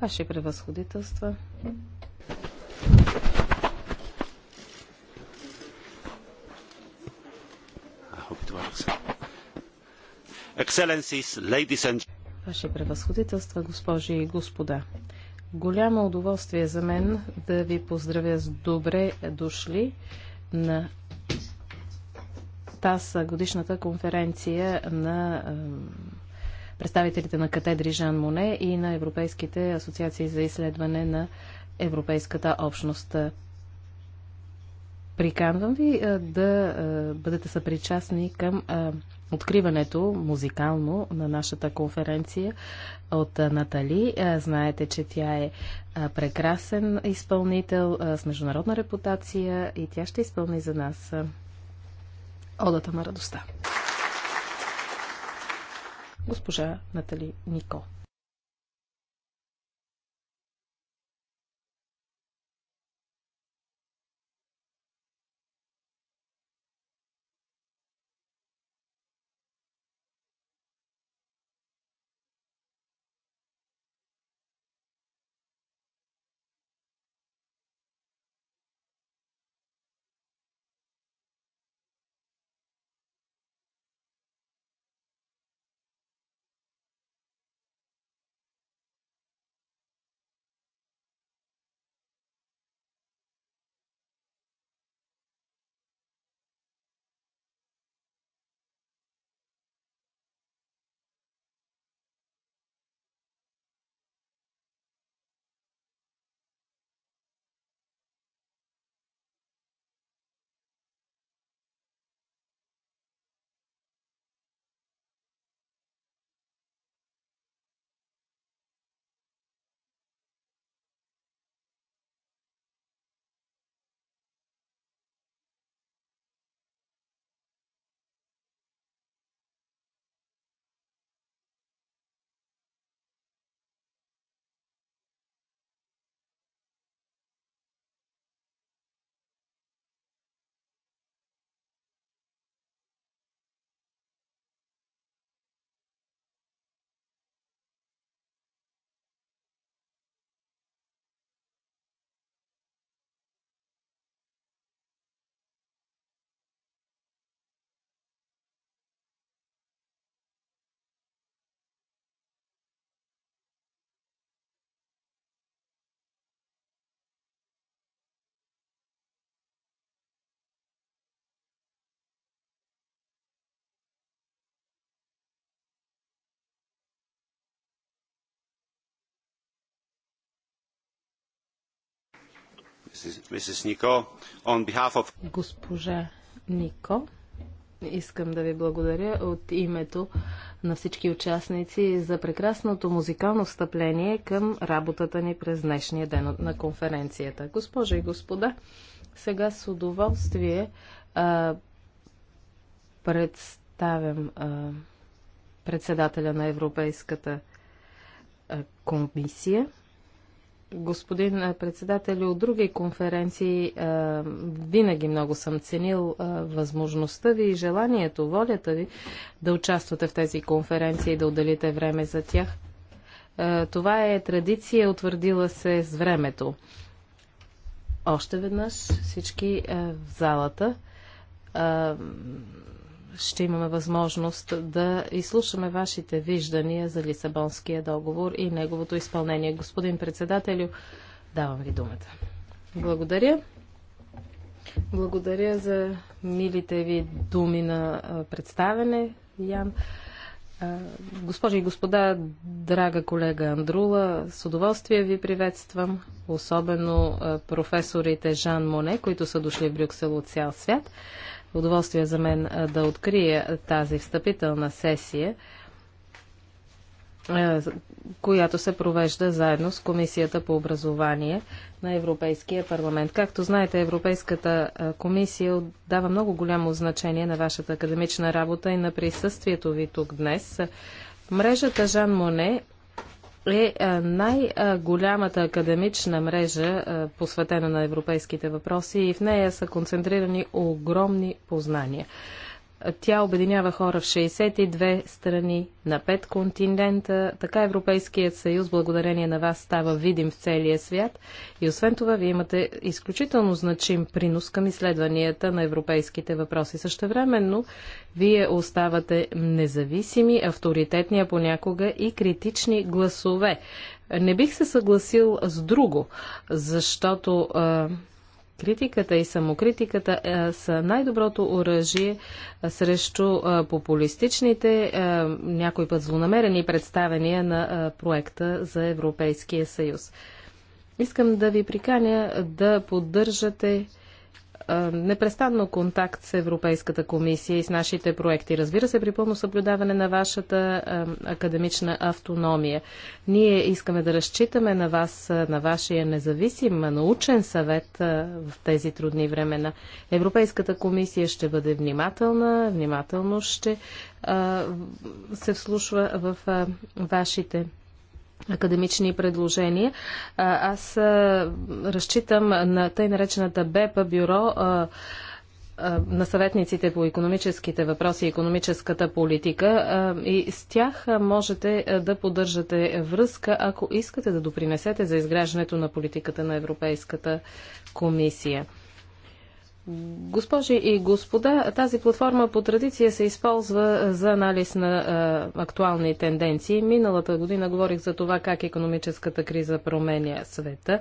ваши превъзходителства ваши превъзходителства госпожи и господа. Голямо удоволствие за мен да ви поздравя с добре дошли на тази годишната конференция на представителите на катедри Жан Моне и на Европейските асоциации за изследване на Европейската общност. Приканвам ви да бъдете съпричастни към откриването музикално на нашата конференция от Натали. Знаете, че тя е прекрасен изпълнител с международна репутация и тя ще изпълни за нас Одата на радостта госпожа Натали Нико. Mrs. Nico, on behalf of... Госпожа Нико, искам да ви благодаря от името на всички участници за прекрасното музикално встъпление към работата ни през днешния ден на конференцията. Госпожи и господа, сега с удоволствие а, представям а, председателя на Европейската комисия – господин е, председател, от други конференции е, винаги много съм ценил е, възможността ви и желанието, волята ви да участвате в тези конференции и да отделите време за тях. Това е традиция, утвърдила се с времето. Още веднъж всички в залата ще имаме възможност да изслушаме вашите виждания за Лисабонския договор и неговото изпълнение. Господин председателю, давам ви думата. Благодаря. Благодаря за милите ви думи на представене, Ян. Госпожи и господа, драга колега Андрула, с удоволствие ви приветствам, особено професорите Жан Моне, които са дошли в Брюксел от цял свят удоволствие за мен да открия тази встъпителна сесия, която се провежда заедно с Комисията по образование на Европейския парламент. Както знаете, Европейската комисия дава много голямо значение на вашата академична работа и на присъствието ви тук днес. Мрежата Жан Моне е, е най-голямата академична мрежа, е, посветена на европейските въпроси и в нея са концентрирани огромни познания. Тя обединява хора в 62 страни на 5 континента. Така Европейският съюз, благодарение на вас, става видим в целия свят. И освен това, вие имате изключително значим принос към изследванията на европейските въпроси. Същевременно, вие оставате независими, авторитетни, а понякога и критични гласове. Не бих се съгласил с друго, защото Критиката и самокритиката е, са най-доброто оръжие е, срещу е, популистичните, някой път злонамерени представения на проекта за Европейския съюз. Искам да ви приканя да поддържате непрестанно контакт с Европейската комисия и с нашите проекти. Разбира се, при пълно съблюдаване на вашата академична автономия. Ние искаме да разчитаме на вас, на вашия независим научен съвет в тези трудни времена. Европейската комисия ще бъде внимателна, внимателно ще се вслушва в вашите академични предложения. Аз разчитам на тъй наречената БЕПА бюро на съветниците по економическите въпроси и економическата политика и с тях можете да поддържате връзка, ако искате да допринесете за изграждането на политиката на Европейската комисия. Госпожи и господа, тази платформа по традиция се използва за анализ на а, актуални тенденции. Миналата година говорих за това как економическата криза променя света.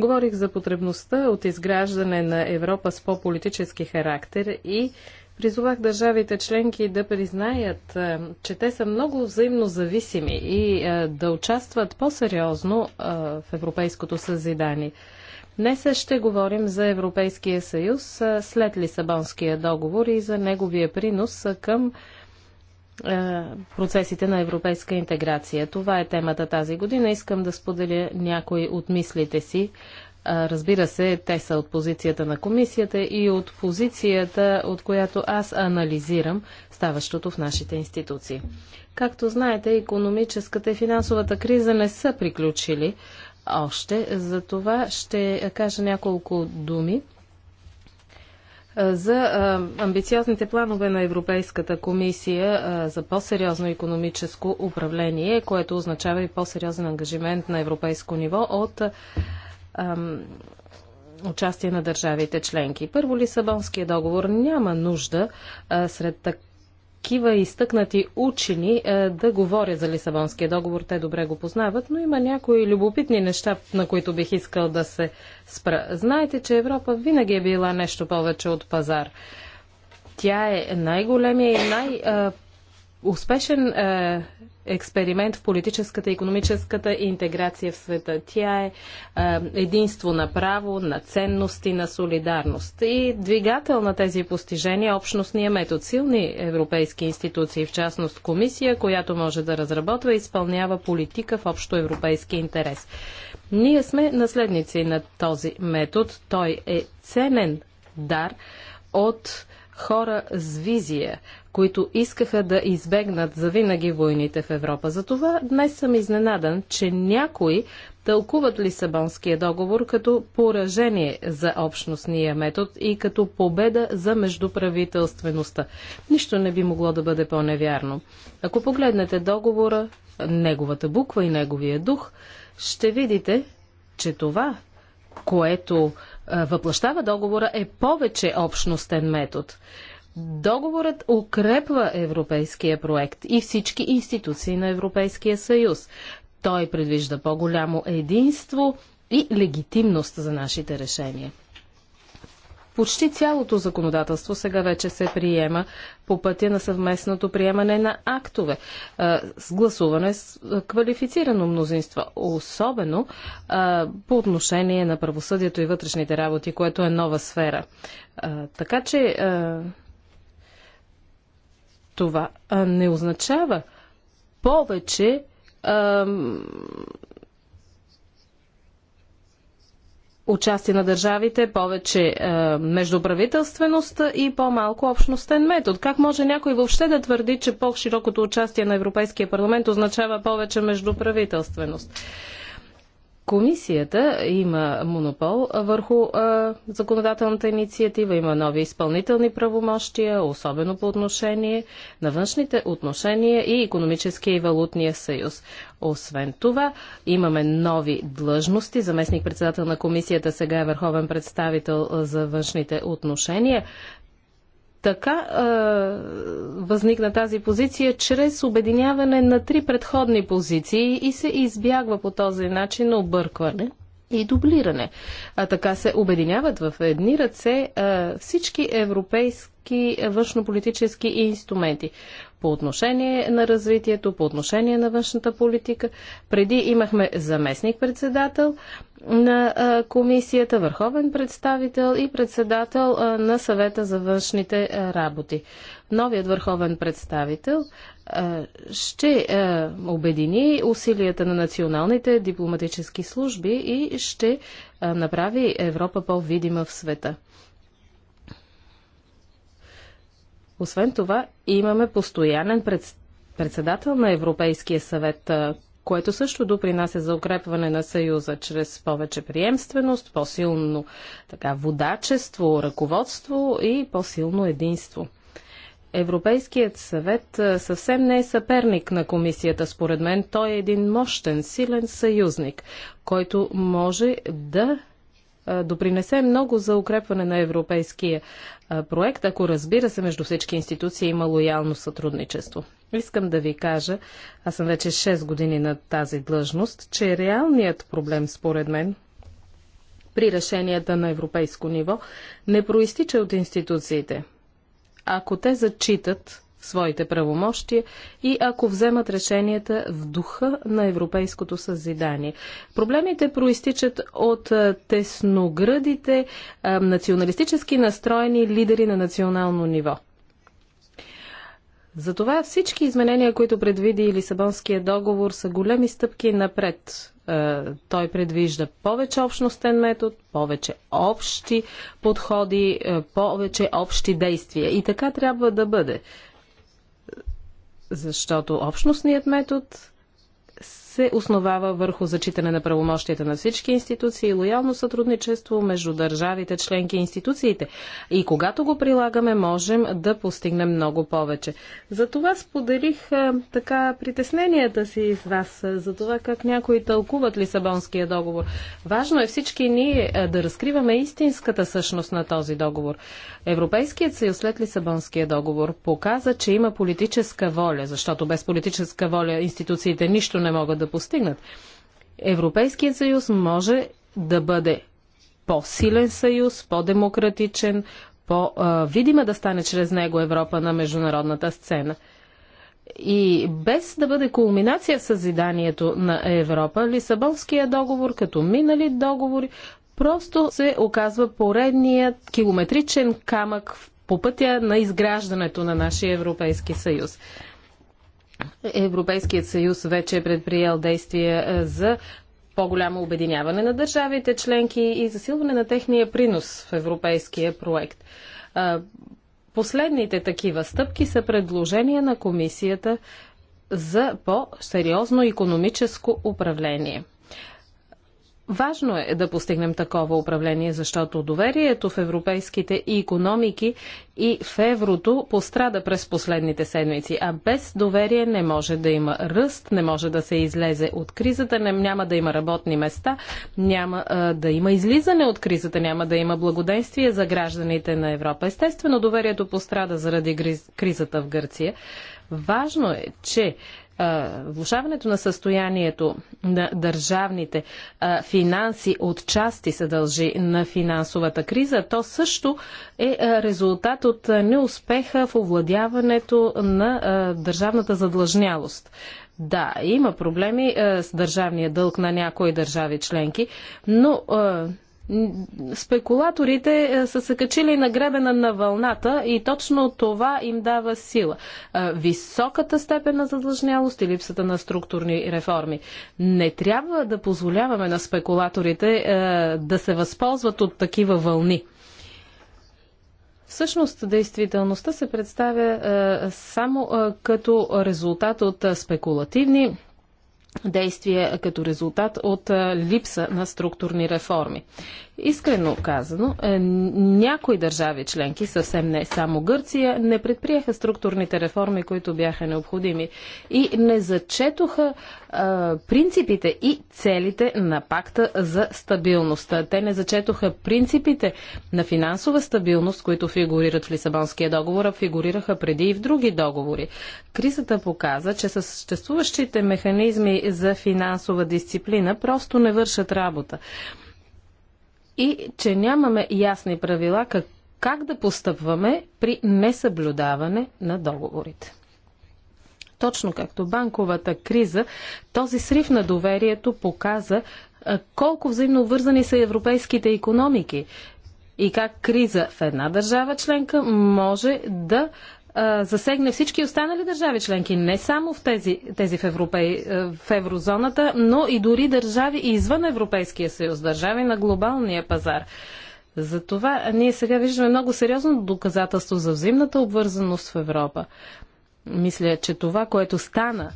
Говорих за потребността от изграждане на Европа с по-политически характер и призовах държавите членки да признаят, а, че те са много взаимно зависими и а, да участват по-сериозно в европейското съзидание. Днес ще говорим за Европейския съюз след Лисабонския договор и за неговия принос към процесите на европейска интеграция. Това е темата тази година. Искам да споделя някои от мислите си. Разбира се, те са от позицията на комисията и от позицията, от която аз анализирам ставащото в нашите институции. Както знаете, економическата и финансовата криза не са приключили още. За това ще кажа няколко думи за амбициозните планове на Европейската комисия за по-сериозно економическо управление, което означава и по-сериозен ангажимент на европейско ниво от ам, участие на държавите членки. Първо, Лисабонския договор няма нужда а, сред така такива изтъкнати учени е, да говоря за Лисабонския договор. Те добре го познават, но има някои любопитни неща, на които бих искал да се спра. Знаете, че Европа винаги е била нещо повече от пазар. Тя е най-големия и най- е, успешен е, експеримент в политическата и економическата интеграция в света. Тя е, е единство на право, на ценности, на солидарност. И двигател на тези постижения е общностния метод. Силни европейски институции, в частност комисия, която може да разработва и изпълнява политика в общо европейски интерес. Ние сме наследници на този метод. Той е ценен дар от хора с визия, които искаха да избегнат завинаги войните в Европа. Затова днес съм изненадан, че някои тълкуват Лисабонския договор като поражение за общностния метод и като победа за междуправителствеността. Нищо не би могло да бъде по-невярно. Ако погледнете договора, неговата буква и неговия дух, ще видите, че това, което въплащава договора е повече общностен метод. Договорът укрепва европейския проект и всички институции на Европейския съюз. Той предвижда по-голямо единство и легитимност за нашите решения. Почти цялото законодателство сега вече се приема по пътя на съвместното приемане на актове с гласуване с квалифицирано мнозинство, особено по отношение на правосъдието и вътрешните работи, което е нова сфера. така че това не означава повече ам, участие на държавите, повече а, междуправителственост и по-малко общностен метод. Как може някой въобще да твърди, че по-широкото участие на Европейския парламент означава повече междуправителственост? Комисията има монопол върху а, законодателната инициатива, има нови изпълнителни правомощия, особено по отношение на външните отношения и економическия и валутния съюз. Освен това, имаме нови длъжности. Заместник председател на комисията сега е върховен представител за външните отношения. Така е, възникна тази позиция чрез обединяване на три предходни позиции и се избягва по този начин объркване и дублиране. А така се обединяват в едни ръце е, всички европейски външнополитически инструменти по отношение на развитието, по отношение на външната политика. Преди имахме заместник-председател, на комисията, върховен представител и председател на съвета за външните работи. Новият върховен представител ще обедини усилията на националните дипломатически служби и ще направи Европа по-видима в света. Освен това, имаме постоянен председател на Европейския съвет, което също допринася за укрепване на Съюза чрез повече приемственост, по-силно така, водачество, ръководство и по-силно единство. Европейският съвет съвсем не е съперник на комисията, според мен. Той е един мощен, силен съюзник, който може да допринесе много за укрепване на европейския проект, ако разбира се между всички институции има лоялно сътрудничество. Искам да ви кажа, аз съм вече 6 години на тази длъжност, че реалният проблем според мен при решенията на европейско ниво не проистича от институциите. Ако те зачитат своите правомощия и ако вземат решенията в духа на европейското съзидание. Проблемите проистичат от тесноградите националистически настроени лидери на национално ниво. Затова всички изменения, които предвиди Лисабонския договор, са големи стъпки напред. Той предвижда повече общностен метод, повече общи подходи, повече общи действия. И така трябва да бъде. Защото общностният метод се основава върху зачитане на правомощията на всички институции и лоялно сътрудничество между държавите, членки и институциите. И когато го прилагаме, можем да постигнем много повече. За това споделих така притесненията си с вас, за това как някои тълкуват Лисабонския договор. Важно е всички ние да разкриваме истинската същност на този договор. Европейският съюз след Лисабонския договор показа, че има политическа воля, защото без политическа воля институциите нищо не могат да постигнат. Европейският съюз може да бъде по-силен съюз, по-демократичен, по-видима да стане чрез него Европа на международната сцена. И без да бъде кулминация в съзиданието на Европа, Лисабонския договор, като минали договори, просто се оказва поредният километричен камък по пътя на изграждането на нашия Европейски съюз. Европейският съюз вече е предприел действия е, за по-голямо обединяване на държавите членки и засилване на техния принос в европейския проект. Е, последните такива стъпки са предложения на комисията за по-сериозно економическо управление. Важно е да постигнем такова управление, защото доверието в европейските и економики и в еврото пострада през последните седмици. А без доверие не може да има ръст, не може да се излезе от кризата, не, няма да има работни места, няма а, да има излизане от кризата, няма да има благоденствие за гражданите на Европа. Естествено, доверието пострада заради гриз, кризата в Гърция. Важно е, че влушаването на състоянието на държавните финанси от части се дължи на финансовата криза, то също е резултат от неуспеха в овладяването на държавната задлъжнялост. Да, има проблеми с държавния дълг на някои държави членки, но Спекулаторите е, са се качили на гребена на вълната и точно това им дава сила. Е, високата степен на задлъжнялост и липсата на структурни реформи. Не трябва да позволяваме на спекулаторите е, да се възползват от такива вълни. Всъщност, действителността се представя само като резултат от спекулативни действие като резултат от липса на структурни реформи. Искрено казано, е, някои държави членки, съвсем не само Гърция, не предприеха структурните реформи, които бяха необходими и не зачетоха е, принципите и целите на пакта за стабилност. Те не зачетоха принципите на финансова стабилност, които фигурират в Лисабонския договор, а фигурираха преди и в други договори. Кризата показа, че съществуващите механизми за финансова дисциплина просто не вършат работа и че нямаме ясни правила как, как да постъпваме при несъблюдаване на договорите. Точно както банковата криза, този срив на доверието показа колко взаимно вързани са европейските економики и как криза в една държава членка може да засегне всички останали държави членки, не само в тези, тези в, Европе, е, в еврозоната, но и дори държави извън Европейския съюз, държави на глобалния пазар. Затова ние сега виждаме много сериозно доказателство за взаимната обвързаност в Европа. Мисля, че това, което стана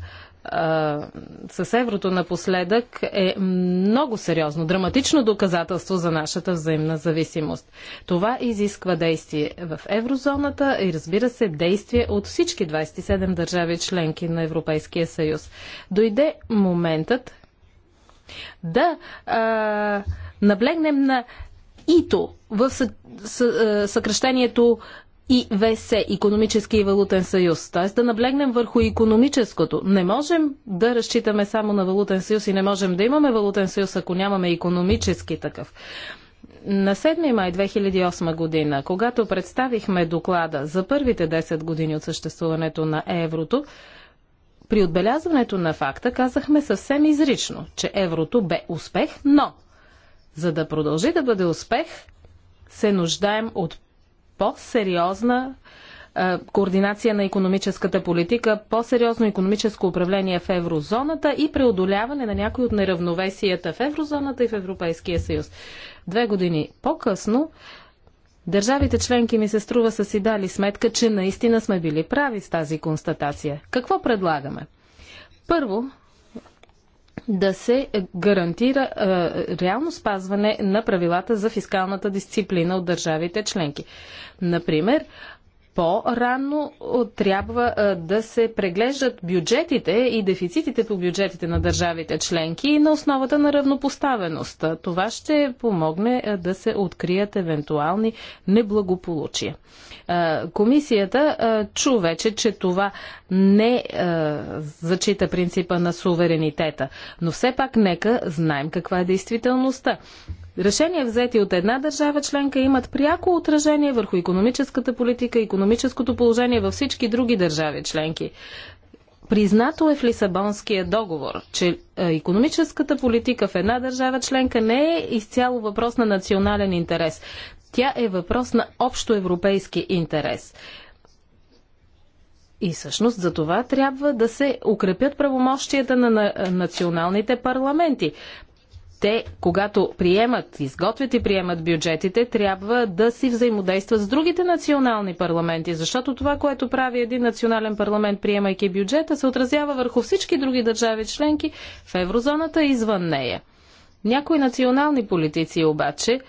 с еврото напоследък е много сериозно, драматично доказателство за нашата взаимна зависимост. Това изисква действие в еврозоната и разбира се действие от всички 27 държави членки на Европейския съюз. Дойде моментът да а, наблегнем на ИТО в съ, съ, съкръщението и ВС, е економически и валутен съюз. Т.е. да наблегнем върху економическото. Не можем да разчитаме само на валутен съюз и не можем да имаме валутен съюз, ако нямаме економически такъв. На 7 май 2008 година, когато представихме доклада за първите 10 години от съществуването на еврото, при отбелязването на факта казахме съвсем изрично, че еврото бе успех, но за да продължи да бъде успех, се нуждаем от по-сериозна координация на економическата политика, по-сериозно економическо управление в еврозоната и преодоляване на някои от неравновесията в еврозоната и в Европейския съюз. Две години по-късно Държавите членки ми се струва са си дали сметка, че наистина сме били прави с тази констатация. Какво предлагаме? Първо, да се гарантира е, реално спазване на правилата за фискалната дисциплина от държавите членки. Например, по-рано трябва да се преглеждат бюджетите и дефицитите по бюджетите на държавите членки и на основата на равнопоставеност. Това ще помогне да се открият евентуални неблагополучия. Комисията чу вече, че това не зачита принципа на суверенитета, но все пак нека знаем каква е действителността. Решения взети от една държава членка имат пряко отражение върху економическата политика, економическото положение във всички други държави членки. Признато е в Лисабонския договор, че економическата политика в една държава членка не е изцяло въпрос на национален интерес. Тя е въпрос на общо европейски интерес. И всъщност за това трябва да се укрепят правомощията на националните парламенти те, когато приемат, изготвят и приемат бюджетите, трябва да си взаимодействат с другите национални парламенти, защото това, което прави един национален парламент, приемайки бюджета, се отразява върху всички други държави членки в еврозоната и извън нея. Някои национални политици обаче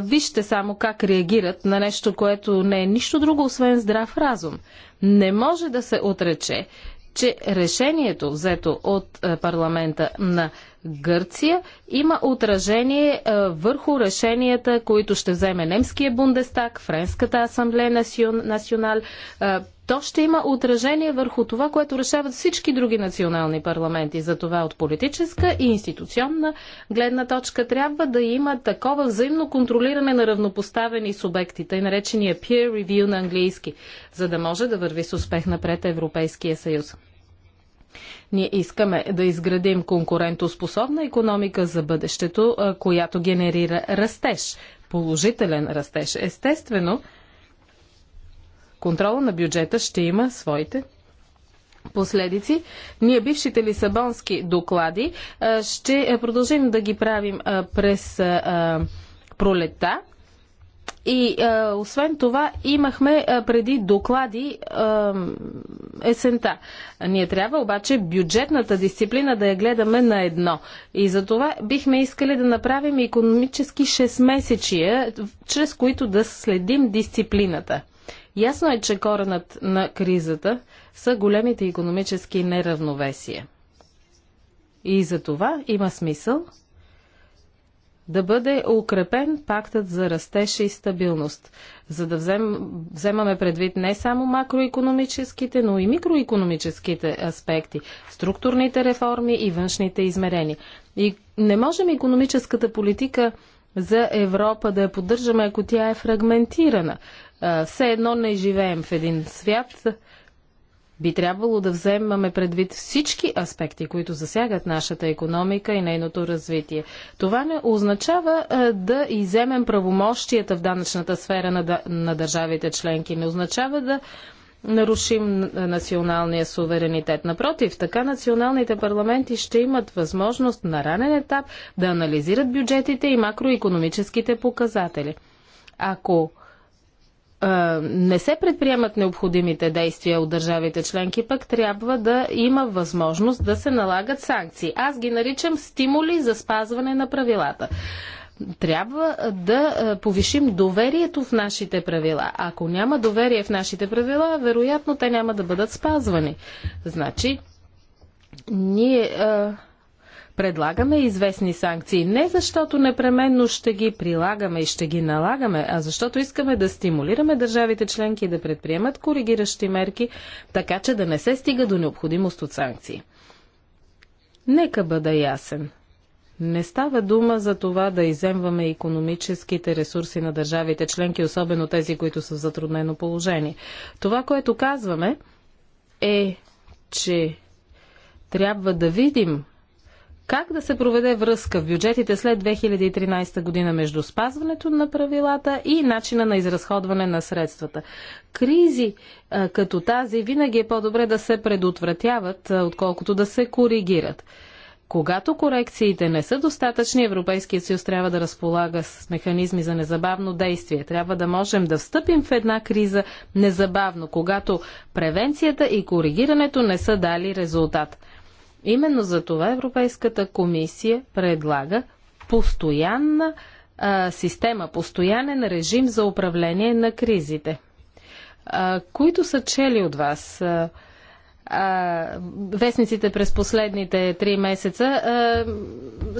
вижте само как реагират на нещо, което не е нищо друго, освен здрав разум. Не може да се отрече, че решението, взето от парламента на Гърция има отражение а, е, върху решенията, които ще вземе немския Бундестаг, Френската асамблея Насион, национал. А, е, то ще има отражение върху това, което решават всички други национални парламенти. За това от политическа и институционна гледна точка трябва да има такова взаимно контролиране на равнопоставени субекти, тъй наречения peer review на английски, за да може да върви с успех напред Европейския съюз. Ние искаме да изградим конкурентоспособна економика за бъдещето, която генерира растеж, положителен растеж. Естествено, контрола на бюджета ще има своите последици. Ние, бившите лисабонски доклади, ще продължим да ги правим през пролета и е, освен това, имахме е, преди доклади е, есента. Ние трябва обаче бюджетната дисциплина да я гледаме на едно. И за това бихме искали да направим економически 6 месечия, чрез които да следим дисциплината. Ясно е, че коренът на кризата са големите економически неравновесия. И за това има смисъл да бъде укрепен пактът за растеж и стабилност, за да взем, вземаме предвид не само макроекономическите, но и микроекономическите аспекти, структурните реформи и външните измерения. И не можем економическата политика за Европа да я поддържаме, ако тя е фрагментирана. Все едно не живеем в един свят, би трябвало да вземаме предвид всички аспекти, които засягат нашата економика и нейното развитие. Това не означава а, да иземем правомощията в данъчната сфера на, на държавите членки. Не означава да нарушим националния суверенитет. Напротив, така националните парламенти ще имат възможност на ранен етап да анализират бюджетите и макроекономическите показатели. Ако не се предприемат необходимите действия от държавите членки, пък трябва да има възможност да се налагат санкции. Аз ги наричам стимули за спазване на правилата трябва да повишим доверието в нашите правила. Ако няма доверие в нашите правила, вероятно те няма да бъдат спазвани. Значи, ние а, Предлагаме известни санкции не защото непременно ще ги прилагаме и ще ги налагаме, а защото искаме да стимулираме държавите членки да предприемат коригиращи мерки, така че да не се стига до необходимост от санкции. Нека бъда ясен. Не става дума за това да иземваме економическите ресурси на държавите членки, особено тези, които са в затруднено положение. Това, което казваме, е, че трябва да видим как да се проведе връзка в бюджетите след 2013 година между спазването на правилата и начина на изразходване на средствата? Кризи като тази винаги е по-добре да се предотвратяват, отколкото да се коригират. Когато корекциите не са достатъчни, Европейският съюз трябва да разполага с механизми за незабавно действие. Трябва да можем да встъпим в една криза незабавно, когато превенцията и коригирането не са дали резултат. Именно за това Европейската комисия предлага постоянна а, система, постоянен режим за управление на кризите. А, които са чели от вас? А, а, вестниците през последните три месеца а,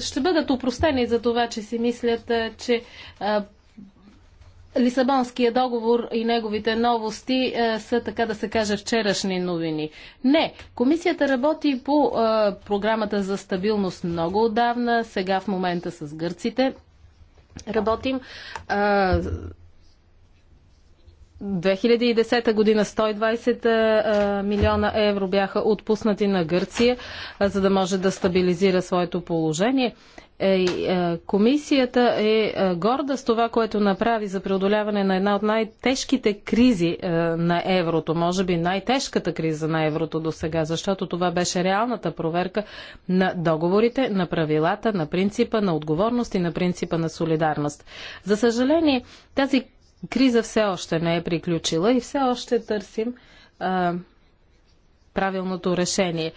ще бъдат упростени за това, че си мислят, а, че а, Лисабонския договор и неговите новости е, са, така да се каже, вчерашни новини. Не, комисията работи по е, програмата за стабилност много отдавна, сега в момента с гърците. Работим. Е, 2010 година 120 милиона евро бяха отпуснати на Гърция, за да може да стабилизира своето положение. Комисията е горда с това, което направи за преодоляване на една от най-тежките кризи на еврото, може би най-тежката криза на еврото до сега, защото това беше реалната проверка на договорите, на правилата, на принципа на отговорност и на принципа на солидарност. За съжаление, тази криза все още не е приключила и все още търсим а, правилното решение.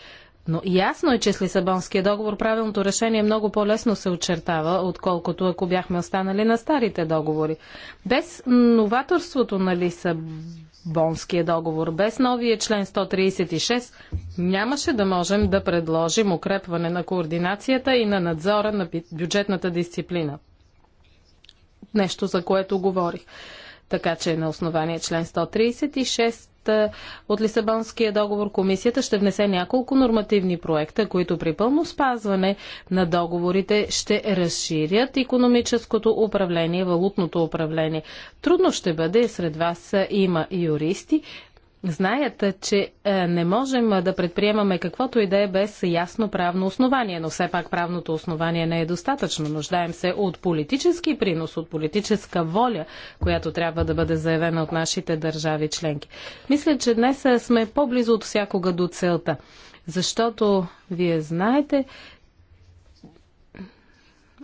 Но ясно е, че с Лисабонския договор правилното решение много по-лесно се очертава, отколкото ако бяхме останали на старите договори. Без новаторството на Лисабонския договор, без новия член 136, нямаше да можем да предложим укрепване на координацията и на надзора на бюджетната дисциплина. Нещо, за което говорих. Така че на основание член 136 е, от Лисабонския договор комисията ще внесе няколко нормативни проекта, които при пълно спазване на договорите ще разширят економическото управление, валутното управление. Трудно ще бъде, сред вас има юристи, знаят, че не можем да предприемаме каквото и да е без ясно правно основание, но все пак правното основание не е достатъчно. Нуждаем се от политически принос, от политическа воля, която трябва да бъде заявена от нашите държави членки. Мисля, че днес сме по-близо от всякога до целта, защото вие знаете,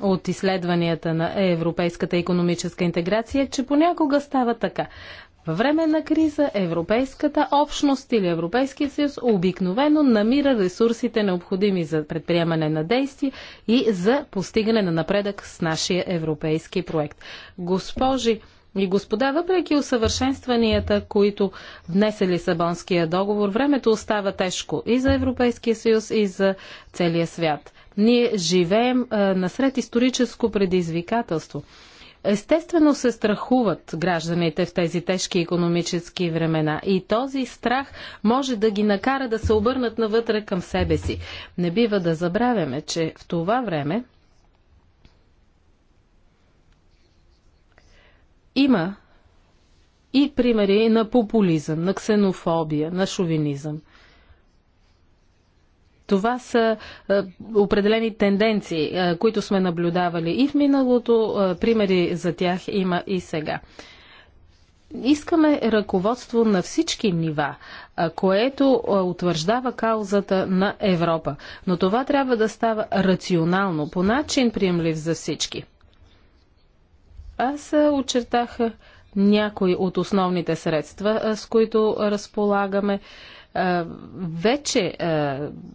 от изследванията на европейската економическа интеграция, че понякога става така. Във време на криза Европейската общност или Европейския съюз обикновено намира ресурсите необходими за предприемане на действия и за постигане на напредък с нашия европейски проект. Госпожи и господа, въпреки усъвършенстванията, които внесе Лисабонския договор, времето остава тежко и за Европейския съюз, и за целия свят. Ние живеем а, насред историческо предизвикателство – Естествено се страхуват гражданите в тези тежки економически времена и този страх може да ги накара да се обърнат навътре към себе си. Не бива да забравяме, че в това време има и примери на популизъм, на ксенофобия, на шовинизъм – това са е, определени тенденции, е, които сме наблюдавали и в миналото, е, примери за тях има и сега. Искаме ръководство на всички нива, което утвърждава каузата на Европа. Но това трябва да става рационално, по начин приемлив за всички. Аз очертах някои от основните средства, с които разполагаме вече,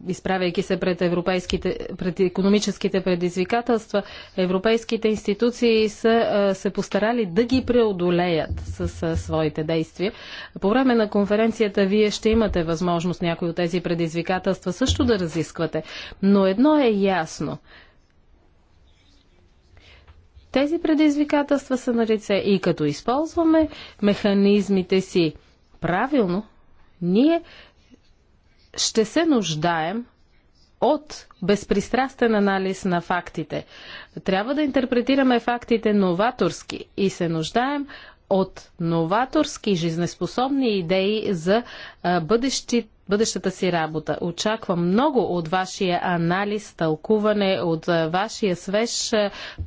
изправяйки се пред, европейските, пред економическите предизвикателства, европейските институции са се постарали да ги преодолеят с своите действия. По време на конференцията вие ще имате възможност някои от тези предизвикателства също да разисквате. Но едно е ясно. Тези предизвикателства са на лице и като използваме механизмите си правилно, ние ще се нуждаем от безпристрастен анализ на фактите. Трябва да интерпретираме фактите новаторски и се нуждаем от новаторски жизнеспособни идеи за бъдещи, бъдещата си работа. Очаквам много от вашия анализ, тълкуване, от вашия свеж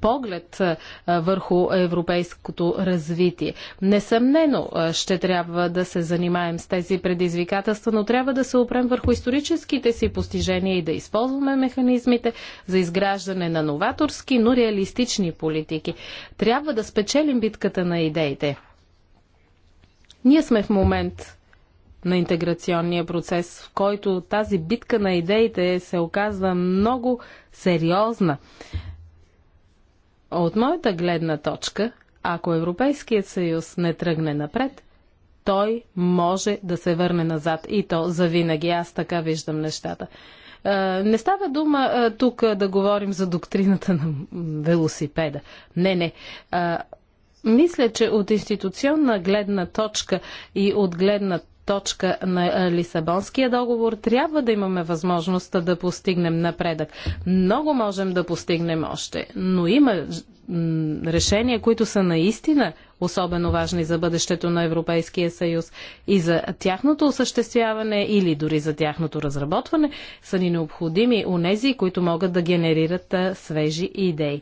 поглед върху европейското развитие. Несъмнено ще трябва да се занимаем с тези предизвикателства, но трябва да се опрем върху историческите си постижения и да използваме механизмите за изграждане на новаторски, но реалистични политики. Трябва да спечелим битката на идеите. Ние сме в момент на интеграционния процес, в който тази битка на идеите се оказва много сериозна. От моята гледна точка, ако Европейският съюз не тръгне напред, той може да се върне назад и то завинаги. Аз така виждам нещата. Не става дума тук да говорим за доктрината на велосипеда. Не, не. Мисля, че от институционна гледна точка и от гледна точка на Лисабонския договор трябва да имаме възможността да постигнем напредък. Много можем да постигнем още, но има решения, които са наистина особено важни за бъдещето на Европейския съюз и за тяхното осъществяване или дори за тяхното разработване са ни необходими унези, които могат да генерират свежи идеи.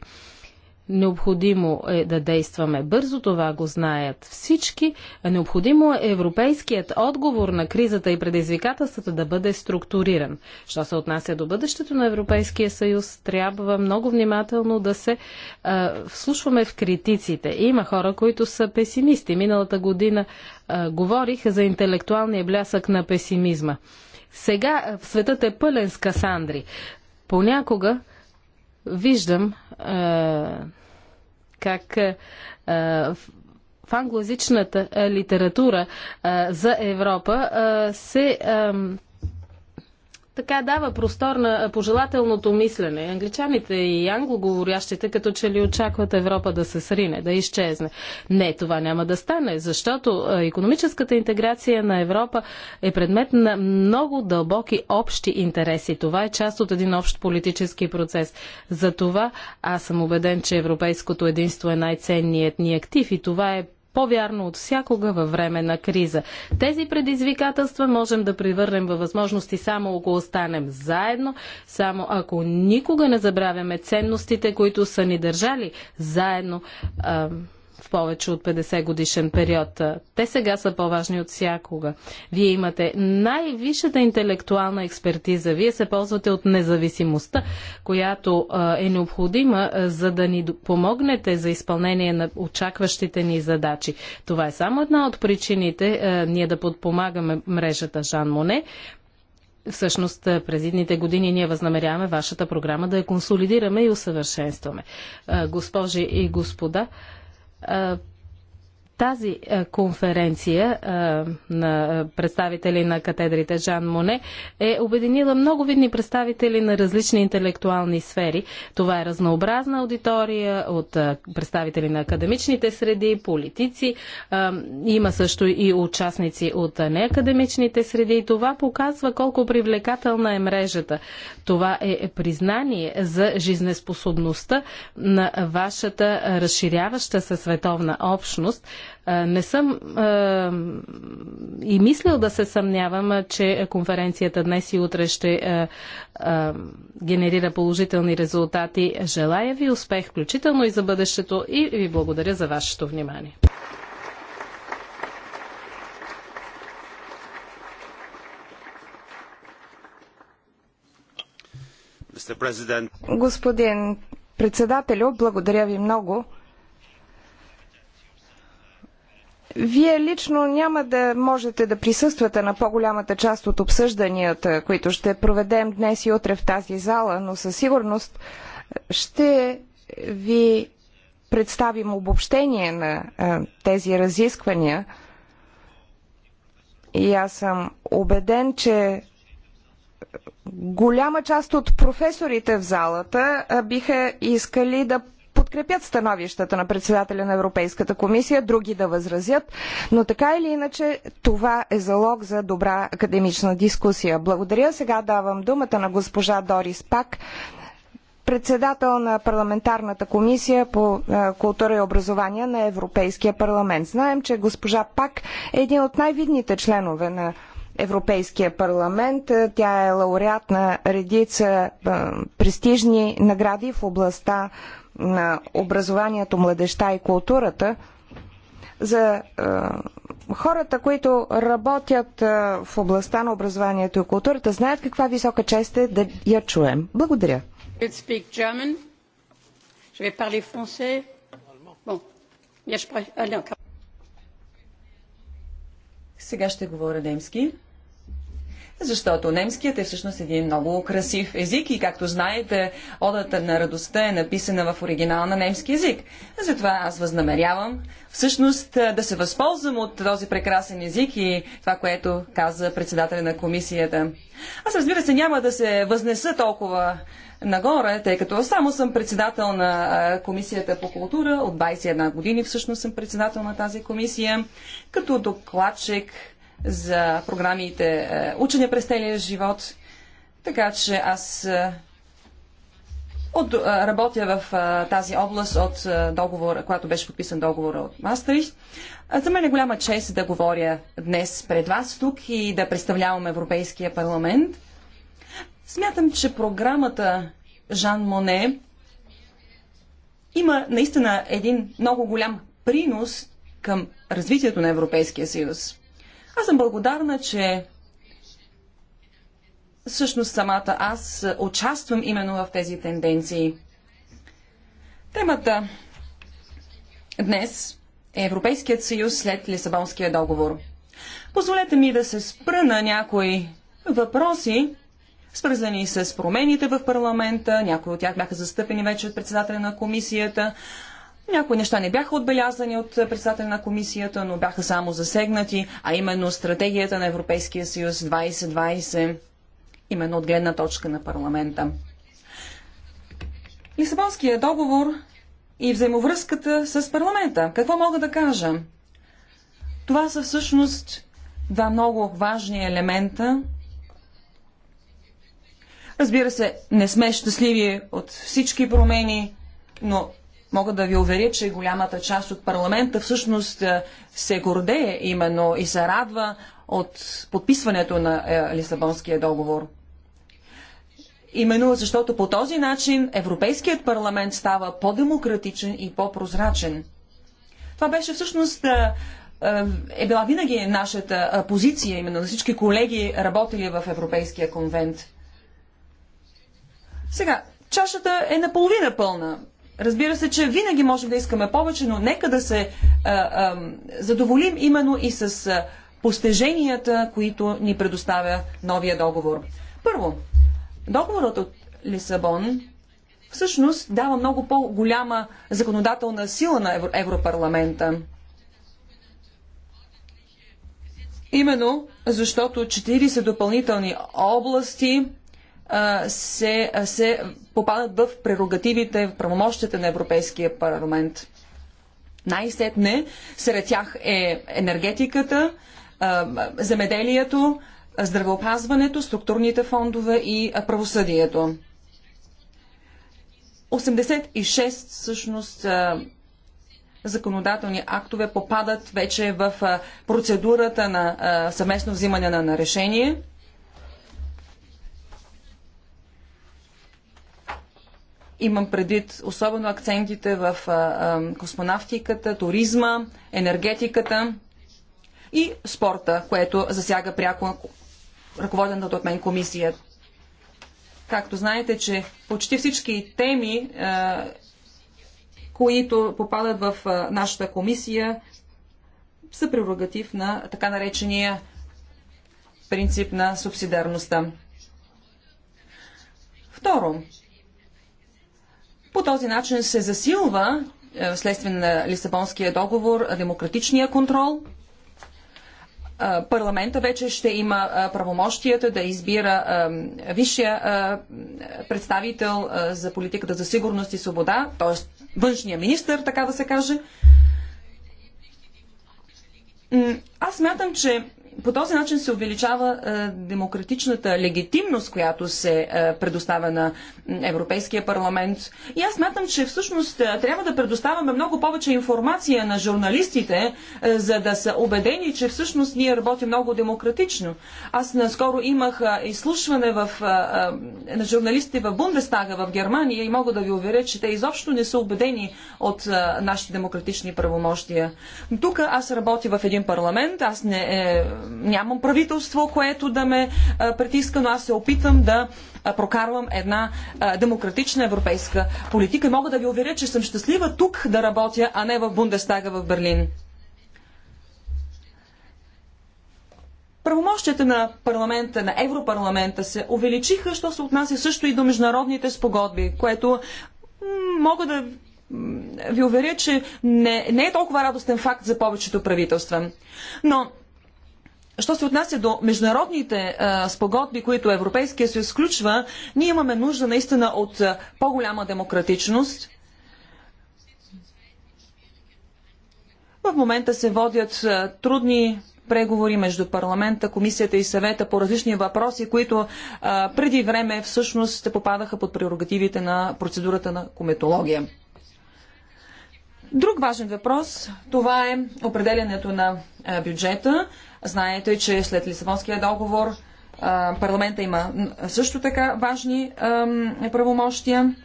Необходимо е да действаме бързо, това го знаят всички. Необходимо е европейският отговор на кризата и предизвикателствата да бъде структуриран. Що се отнася до бъдещето на Европейския съюз, трябва много внимателно да се а, вслушваме в критиците. Има хора, които са песимисти. Миналата година а, говорих за интелектуалния блясък на песимизма. Сега светът е пълен с касандри. Понякога виждам. А, как в англоязичната литература за Европа се така дава простор на пожелателното мислене. Англичаните и англоговорящите като че ли очакват Европа да се срине, да изчезне. Не, това няма да стане, защото економическата интеграция на Европа е предмет на много дълбоки общи интереси. Това е част от един общ политически процес. За това аз съм убеден, че европейското единство е най-ценният ни актив и това е по-вярно от всякога във време на криза. Тези предизвикателства можем да превърнем във възможности само ако останем заедно, само ако никога не забравяме ценностите, които са ни държали заедно. А, повече от 50 годишен период. Те сега са по-важни от всякога. Вие имате най-висшата интелектуална експертиза. Вие се ползвате от независимостта, която е необходима, за да ни помогнете за изпълнение на очакващите ни задачи. Това е само една от причините ние да подпомагаме мрежата Жан Моне. Всъщност, през едните години ние възнамеряваме вашата програма да я консолидираме и усъвършенстваме. Госпожи и господа, uh, тази е, конференция е, на представители на катедрите Жан Моне е обединила много видни представители на различни интелектуални сфери. Това е разнообразна аудитория от е, представители на академичните среди, политици. Има също и участници от неакадемичните среди. И това показва колко привлекателна е мрежата. Това е признание за жизнеспособността на вашата разширяваща се световна общност – е, не съм е, и мислил да се съмнявам, че конференцията днес и утре ще е, генерира положителни резултати. Желая ви успех, включително и за бъдещето и ви благодаря за вашето внимание. Господин председателю, благодаря ви много. Вие лично няма да можете да присъствате на по-голямата част от обсъжданията, които ще проведем днес и утре в тази зала, но със сигурност ще ви представим обобщение на тези разисквания. И аз съм убеден, че голяма част от професорите в залата биха искали да подкрепят становището на председателя на Европейската комисия, други да възразят, но така или иначе това е залог за добра академична дискусия. Благодаря. Сега давам думата на госпожа Дорис Пак, председател на парламентарната комисия по е, култура и образование на Европейския парламент. Знаем, че госпожа Пак е един от най-видните членове на Европейския парламент. Е, тя е лауреат на редица е, престижни награди в областта на образованието, младеща и културата, за е, хората, които работят е, в областта на образованието и културата, знаят каква висока чест е да я чуем. Благодаря. Сега ще говоря немски защото немският е всъщност един много красив език и както знаете, одата на радостта е написана в оригинал на немски език. Затова аз възнамерявам всъщност е, да се възползвам от този прекрасен език и това, което каза председателя на комисията. Аз разбира се няма да се възнеса толкова нагоре, тъй като само съм председател на е, Комисията по култура. От 21 години всъщност съм председател на тази комисия. Като докладчик за програмите е, Учене през целия живот. Така че аз е, от, е, работя в тази област от договора, когато беше подписан договора от Мастрих, За мен е голяма чест да говоря днес пред вас тук и да представлявам Европейския парламент. Смятам, че програмата Жан Моне има наистина един много голям принос към развитието на Европейския съюз. Аз съм благодарна, че всъщност самата аз участвам именно в тези тенденции. Темата днес е Европейският съюз след Лисабонския договор. Позволете ми да се спра на някои въпроси, свързани с промените в парламента. Някои от тях бяха застъпени вече от председателя на комисията. Някои неща не бяха отбелязани от председателя на комисията, но бяха само засегнати, а именно стратегията на Европейския съюз 2020, именно от гледна точка на парламента. Лисабонския договор и взаимовръзката с парламента. Какво мога да кажа? Това са всъщност два много важни елемента. Разбира се, не сме щастливи от всички промени, но Мога да ви уверя, че голямата част от парламента всъщност е, се гордее именно и се радва от подписването на е, Лисабонския договор. Именно защото по този начин Европейският парламент става по-демократичен и по-прозрачен. Това беше всъщност е, е била винаги нашата позиция, именно на всички колеги, работили в Европейския конвент. Сега, чашата е наполовина пълна. Разбира се, че винаги можем да искаме повече, но нека да се а, а, задоволим именно и с а, постеженията, които ни предоставя новия договор. Първо, договорът от Лисабон всъщност дава много по-голяма законодателна сила на Европарламента. Именно защото 40 допълнителни области се, се попадат в прерогативите, в правомощите на Европейския парламент. Най-сетне сред тях е енергетиката, земеделието, здравеопазването, структурните фондове и правосъдието. 86 всъщност законодателни актове попадат вече в процедурата на съвместно взимане на решение – Имам предвид особено акцентите в космонавтиката, туризма, енергетиката и спорта, което засяга пряко ръководената от мен комисия. Както знаете, че почти всички теми, които попадат в нашата комисия, са прерогатив на така наречения принцип на субсидарността. Второ, по този начин се засилва е, следствие на Лисабонския договор демократичния контрол. Е, парламента вече ще има е, правомощията да избира висшия представител за политиката за сигурност и свобода, т.е. външния министр, така да се каже. Аз мятам, че по този начин се увеличава е, демократичната легитимност, която се е, предоставя на Европейския парламент. И аз смятам, че всъщност е, трябва да предоставяме много повече информация на журналистите, за да са убедени, че всъщност ние работим много демократично. Аз наскоро имах изслушване в, на журналистите в Бундестага в Германия и мога да ви уверя, че те изобщо не са убедени от нашите демократични правомощия. Тук аз работя в един парламент, аз не нямам правителство, което да ме притиска, но аз се опитвам да прокарвам една демократична европейска политика и мога да ви уверя, че съм щастлива тук да работя, а не в Бундестага в Берлин. Правомощията на парламента, на Европарламента се увеличиха, що се отнася също и до международните спогодби, което мога да ви уверя, че не, не е толкова радостен факт за повечето правителства. Но Що се отнася до международните а, спогодби, които Европейския съюз включва, ние имаме нужда наистина от по-голяма демократичност. В момента се водят а, трудни преговори между парламента, комисията и съвета по различни въпроси, които а, преди време всъщност попадаха под прерогативите на процедурата на кометология. Друг важен въпрос това е определенето на бюджета. Знаете, че след Лисабонския договор парламента има също така важни правомощия.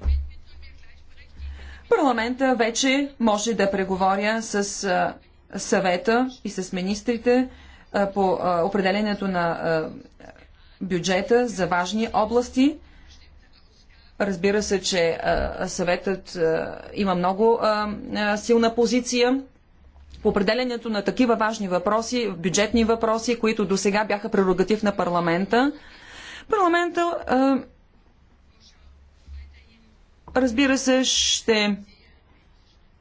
Парламента вече може да преговоря с съвета и с министрите по определението на бюджета за важни области. Разбира се, че съветът има много силна позиция по определенето на такива важни въпроси, бюджетни въпроси, които до сега бяха прерогатив на парламента. Парламента, разбира се, ще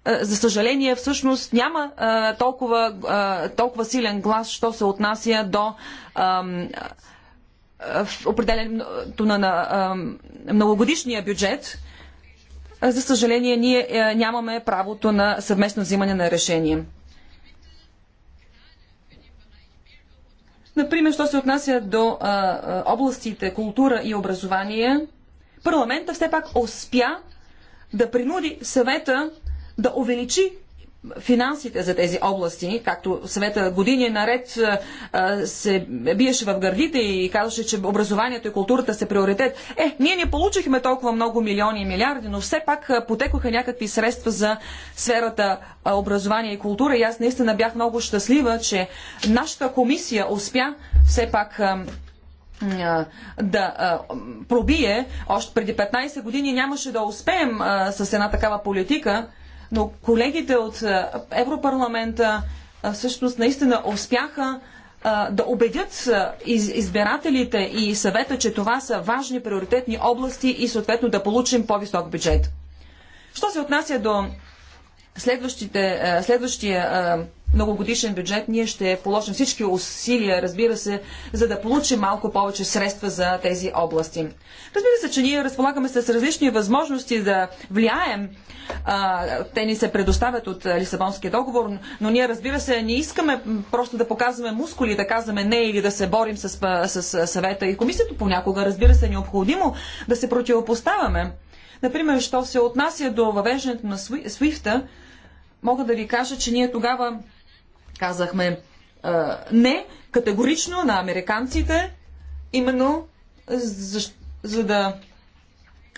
за съжаление, всъщност няма а, толкова, а, толкова силен глас, що се отнася до а, определенето на, на многогодишния бюджет. За съжаление, ние нямаме правото на съвместно взимане на решение. Например, що се отнася до а, а, областите култура и образование, парламента все пак успя да принуди съвета да увеличи финансите за тези области, както съвета години наред се биеше в гърдите и казваше, че образованието и културата са приоритет. Е, ние не получихме толкова много милиони и милиарди, но все пак потекоха някакви средства за сферата образование и култура и аз наистина бях много щастлива, че нашата комисия успя все пак да пробие. Още преди 15 години нямаше да успеем с една такава политика но колегите от Европарламента всъщност наистина успяха да убедят избирателите и съвета, че това са важни приоритетни области и съответно да получим по-висок бюджет. Що се отнася до следващите, следващия многогодишен бюджет ние ще положим всички усилия, разбира се, за да получим малко повече средства за тези области. Разбира се, че ние разполагаме с различни възможности да влияем. те ни се предоставят от Лисабонския договор, но ние, разбира се, не искаме просто да показваме мускули, да казваме не или да се борим с, с, с съвета и комисията. Понякога, разбира се, е необходимо да се противопоставяме. Например, що се отнася до въвеждането на Свифта, мога да ви кажа, че ние тогава казахме а, не категорично на американците, именно за, за да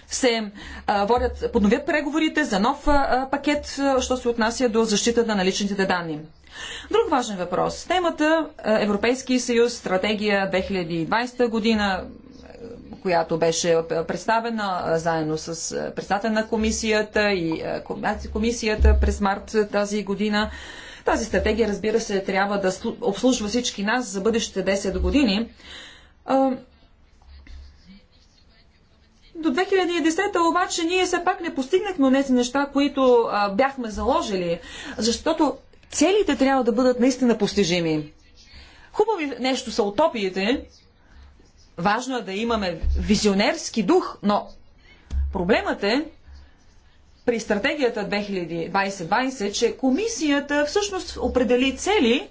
се а, водят, подновят преговорите за нов а, пакет, а, що се отнася до защитата на личните данни. Друг важен въпрос. Темата Европейски съюз, стратегия 2020 година, която беше представена заедно с председател на комисията и комисията през март тази година. Тази стратегия, разбира се, трябва да обслужва всички нас за бъдещите 10 години. До 2010 обаче ние все пак не постигнахме тези неща, които бяхме заложили, защото целите трябва да бъдат наистина постижими. Хубави е нещо са утопиите, важно е да имаме визионерски дух, но проблемът е, при стратегията 2020, че комисията всъщност определи цели.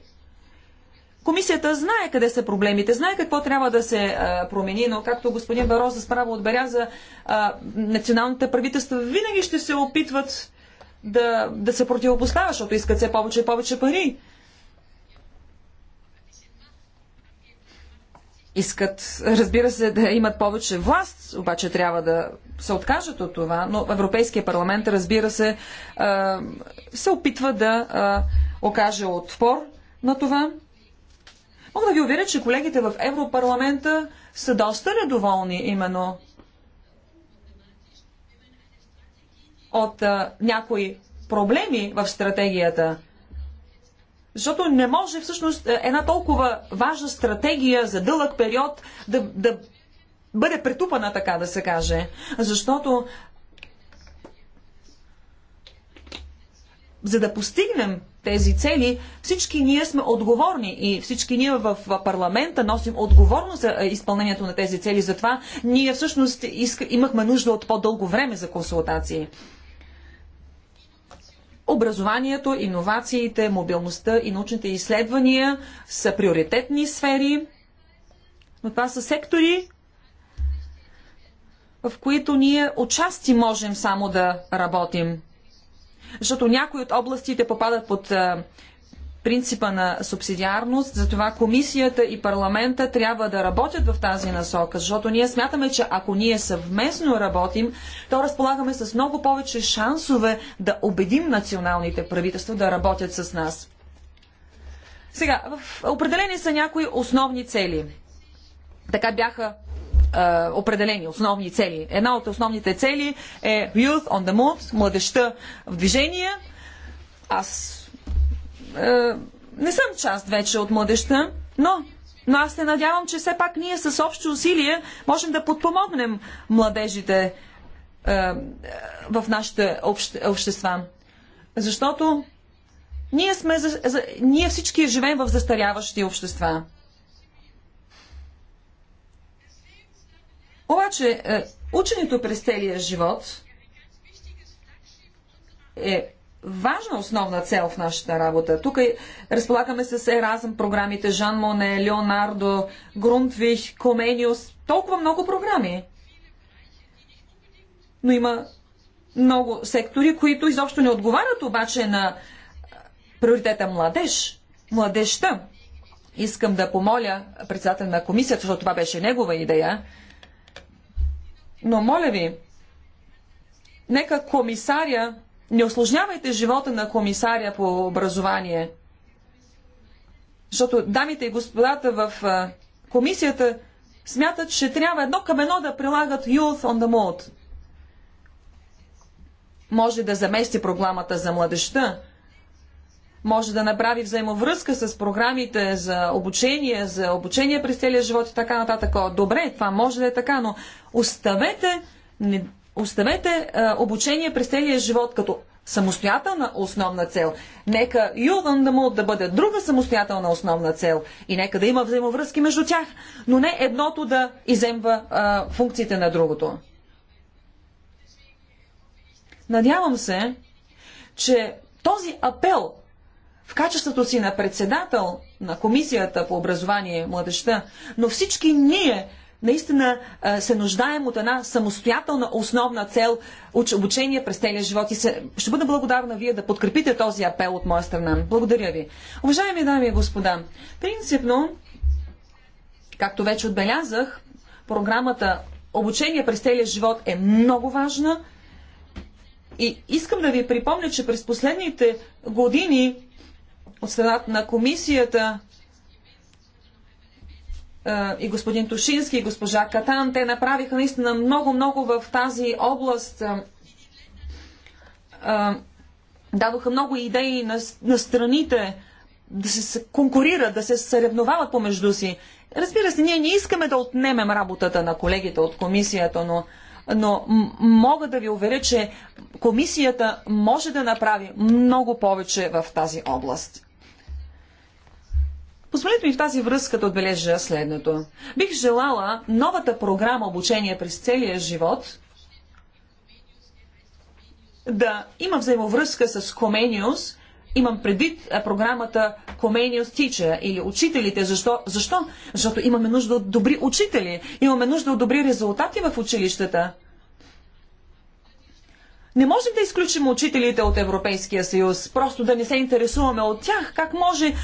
Комисията знае къде са проблемите, знае какво трябва да се а, промени, но както господин Бароза справо отбеляза, а, националните правителства винаги ще се опитват да, да се противопоставя, защото искат все повече и повече пари. искат, разбира се, да имат повече власт, обаче трябва да се откажат от това, но Европейския парламент, разбира се, се опитва да окаже отпор на това. Мога да ви уверя, че колегите в Европарламента са доста недоволни именно от някои проблеми в стратегията – защото не може всъщност е, една толкова важна стратегия за дълъг период да, да бъде претупана, така да се каже. Защото за да постигнем тези цели, всички ние сме отговорни и всички ние в парламента носим отговорност за е, изпълнението на тези цели. Затова ние всъщност имахме нужда от по-дълго време за консултации. Образованието, иновациите, мобилността и научните изследвания са приоритетни сфери, но това са сектори, в които ние отчасти можем само да работим. Защото някои от областите попадат под принципа на субсидиарност, затова комисията и парламента трябва да работят в тази насока, защото ние смятаме, че ако ние съвместно работим, то разполагаме с много повече шансове да убедим националните правителства да работят с нас. Сега, в определени са някои основни цели. Така бяха е, определени основни цели. Една от основните цели е Youth on the Mood, младеща в движение. Аз е, не съм част вече от младеща, но, но аз се надявам, че все пак ние с общо усилие можем да подпомогнем младежите е, в нашите обще, общества. Защото ние, сме, за, за, ние всички живеем в застаряващи общества. Обаче, е, ученето през целия живот е важна основна цел в нашата работа. Тук разполагаме с Еразъм програмите Жан Моне, Леонардо, Грунтвих, Комениус, толкова много програми. Но има много сектори, които изобщо не отговарят обаче на приоритета младеж, младежта. Искам да помоля председател на комисията, защото това беше негова идея, но моля ви, нека комисаря не осложнявайте живота на комисаря по образование. Защото дамите и господата в комисията смятат, че трябва едно към едно да прилагат Youth on the Mode. Може да замести програмата за младеща, може да направи взаимовръзка с програмите за обучение, за обучение през целия живот и така нататък. Добре, това може да е така, но оставете Оставете а, обучение през целия живот като самостоятелна основна цел. Нека Юган да му да бъде друга самостоятелна основна цел и нека да има взаимовръзки между тях, но не едното да иземва а, функциите на другото. Надявам се, че този апел в качеството си на председател на Комисията по образование и младеща, но всички ние наистина се нуждаем от една самостоятелна основна цел обучение през целия живот и се... ще бъда благодарна вие да подкрепите този апел от моя страна. Благодаря ви. Уважаеми дами и господа, принципно, както вече отбелязах, програмата Обучение през целия живот е много важна и искам да ви припомня, че през последните години от страната на комисията е, и господин Тушински, и госпожа Катан, те направиха наистина много-много в тази област. Е, е, дадоха много идеи на, на страните да се конкурират, да се съревновават помежду си. Разбира се, ние не искаме да отнемем работата на колегите от комисията, но, но мога да ви уверя, че комисията може да направи много повече в тази област. Позволете ми в тази връзка да отбележа следното. Бих желала новата програма обучение през целия живот да има взаимовръзка с Комениус. Имам предвид програмата Comenius Teacher или учителите. Защо? Защо? Защото имаме нужда от добри учители. Имаме нужда от добри резултати в училищата. Не можем да изключим учителите от Европейския съюз, просто да не се интересуваме от тях. Как може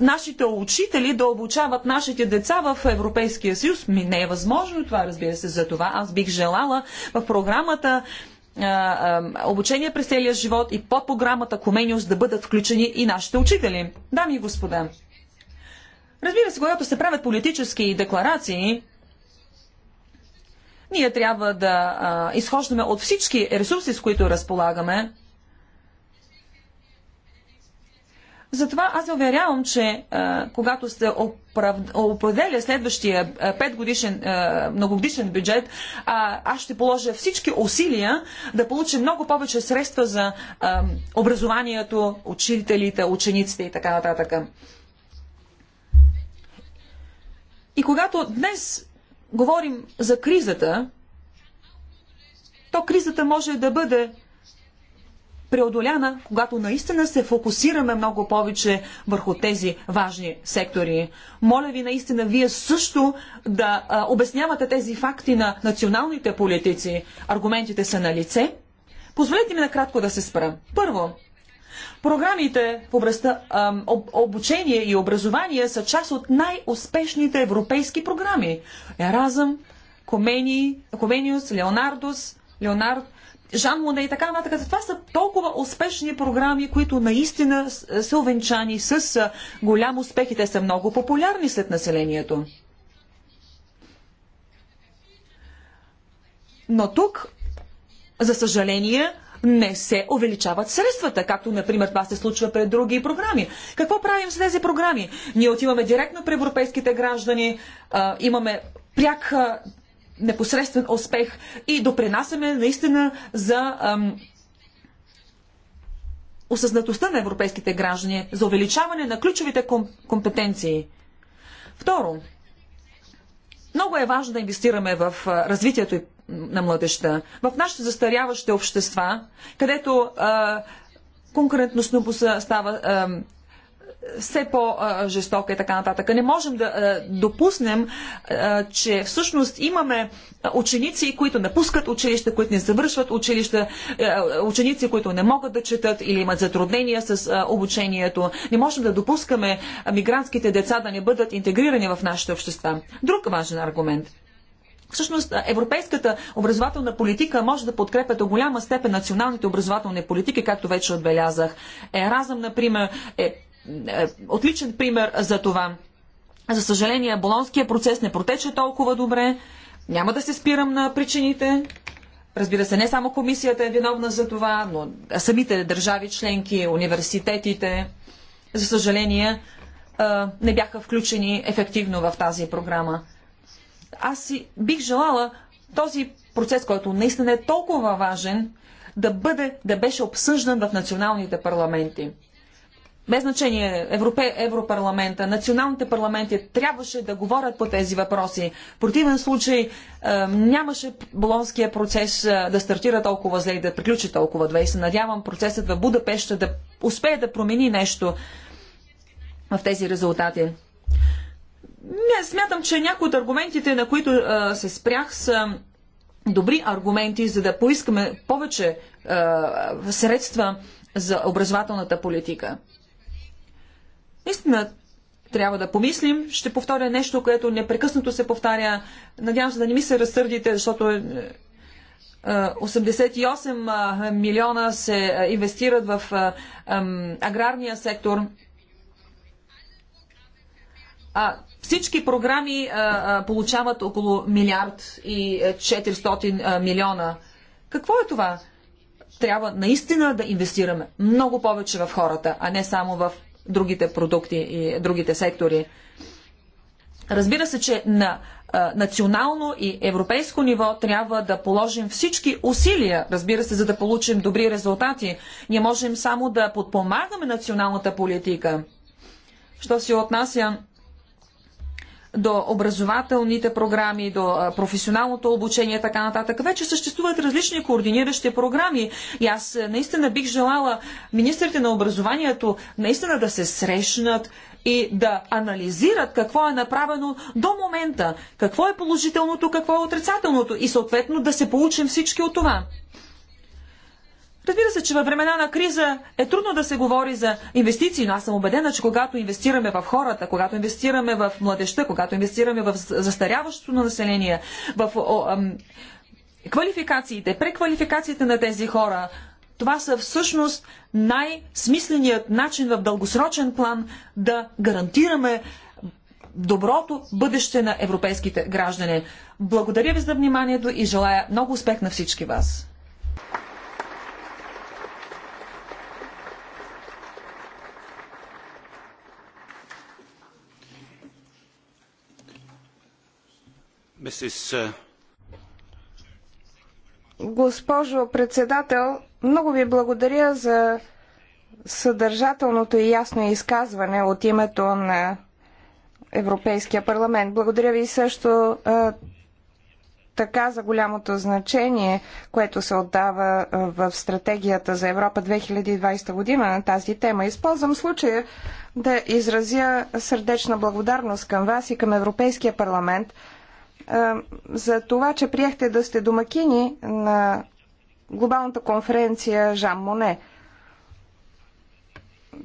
нашите учители да обучават нашите деца в Европейския съюз. Ми не е възможно това, разбира се, за това. Аз бих желала в програмата обучение през целия живот и по програмата Комениус да бъдат включени и нашите учители. Дами и господа, разбира се, когато се правят политически декларации, ние трябва да а, изхождаме от всички ресурси, с които разполагаме, Затова аз уверявам, че а, когато се оправ... определя следващия петгодишен, многогодишен бюджет, а, аз ще положа всички усилия да получа много повече средства за а, образованието, учителите, учениците и така нататък. И когато днес говорим за кризата, то кризата може да бъде преодоляна, когато наистина се фокусираме много повече върху тези важни сектори. Моля ви наистина вие също да а, обяснявате тези факти на националните политици. Аргументите са на лице. Позволете ми накратко да се спра. Първо, Програмите в областта об, обучение и образование са част от най-успешните европейски програми. Еразъм, Комени, Комениус, Леонардос, Леонард, Жан Моне и така нататък. Това са толкова успешни програми, които наистина са увенчани с голям успех и те са много популярни след населението. Но тук, за съжаление, не се увеличават средствата, както, например, това се случва пред други програми. Какво правим с тези програми? Ние отиваме директно при европейските граждани, имаме пряк непосредствен успех и допринасяме наистина за ам, осъзнатостта на европейските граждани, за увеличаване на ключовите ком- компетенции. Второ, много е важно да инвестираме в развитието на младеща, в нашите застаряващи общества, където а, конкурентност става а, все по-жестока и така нататък. Не можем да е, допуснем, е, че всъщност имаме ученици, които напускат училище, които не завършват училище, е, ученици, които не могат да четат или имат затруднения с обучението. Не можем да допускаме мигрантските деца да не бъдат интегрирани в нашите общества. Друг важен аргумент. Всъщност, европейската образователна политика може да подкрепя до голяма степен националните образователни политики, както вече отбелязах. Еразъм, например, е е, отличен пример за това. За съжаление, болонския процес не протече толкова добре. Няма да се спирам на причините. Разбира се, не само комисията е виновна за това, но самите държави членки, университетите, за съжаление, е, не бяха включени ефективно в тази програма. Аз си бих желала този процес, който наистина е толкова важен, да, бъде, да беше обсъждан в националните парламенти без значение Европе, Европарламента, националните парламенти трябваше да говорят по тези въпроси. В противен случай е, нямаше болонския процес е, да стартира толкова зле и да приключи толкова две. И се надявам процесът в Будапеща да успее да промени нещо в тези резултати. Не, смятам, че някои от аргументите, на които е, се спрях, са добри аргументи, за да поискаме повече е, средства за образователната политика. Наистина трябва да помислим. Ще повторя нещо, което непрекъснато се повтаря. Надявам се да не ми се разсърдите, защото 88 е, е, милиона се е, инвестират в аграрния сектор. А всички програми получават около милиард и 400 милиона. Какво е това? Трябва наистина да инвестираме много повече в хората, а не само в другите продукти и другите сектори. Разбира се, че на национално и европейско ниво трябва да положим всички усилия, разбира се, за да получим добри резултати. Ние можем само да подпомагаме националната политика. Що се отнася до образователните програми, до професионалното обучение, така нататък. Вече съществуват различни координиращи програми и аз наистина бих желала министрите на образованието наистина да се срещнат и да анализират какво е направено до момента, какво е положителното, какво е отрицателното и съответно да се получим всички от това. Разбира се, че във времена на криза е трудно да се говори за инвестиции, но аз съм убедена, че когато инвестираме в хората, когато инвестираме в младеща, когато инвестираме в застаряващото на население, в о, ам, квалификациите, преквалификациите на тези хора, това са всъщност най-смисленият начин в дългосрочен план да гарантираме доброто бъдеще на европейските граждани. Благодаря ви за вниманието и желая много успех на всички вас. Госпожо председател, много ви благодаря за съдържателното и ясно изказване от името на Европейския парламент. Благодаря ви също а, така за голямото значение, което се отдава в стратегията за Европа 2020 година на тази тема. Използвам случая да изразя сърдечна благодарност към вас и към Европейския парламент – за това, че приехте да сте домакини на глобалната конференция Жан Моне.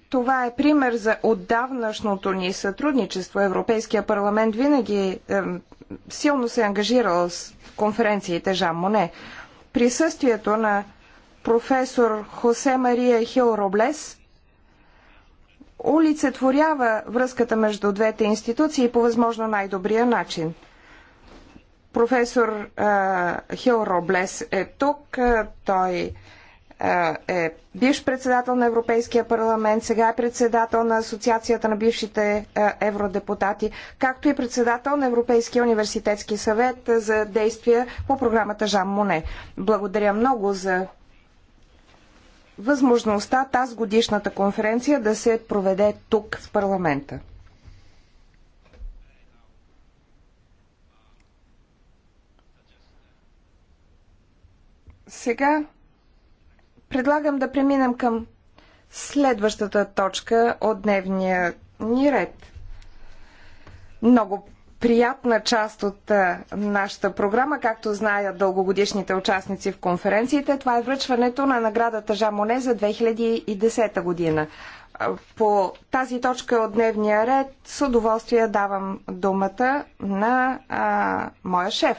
Това е пример за отдавнашното ни сътрудничество. Европейския парламент винаги е, силно се е ангажирал с конференциите Жан Моне. Присъствието на професор Хосе Мария Хил Роблес олицетворява връзката между двете институции по възможно най-добрия начин – Професор Хил Роблес е тук. Той е бивш председател на Европейския парламент, сега е председател на Асоциацията на бившите евродепутати, както и председател на Европейския университетски съвет за действия по програмата Жан Моне. Благодаря много за възможността тази годишната конференция да се проведе тук в парламента. Сега предлагам да преминем към следващата точка от дневния ни ред. Много приятна част от нашата програма, както знаят дългогодишните участници в конференциите. Това е връчването на наградата Жамоне за 2010 година. По тази точка от дневния ред с удоволствие давам думата на а, моя шеф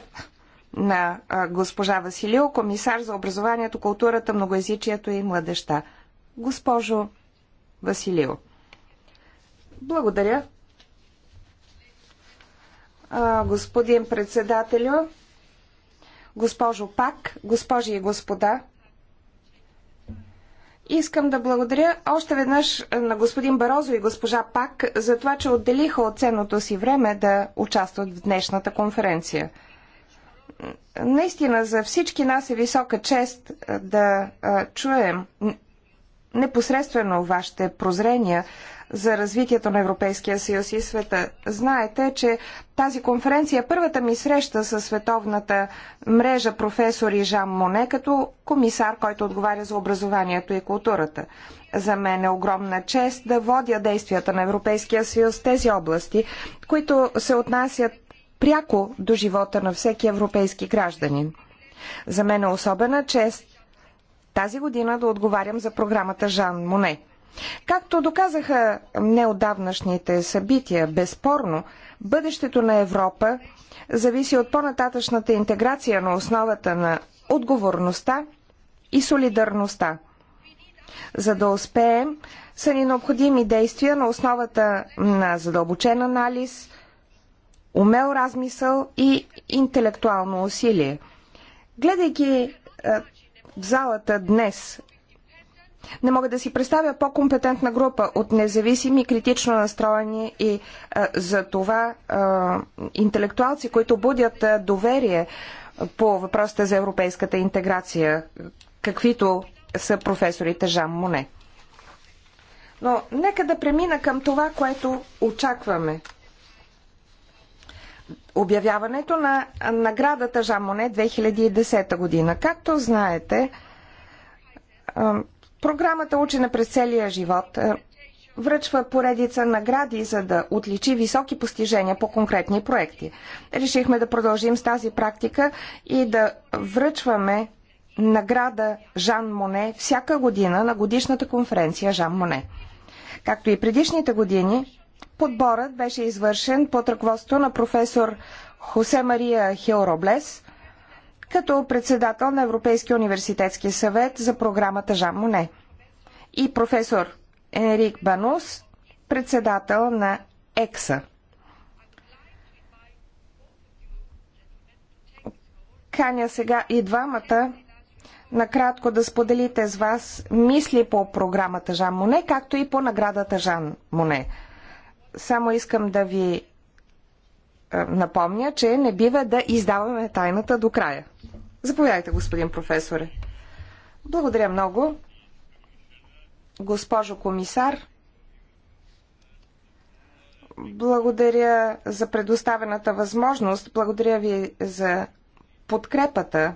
на госпожа Василио, комисар за образованието, културата, многоязичието и младеща. Госпожо Василио. Благодаря. господин председателю, госпожо Пак, госпожи и господа, Искам да благодаря още веднъж на господин Барозо и госпожа Пак за това, че отделиха от ценното си време да участват в днешната конференция наистина за всички нас е висока чест да чуем непосредствено вашите прозрения за развитието на Европейския съюз и света. Знаете, че тази конференция е първата ми среща с световната мрежа професори Жан Моне като комисар, който отговаря за образованието и културата. За мен е огромна чест да водя действията на Европейския съюз в тези области, които се отнасят пряко до живота на всеки европейски гражданин. За мен е особена чест тази година да отговарям за програмата Жан Моне. Както доказаха неодавнашните събития, безспорно, бъдещето на Европа зависи от по-нататъчната интеграция на основата на отговорността и солидарността. За да успеем, са ни необходими действия на основата на задълбочен анализ, умел размисъл и интелектуално усилие. Гледайки е, в залата днес, не мога да си представя по-компетентна група от независими, критично настроени и а, е, за това а, е, интелектуалци, които будят а, доверие по въпросите за европейската интеграция, каквито са професорите Жан Моне. Но нека да премина към това, което очакваме обявяването на наградата Жан Моне 2010 година. Както знаете, програмата Учена през целия живот връчва поредица награди, за да отличи високи постижения по конкретни проекти. Решихме да продължим с тази практика и да връчваме награда Жан Моне всяка година на годишната конференция Жан Моне. Както и предишните години, Подборът беше извършен под ръководство на професор Хосе Мария Хилроблес като председател на Европейския университетски съвет за програмата Жан Моне и професор Енрик Банус, председател на ЕКСА. Каня сега и двамата накратко да споделите с вас мисли по програмата Жан Моне, както и по наградата Жан Моне само искам да ви е, напомня, че не бива да издаваме тайната до края. Заповядайте, господин професоре. Благодаря много. Госпожо комисар, благодаря за предоставената възможност. Благодаря ви за подкрепата,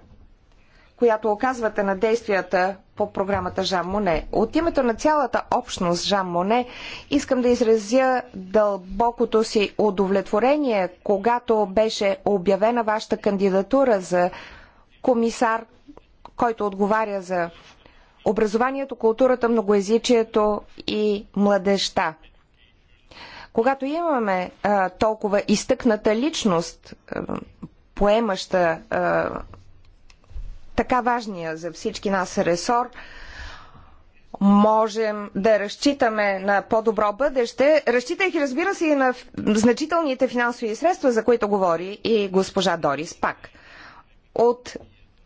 която оказвате на действията по програмата Жан Моне. От името на цялата общност Жан Моне искам да изразя дълбокото си удовлетворение, когато беше обявена вашата кандидатура за комисар, който отговаря за образованието, културата, многоязичието и младеща. Когато имаме а, толкова изтъкната личност, а, поемаща а, така важния за всички нас ресор, можем да разчитаме на по-добро бъдеще, разчитайки, разбира се, и на значителните финансови средства, за които говори и госпожа Дорис Пак. От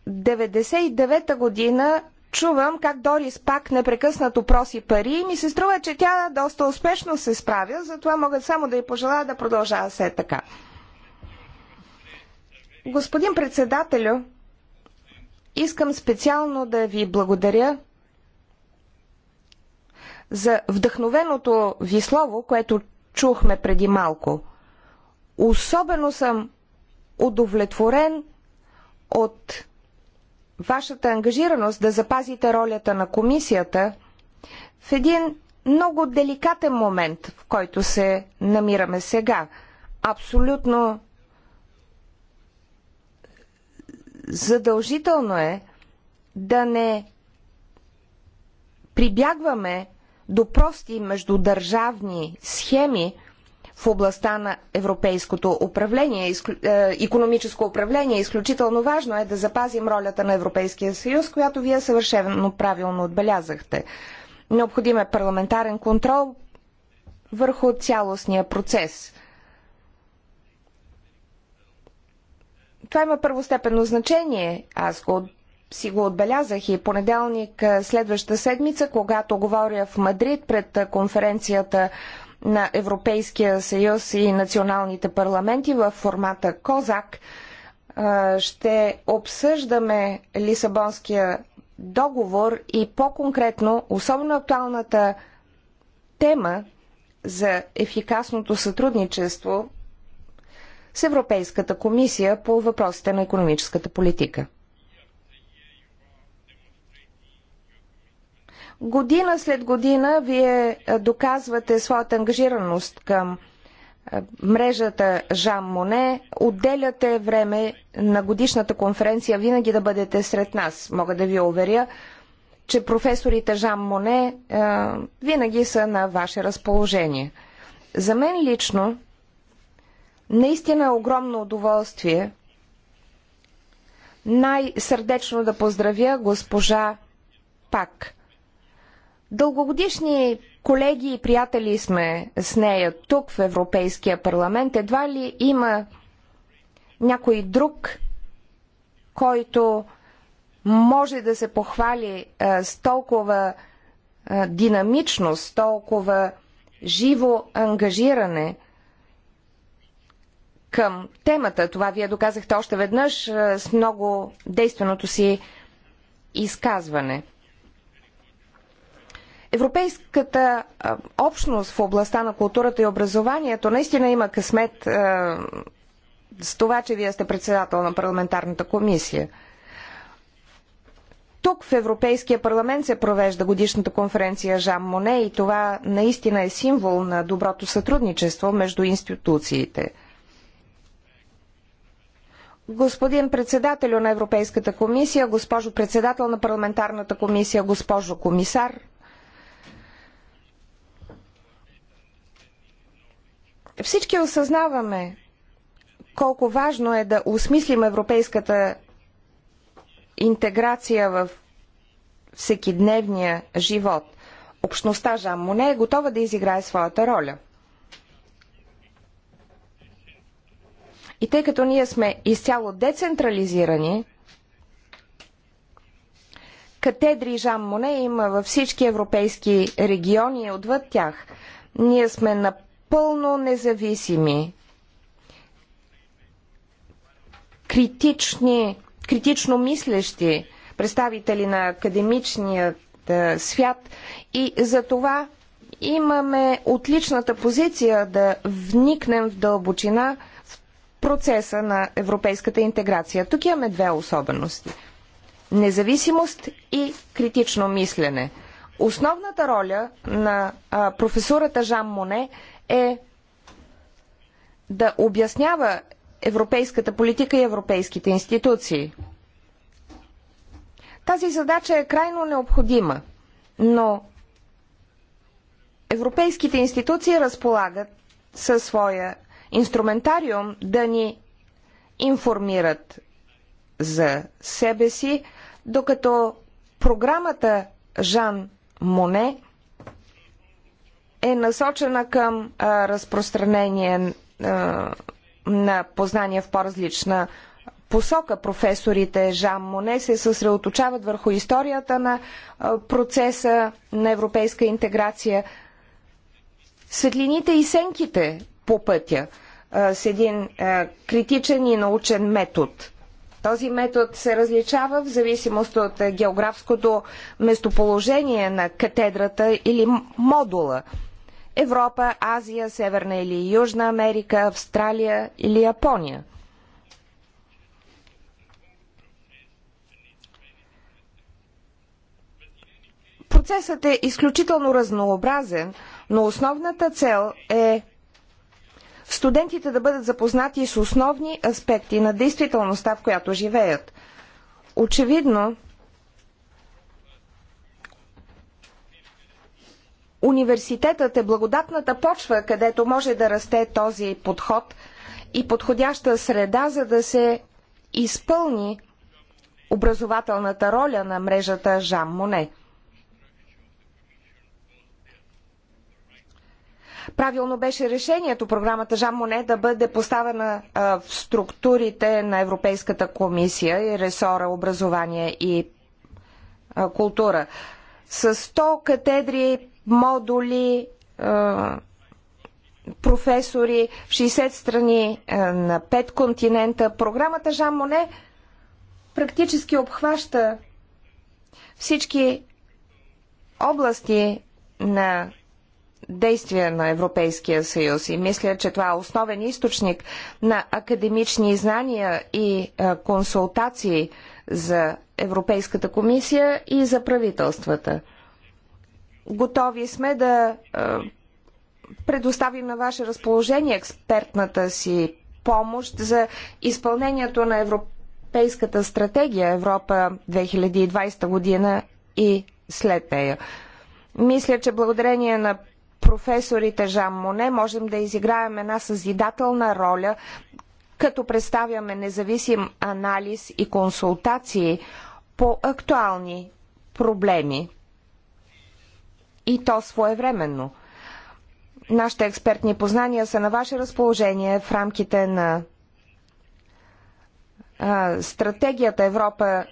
99-та година чувам как Дорис Пак непрекъснато проси пари и ми се струва, че тя доста успешно се справя, затова могат само да й пожелая да продължава се така. Господин председателю, Искам специално да ви благодаря за вдъхновеното ви слово, което чухме преди малко. Особено съм удовлетворен от вашата ангажираност да запазите ролята на комисията в един много деликатен момент, в който се намираме сега. Абсолютно задължително е да не прибягваме до прости междудържавни схеми в областта на европейското управление, економическо управление. Изключително важно е да запазим ролята на Европейския съюз, която вие съвършено правилно отбелязахте. Необходим е парламентарен контрол върху цялостния процес. това има първостепенно значение. Аз го, си го отбелязах и понеделник следваща седмица, когато говоря в Мадрид пред конференцията на Европейския съюз и националните парламенти в формата Козак, ще обсъждаме Лисабонския договор и по-конкретно, особено актуалната тема за ефикасното сътрудничество с Европейската комисия по въпросите на економическата политика. Година след година вие доказвате своята ангажираност към мрежата Жан Моне. Отделяте време на годишната конференция винаги да бъдете сред нас. Мога да ви уверя, че професорите Жан Моне винаги са на ваше разположение. За мен лично Наистина е огромно удоволствие най-сърдечно да поздравя госпожа Пак. Дългогодишни колеги и приятели сме с нея тук в Европейския парламент. Едва ли има някой друг, който може да се похвали а, с толкова а, динамичност, толкова живо ангажиране – към темата. Това вие доказахте още веднъж с много действеното си изказване. Европейската общност в областта на културата и образованието наистина има късмет с това, че вие сте председател на парламентарната комисия. Тук в Европейския парламент се провежда годишната конференция Жан Моне и това наистина е символ на доброто сътрудничество между институциите – Господин председател на Европейската комисия, госпожо председател на парламентарната комисия, госпожо комисар, всички осъзнаваме колко важно е да осмислим европейската интеграция в всекидневния живот. Общността Жан Моне е готова да изиграе своята роля – И тъй като ние сме изцяло децентрализирани, катедри Жан Моне има във всички европейски региони и отвъд тях. Ние сме напълно независими, критични, критично мислещи представители на академичния свят и за това имаме отличната позиция да вникнем в дълбочина процеса на европейската интеграция. Тук имаме две особености. Независимост и критично мислене. Основната роля на а, професората Жан Моне е да обяснява европейската политика и европейските институции. Тази задача е крайно необходима, но европейските институции разполагат със своя инструментариум да ни информират за себе си, докато програмата Жан Моне е насочена към а, разпространение а, на познания в по-различна посока. Професорите Жан Моне се съсредоточават върху историята на а, процеса на европейска интеграция. Светлините и сенките по пътя с един критичен и научен метод. Този метод се различава в зависимост от географското местоположение на катедрата или модула. Европа, Азия, Северна или Южна Америка, Австралия или Япония. Процесът е изключително разнообразен, но основната цел е студентите да бъдат запознати с основни аспекти на действителността, в която живеят. Очевидно, университетът е благодатната почва, където може да расте този подход и подходяща среда, за да се изпълни образователната роля на мрежата Жан Моне – Правилно беше решението програмата Жан Моне да бъде поставена в структурите на Европейската комисия и ресора образование и култура. С 100 катедри, модули, професори в 60 страни на 5 континента. Програмата Жан Моне практически обхваща всички области на действия на Европейския съюз. И мисля, че това е основен източник на академични знания и е, консултации за Европейската комисия и за правителствата. Готови сме да е, предоставим на ваше разположение експертната си помощ за изпълнението на Европейската стратегия Европа 2020 година и след нея. Мисля, че благодарение на професорите Жан Моне можем да изиграем една съзидателна роля, като представяме независим анализ и консултации по актуални проблеми. И то своевременно. Нашите експертни познания са на ваше разположение в рамките на а, стратегията Европа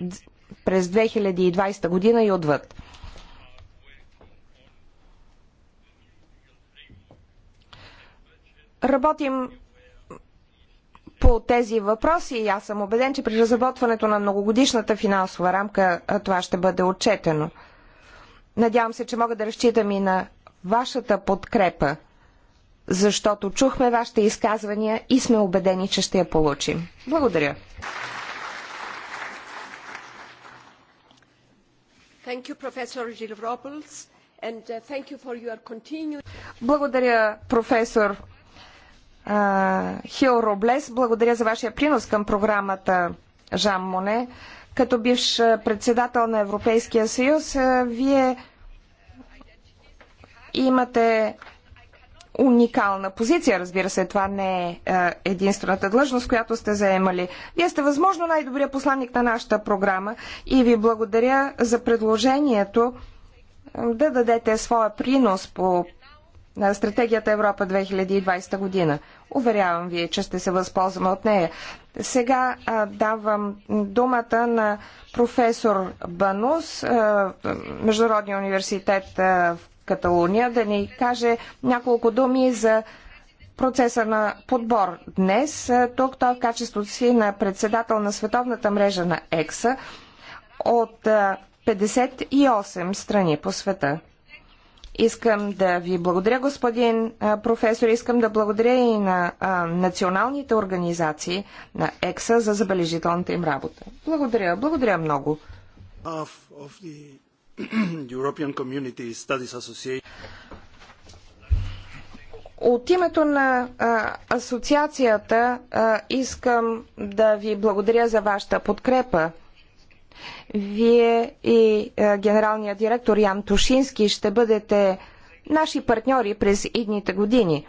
през 2020 година и отвъд. Работим по тези въпроси и аз съм убеден, че при разработването на многогодишната финансова рамка това ще бъде отчетено. Надявам се, че мога да разчитам и на вашата подкрепа, защото чухме вашите изказвания и сме убедени, че ще я получим. Благодаря. Благодаря, професор Хил Роблес. Благодаря за вашия принос към програмата Жан Моне. Като бивш председател на Европейския съюз, вие имате уникална позиция, разбира се, това не е единствената длъжност, която сте заемали. Вие сте възможно най-добрият посланник на нашата програма и ви благодаря за предложението да дадете своя принос по на стратегията Европа 2020 година. Уверявам ви, че ще се възползваме от нея. Сега а, давам думата на професор Банус, а, Международния университет а, в Каталуния, да ни каже няколко думи за процеса на подбор днес. Тук той в качеството си на председател на Световната мрежа на ЕКСА от 58 страни по света. Искам да ви благодаря, господин професор. Искам да благодаря и на националните организации на ЕКСА за забележителната им работа. Благодаря, благодаря много. От името на а, асоциацията а, искам да ви благодаря за вашата подкрепа. Вие и е, генералният директор Ян Тушински ще бъдете наши партньори през идните години.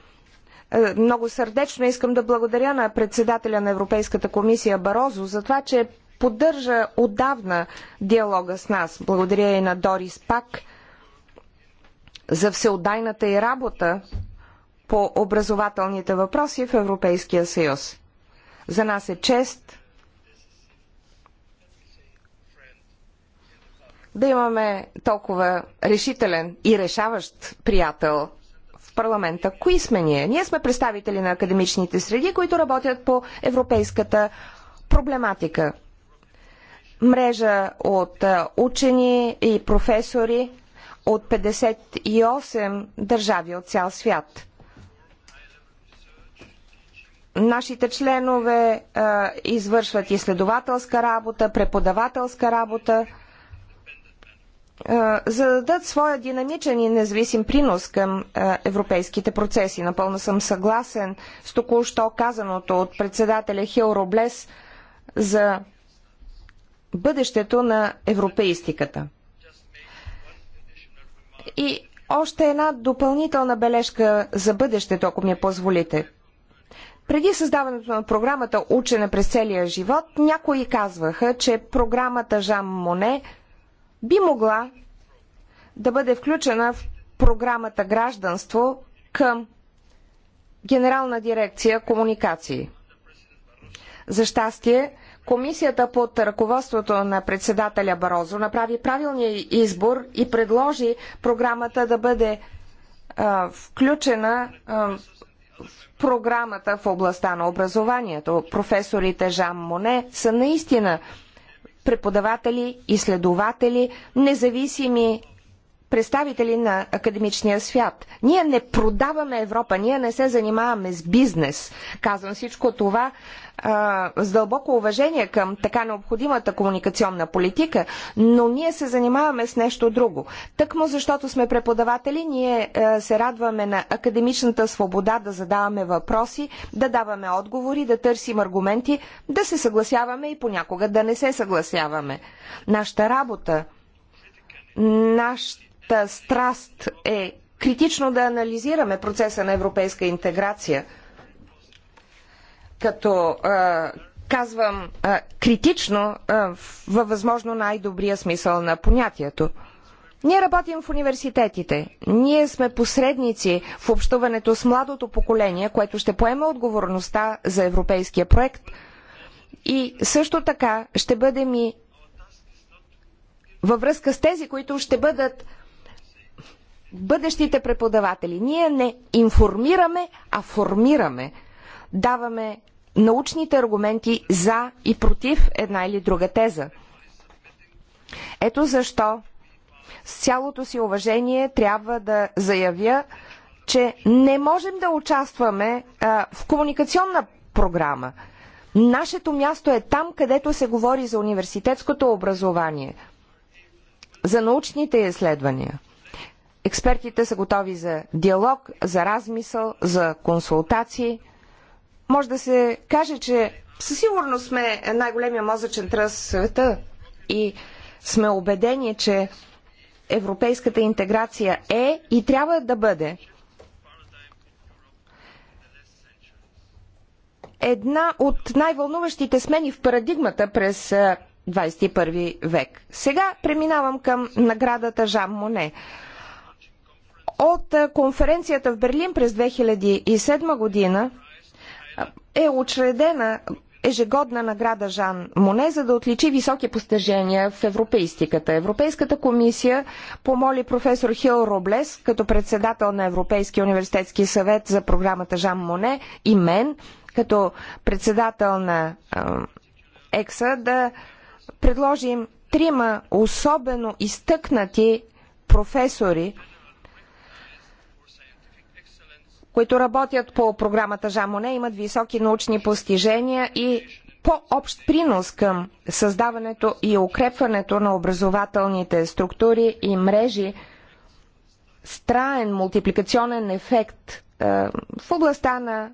Е, много сърдечно искам да благодаря на председателя на Европейската комисия Барозо за това, че поддържа отдавна диалога с нас. Благодаря и на Дорис Пак за всеотдайната и работа по образователните въпроси в Европейския съюз. За нас е чест да имаме толкова решителен и решаващ приятел в парламента. Кои сме ние? Ние сме представители на академичните среди, които работят по европейската проблематика. Мрежа от учени и професори от 58 държави от цял свят. Нашите членове а, извършват изследователска работа, преподавателска работа за да дадат своя динамичен и независим принос към европейските процеси. Напълно съм съгласен с току-що казаното от председателя Хил Роблес за бъдещето на европеистиката. И още една допълнителна бележка за бъдещето, ако ми позволите. Преди създаването на програмата Учене през целия живот, някои казваха, че програмата Жан Моне – би могла да бъде включена в програмата гражданство към Генерална дирекция комуникации. За щастие, Комисията под ръководството на председателя Барозо направи правилния избор и предложи програмата да бъде а, включена а, в програмата в областта на образованието. Професорите Жан Моне са наистина преподаватели, изследователи, независими представители на академичния свят. Ние не продаваме Европа, ние не се занимаваме с бизнес. Казвам всичко това а, с дълбоко уважение към така необходимата комуникационна политика, но ние се занимаваме с нещо друго. Тъкмо защото сме преподаватели, ние а, е, се радваме на академичната свобода да задаваме въпроси, да даваме отговори, да търсим аргументи, да се съгласяваме и понякога да не се съгласяваме. Нашата работа, нашата страст е критично да анализираме процеса на европейска интеграция. Като а, казвам а, критично, а, във възможно най-добрия смисъл на понятието. Ние работим в университетите. Ние сме посредници в общуването с младото поколение, което ще поема отговорността за европейския проект. И също така ще бъдем и във връзка с тези, които ще бъдат бъдещите преподаватели. Ние не информираме, а формираме. Даваме научните аргументи за и против една или друга теза. Ето защо с цялото си уважение трябва да заявя, че не можем да участваме а, в комуникационна програма. Нашето място е там, където се говори за университетското образование, за научните изследвания. Експертите са готови за диалог, за размисъл, за консултации. Може да се каже, че със сигурност сме най-големия мозъчен тръс в света и сме убедени, че европейската интеграция е и трябва да бъде една от най-вълнуващите смени в парадигмата през 21 век. Сега преминавам към наградата Жан Моне от конференцията в Берлин през 2007 година е учредена ежегодна награда Жан Моне, за да отличи високи постижения в европейстиката. Европейската комисия помоли професор Хил Роблес, като председател на Европейския университетски съвет за програмата Жан Моне и мен, като председател на ЕКСА, да предложим трима особено изтъкнати професори, които работят по програмата Жамоне, имат високи научни постижения и по-общ принос към създаването и укрепването на образователните структури и мрежи с траен мултипликационен ефект е, в областта на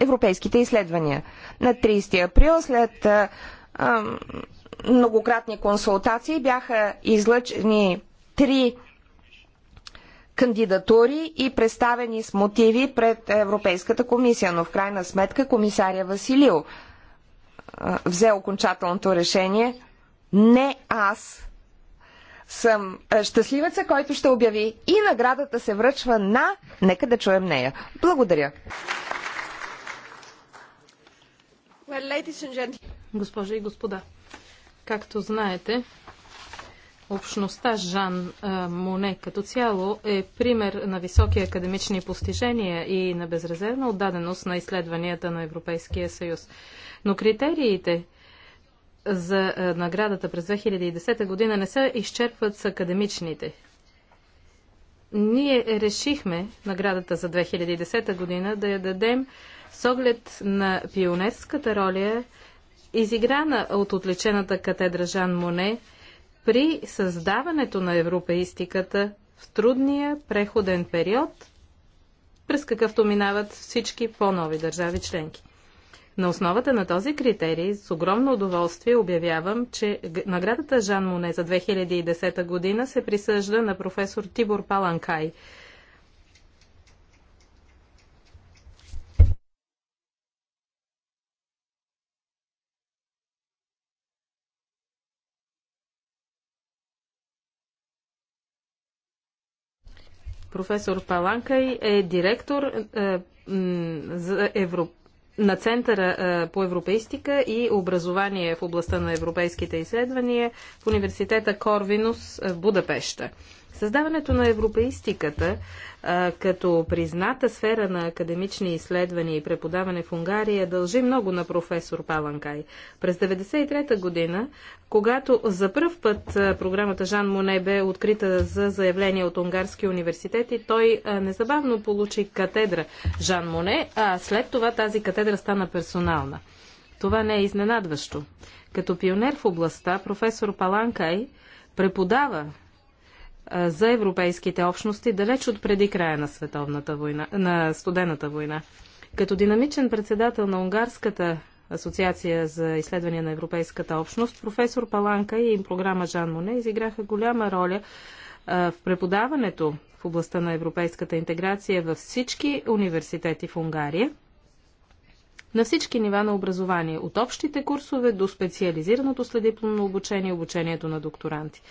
европейските изследвания. На 30 април след е, е, многократни консултации бяха излъчени три кандидатури и представени с мотиви пред Европейската комисия. Но в крайна сметка комисаря Василио взе окончателното решение. Не аз съм щастливеца, който ще обяви и наградата се връчва на... Нека да чуем нея. Благодаря. Well, Госпожи и господа, както знаете, Общността Жан Моне като цяло е пример на високи академични постижения и на безрезервна отдаденост на изследванията на Европейския съюз. Но критериите за наградата през 2010 година не се изчерпват с академичните. Ние решихме наградата за 2010 година да я дадем с оглед на пионерската роля, изиграна от отличената катедра Жан Моне – при създаването на европеистиката в трудния преходен период, през какъвто минават всички по-нови държави членки. На основата на този критерий с огромно удоволствие обявявам, че наградата Жан Моне за 2010 година се присъжда на професор Тибор Паланкай – Професор Паланкай е директор е, за Европа на Центъра е, по европейстика и образование в областта на европейските изследвания в университета Корвинус в Будапеща. Създаването на европеистиката като призната сфера на академични изследвания и преподаване в Унгария дължи много на професор Паланкай. През 1993 година, когато за първ път програмата Жан Моне бе открита за заявление от унгарски университети, той незабавно получи катедра Жан Моне, а след това тази катедра стана персонална. Това не е изненадващо. Като пионер в областта, професор Паланкай преподава за европейските общности далеч от преди края на, световната война, на студената война. Като динамичен председател на Унгарската асоциация за изследвания на Европейската общност, професор Паланка и им програма Жан Моне изиграха голяма роля в преподаването в областта на европейската интеграция във всички университети в Унгария на всички нива на образование, от общите курсове до специализираното следипломно обучение и обучението на докторанти.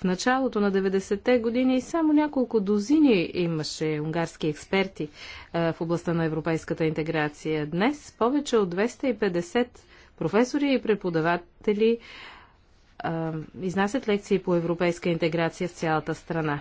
В началото на 90-те години само няколко дозини имаше унгарски експерти е, в областта на европейската интеграция. Днес повече от 250 професори и преподаватели е, изнасят лекции по европейска интеграция в цялата страна.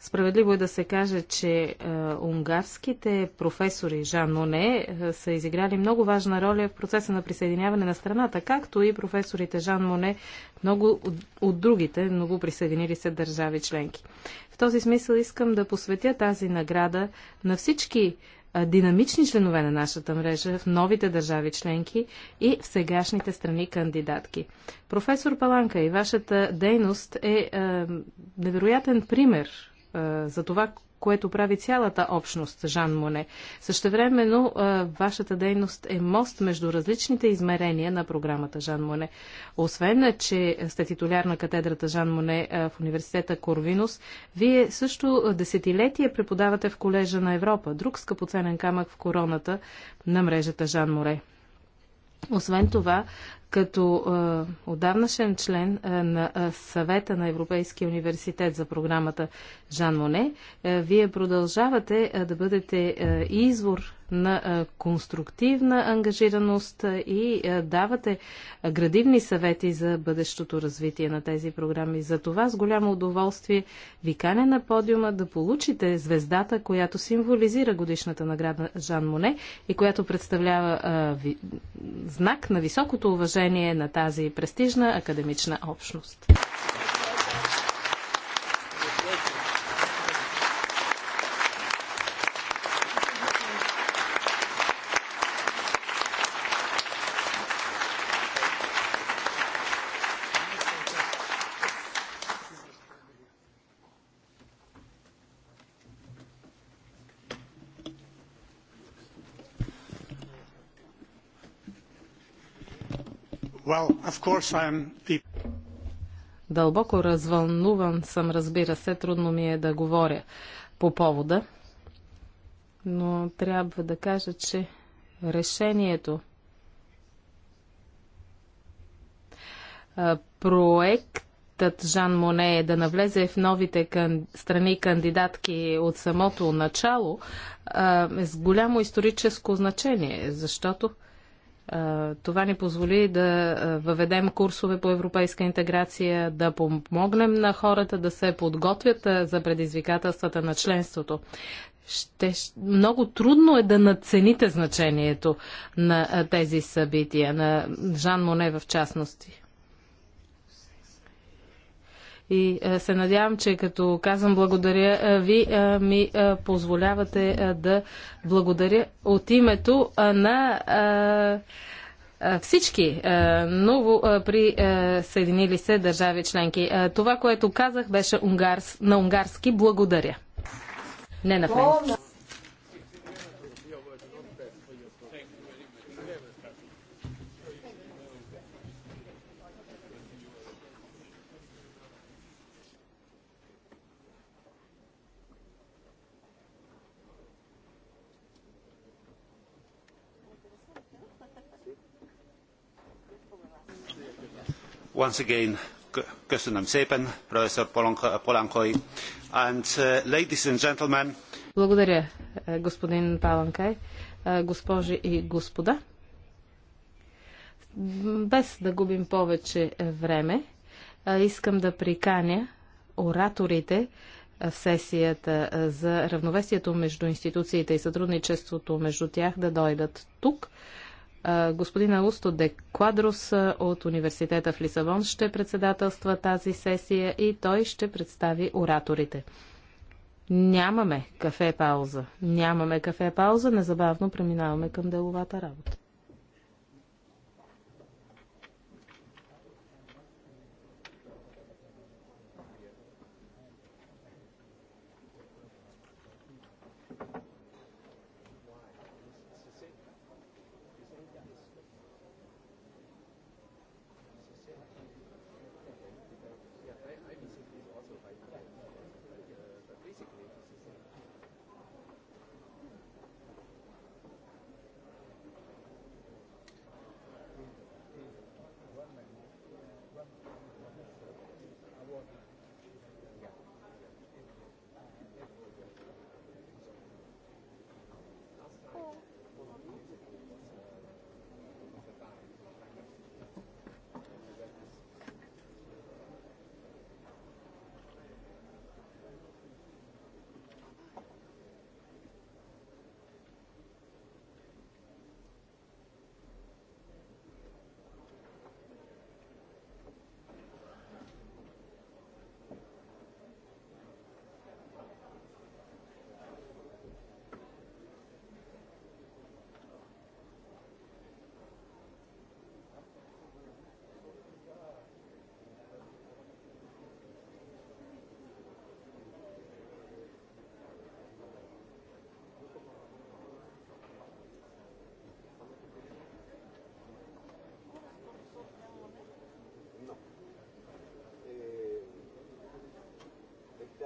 Справедливо е да се каже, че е, унгарските професори Жан Моне е, са изиграли много важна роля в процеса на присъединяване на страната, както и професорите Жан Моне много от, от другите много присъединили се държави членки. В този смисъл искам да посветя тази награда на всички е, динамични членове на нашата мрежа в новите държави членки и в сегашните страни кандидатки. Професор Паланка и вашата дейност е, е невероятен пример е, за това, което прави цялата общност Жан Моне. Същевременно е, вашата дейност е мост между различните измерения на програмата Жан Моне. Освен, е, че сте титуляр на катедрата Жан Моне в университета Корвинус, вие също десетилетие преподавате в колежа на Европа, друг скъпоценен камък в короната на мрежата Жан Море. Освен това, като а, отдавнашен член а, на а, съвета на Европейския университет за програмата Жан Моне, а, вие продължавате а, да бъдете а, извор на конструктивна ангажираност и давате градивни съвети за бъдещото развитие на тези програми. За това с голямо удоволствие ви каня на подиума да получите звездата, която символизира годишната награда Жан Моне и която представлява знак на високото уважение на тази престижна академична общност. Дълбоко развълнуван съм, разбира се, трудно ми е да говоря по повода, но трябва да кажа, че решението проектът Жан Моне е да навлезе в новите кан... страни кандидатки от самото начало е с голямо историческо значение, защото това ни позволи да въведем курсове по европейска интеграция, да помогнем на хората да се подготвят за предизвикателствата на членството. Ще, много трудно е да надцените значението на тези събития, на Жан Моне в частности. И е, се надявам, че като казвам благодаря е, ви, е, ми позволявате да благодаря от името на всички ново присъединили се държави членки. Това, което казах, беше унгарс, на унгарски благодаря. Не на френски. once again uh, Благодаря, е, господин Паланкай. Е, госпожи и господа, без да губим повече време, е, искам да приканя ораторите в сесията за равновесието между институциите и сътрудничеството между тях да дойдат тук. Господин Аусто де Квадрос от университета в Лисавон ще председателства тази сесия и той ще представи ораторите. Нямаме кафе пауза. Нямаме кафе пауза. Незабавно преминаваме към деловата работа.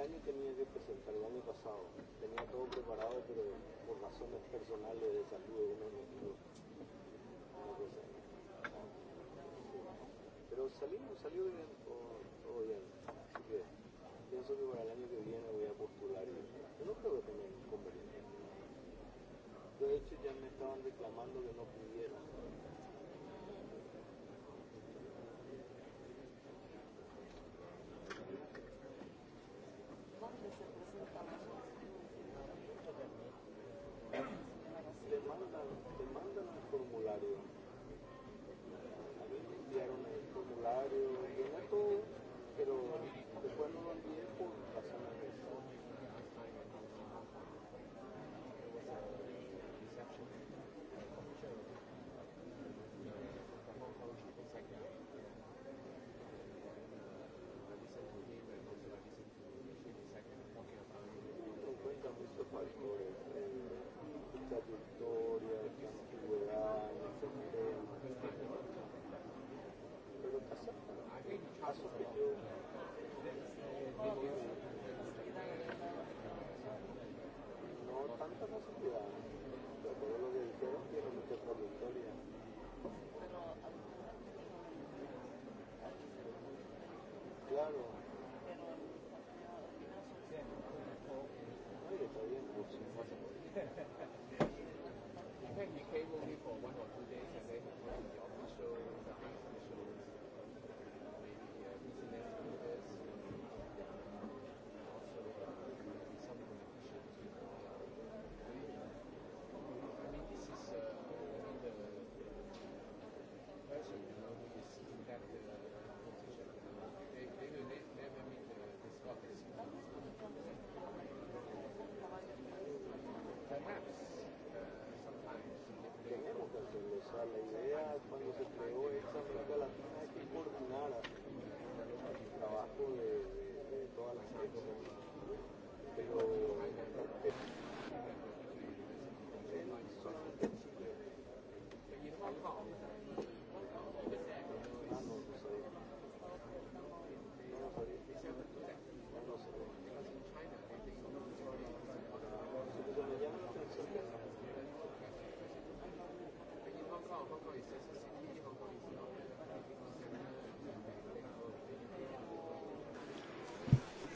año tenía que presentar el año pasado. Tenía todo preparado, pero por razones personales de salud uno no pudo. Una Pero salimos, salió bien, todo bien. Así que pienso que para el año que viene voy a postular. Yo no creo que tenga inconveniente. De hecho ya me estaban reclamando que no pude les da la idea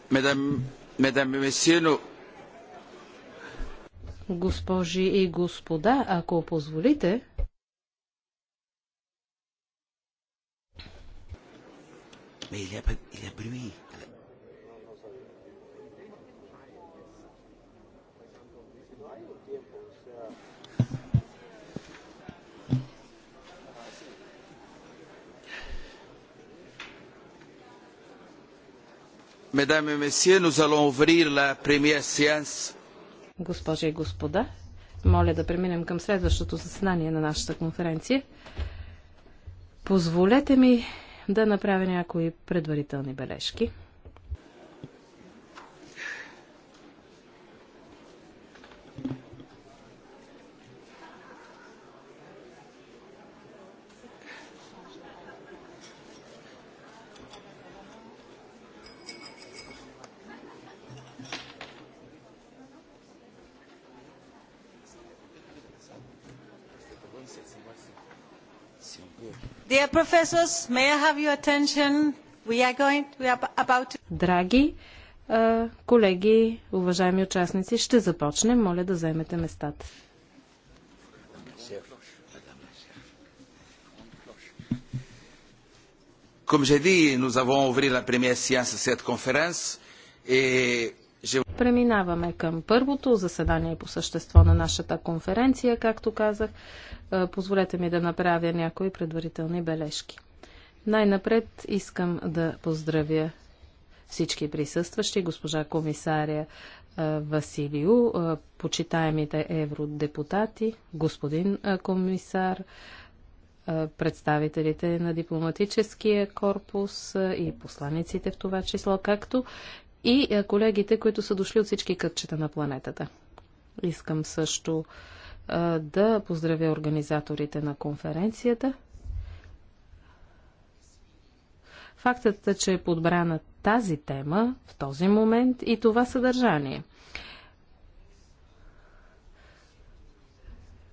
Mesdames, mesdames, messieurs, nos... Госпожи и господа, ако позволите, Mais il n'y a pas Mesdames et messieurs, nous allons ouvrir la première séance. Госпожи и господа, моля да преминем към следващото заседание на нашата конференция. Позволете ми да направя някои предварителни бележки. Professors, may I have your attention? We are going, we are about to... Драги колеги, уважаеми участници, ще започнем. Моля да заемете местата. Comme j'ai dit, nous avons ouvert la première séance de cette conférence et Преминаваме към първото заседание по същество на нашата конференция. Както казах, е, позволете ми да направя някои предварителни бележки. Най-напред искам да поздравя всички присъстващи, госпожа комисаря е, Василио, е, почитаемите евродепутати, господин комисар, представителите на дипломатическия корпус и посланиците в това число, както и е, колегите, които са дошли от всички кътчета на планетата. Искам също е, да поздравя организаторите на конференцията. Фактът, е, че е подбрана тази тема в този момент и това съдържание.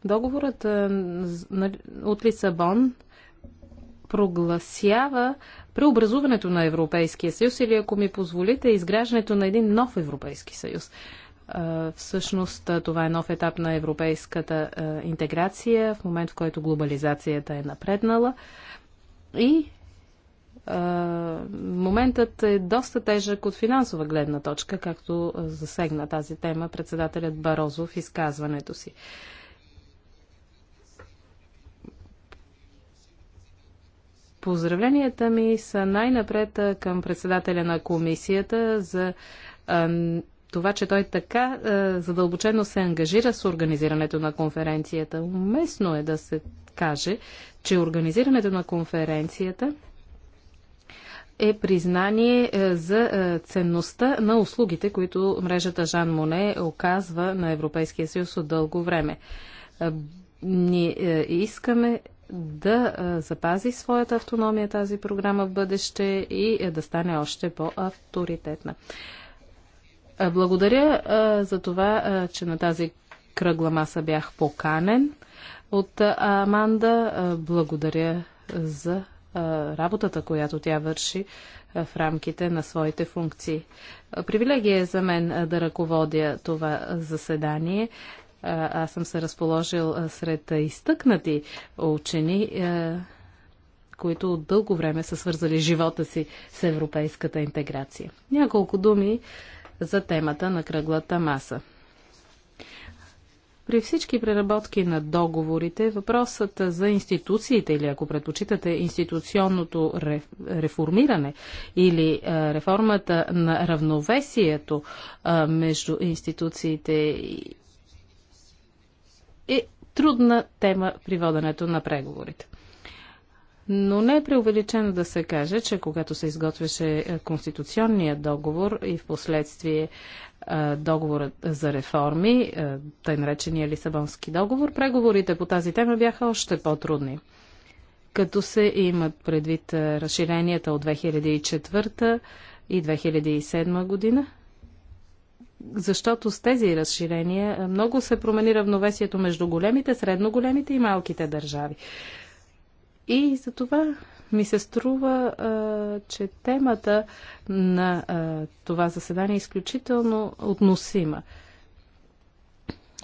Договорът е, от Лисабон прогласява преобразуването на Европейския съюз или, ако ми позволите, изграждането на един нов Европейски съюз. Всъщност това е нов етап на европейската интеграция, в момент в който глобализацията е напреднала. И моментът е доста тежък от финансова гледна точка, както засегна тази тема председателят Барозов в изказването си. Поздравленията ми са най-напред към председателя на комисията за това, че той така задълбочено се ангажира с организирането на конференцията. Уместно е да се каже, че организирането на конференцията е признание за ценността на услугите, които мрежата Жан Моне оказва на Европейския съюз от дълго време. Ние искаме да запази своята автономия тази програма в бъдеще и е, да стане още по-авторитетна. Благодаря за това, че на тази кръгла маса бях поканен от Аманда. Благодаря за работата, която тя върши в рамките на своите функции. Привилегия е за мен да ръководя това заседание аз съм се разположил сред изтъкнати учени, които от дълго време са свързали живота си с европейската интеграция. Няколко думи за темата на кръглата маса. При всички преработки на договорите, въпросът за институциите или ако предпочитате институционното реформиране или реформата на равновесието между институциите трудна тема при воденето на преговорите. Но не е преувеличено да се каже, че когато се изготвяше е, конституционния договор и в последствие е, договорът за реформи, е, тъй наречения Лисабонски договор, преговорите по тази тема бяха още по-трудни. Като се имат предвид разширенията от 2004 и 2007 година, защото с тези разширения е, много се промени равновесието между големите, средно големите и малките държави. И за това ми се струва, е, че темата на е, това заседание е изключително относима.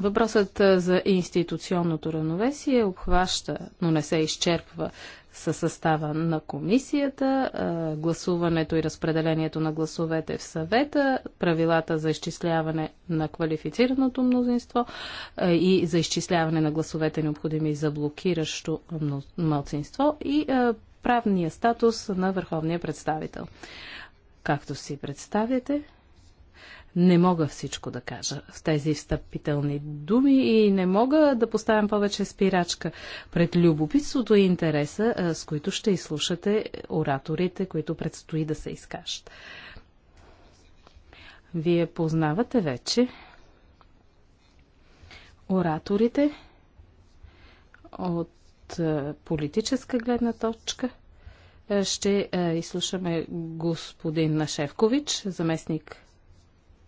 Въпросът за институционното равновесие обхваща, но не се изчерпва със състава на комисията, гласуването и разпределението на гласовете в съвета, правилата за изчисляване на квалифицираното мнозинство и за изчисляване на гласовете необходими за блокиращо мълцинство и правния статус на върховния представител. Както си представяте, не мога всичко да кажа в тези встъпителни думи и не мога да поставям повече спирачка пред любопитството и интереса, с които ще изслушате ораторите, които предстои да се изкажат. Вие познавате вече ораторите от политическа гледна точка – ще изслушаме господин Нашевкович, заместник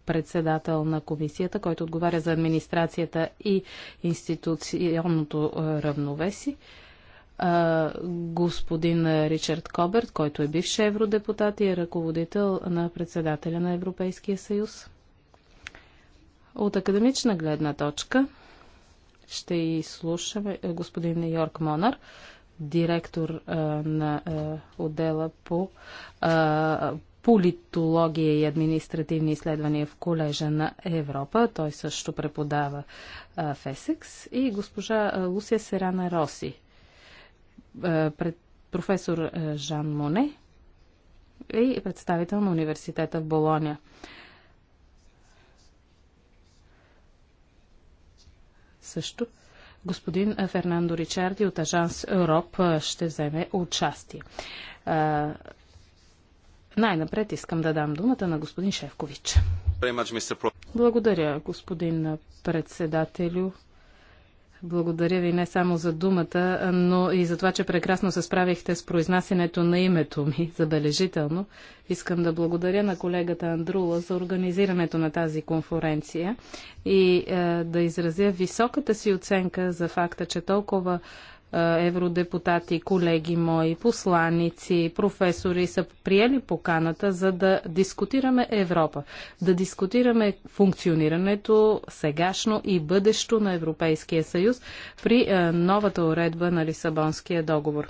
председател на комисията, който отговаря за администрацията и институционното е, равновеси. Е, господин Ричард Коберт, който е бивш евродепутат и е ръководител на председателя на Европейския съюз. От академична гледна точка ще изслушаме е, господин Йорк Монар, директор на отдела по политология и административни изследвания в колежа на Европа. Той също преподава а, в Есекс. И госпожа Лусия Серана Роси, а, пред професор а, Жан Моне и представител на университета в Болоня. Също господин Фернандо Ричарди от Ажанс Европ ще вземе участие. Най-напред искам да дам думата на господин Шевкович. Благодаря, господин председателю. Благодаря ви не само за думата, но и за това, че прекрасно се справихте с произнасенето на името ми, забележително. Искам да благодаря на колегата Андрула за организирането на тази конференция и е, да изразя високата си оценка за факта, че толкова е, евродепутати, колеги мои, посланици, професори са приели поканата, за да дискутираме Европа, да дискутираме функционирането сегашно и бъдещо на Европейския съюз при е, новата уредба на Лисабонския договор.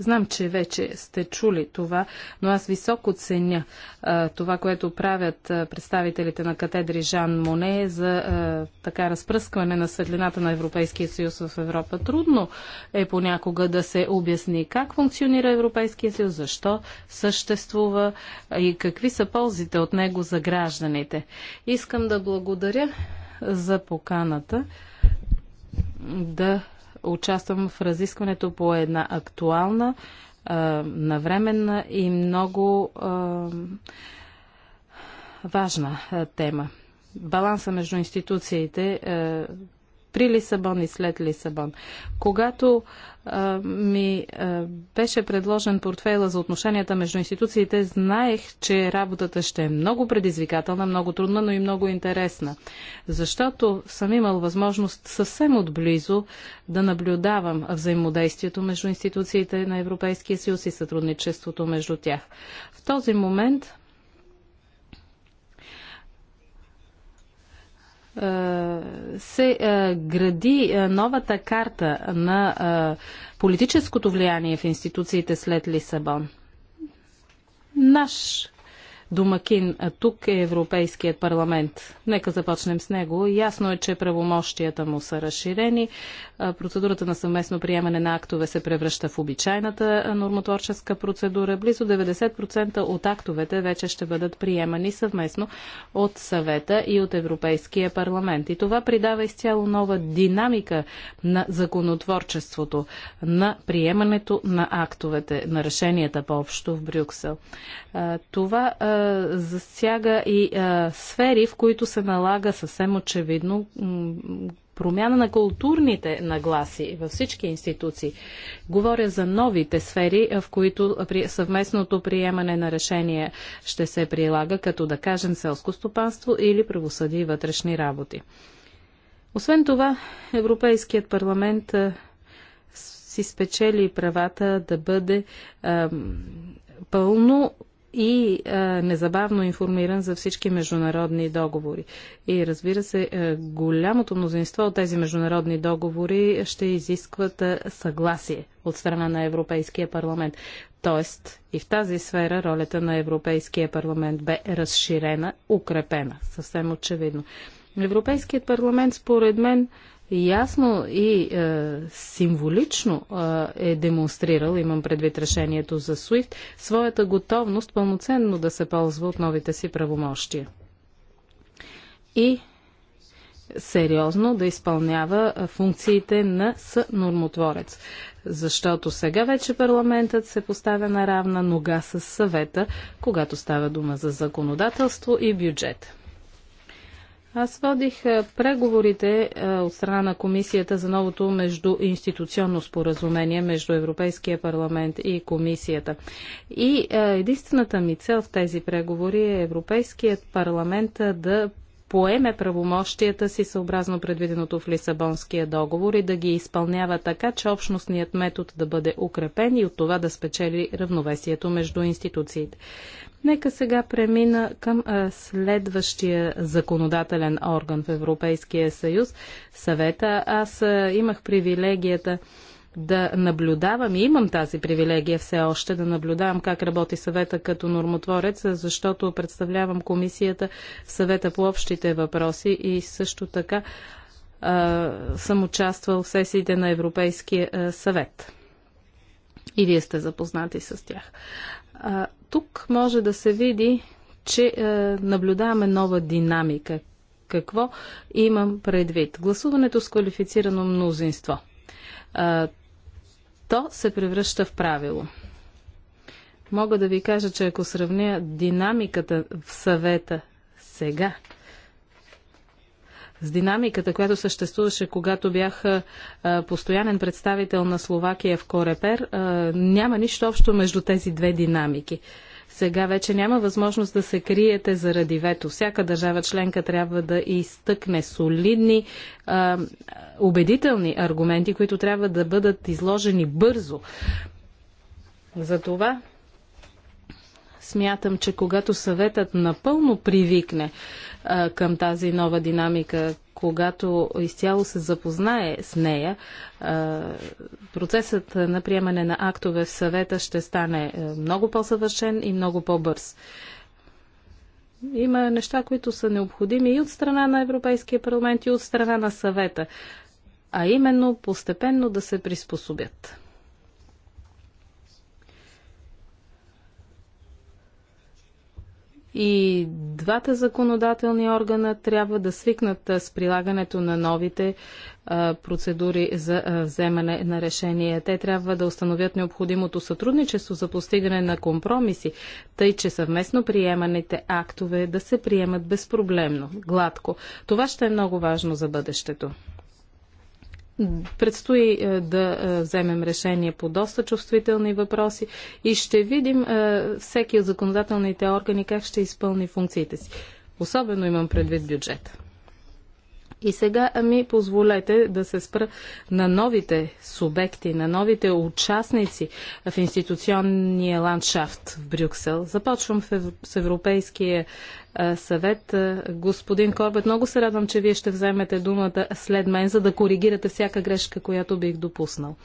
Знам, че вече сте чули това, но аз високо ценя а, това, което правят а, представителите на катедри Жан Моне за а, така разпръскване на светлината на Европейския съюз в Европа. Трудно е понякога да се обясни как функционира Европейския съюз, защо съществува и какви са ползите от него за гражданите. Искам да благодаря за поканата да участвам в разискването по една актуална, навременна и много важна тема. Баланса между институциите при Лисабон и след Лисабон. Когато а, ми а, беше предложен портфейла за отношенията между институциите, знаех, че работата ще е много предизвикателна, много трудна, но и много интересна. Защото съм имал възможност съвсем отблизо да наблюдавам взаимодействието между институциите на Европейския съюз и сътрудничеството между тях. В този момент Е, се е, гради е, новата карта на политическото влияние в институциите след Лисабон. Наш домакин, а тук е Европейският парламент. Нека започнем с него. Ясно е, че правомощията му са разширени. Процедурата на съвместно приемане на актове се превръща в обичайната нормотворческа процедура. Близо 90% от актовете вече ще бъдат приемани съвместно от съвета и от Европейския парламент. И това придава изцяло нова динамика на законотворчеството, на приемането на актовете, на решенията по-общо в Брюксел. Това засяга и сфери, в които се налага съвсем очевидно промяна на културните нагласи във всички институции. Говоря за новите сфери, в които при съвместното приемане на решение ще се прилага, като да кажем селско стопанство или правосъдие и вътрешни работи. Освен това, Европейският парламент си спечели правата да бъде а, пълно и а, е, незабавно информиран за всички международни договори. И разбира се, а, е, голямото мнозинство от тези международни договори ще изискват а, е, съгласие от страна на Европейския парламент. Тоест и в тази сфера ролята на Европейския парламент бе разширена, укрепена, съвсем очевидно. Европейският парламент, според мен, ясно и е, символично е, е демонстрирал, имам предвид решението за SWIFT, своята готовност пълноценно да се ползва от новите си правомощия. И сериозно да изпълнява е, функциите на нормотворец. Защото сега вече парламентът се поставя на равна нога с съвета, когато става дума за законодателство и бюджет. Аз водих преговорите от страна на комисията за новото междуинституционно споразумение между Европейския парламент и комисията. И единствената ми цел в тези преговори е Европейският парламент да поеме правомощията си съобразно предвиденото в Лисабонския договор и да ги изпълнява така, че общностният метод да бъде укрепен и от това да спечели равновесието между институциите. Нека сега премина към следващия законодателен орган в Европейския съюз, съвета. Аз имах привилегията да наблюдавам и имам тази привилегия все още да наблюдавам как работи съвета като нормотворец, защото представлявам комисията в съвета по общите въпроси и също така а, съм участвал в сесиите на Европейския а, съвет. И вие сте запознати с тях тук може да се види, че е, наблюдаваме нова динамика. Какво имам предвид? Гласуването с квалифицирано мнозинство. Е, то се превръща в правило. Мога да ви кажа, че ако сравня динамиката в съвета сега с динамиката, която съществуваше, когато бях постоянен представител на Словакия в Корепер, няма нищо общо между тези две динамики. Сега вече няма възможност да се криете заради вето. Всяка държава членка трябва да изтъкне солидни, а, убедителни аргументи, които трябва да бъдат изложени бързо. Затова смятам, че когато съветът напълно привикне а, към тази нова динамика, когато изцяло се запознае с нея, процесът на приемане на актове в съвета ще стане много по-съвършен и много по-бърз. Има неща, които са необходими и от страна на Европейския парламент, и от страна на съвета, а именно постепенно да се приспособят. и двата законодателни органа трябва да свикнат с прилагането на новите процедури за вземане на решение. Те трябва да установят необходимото сътрудничество за постигане на компромиси, тъй че съвместно приеманите актове да се приемат безпроблемно, гладко. Това ще е много важно за бъдещето. Предстои е, да е, вземем решение по доста чувствителни въпроси и ще видим е, всеки от законодателните органи как ще изпълни функциите си. Особено имам предвид бюджета. И сега ми позволете да се спра на новите субекти, на новите участници в институционния ландшафт в Брюксел. Започвам с Европейския е, съвет. Е, господин Корбет, много се радвам, че вие ще вземете думата след мен, за да коригирате всяка грешка, която бих допуснал.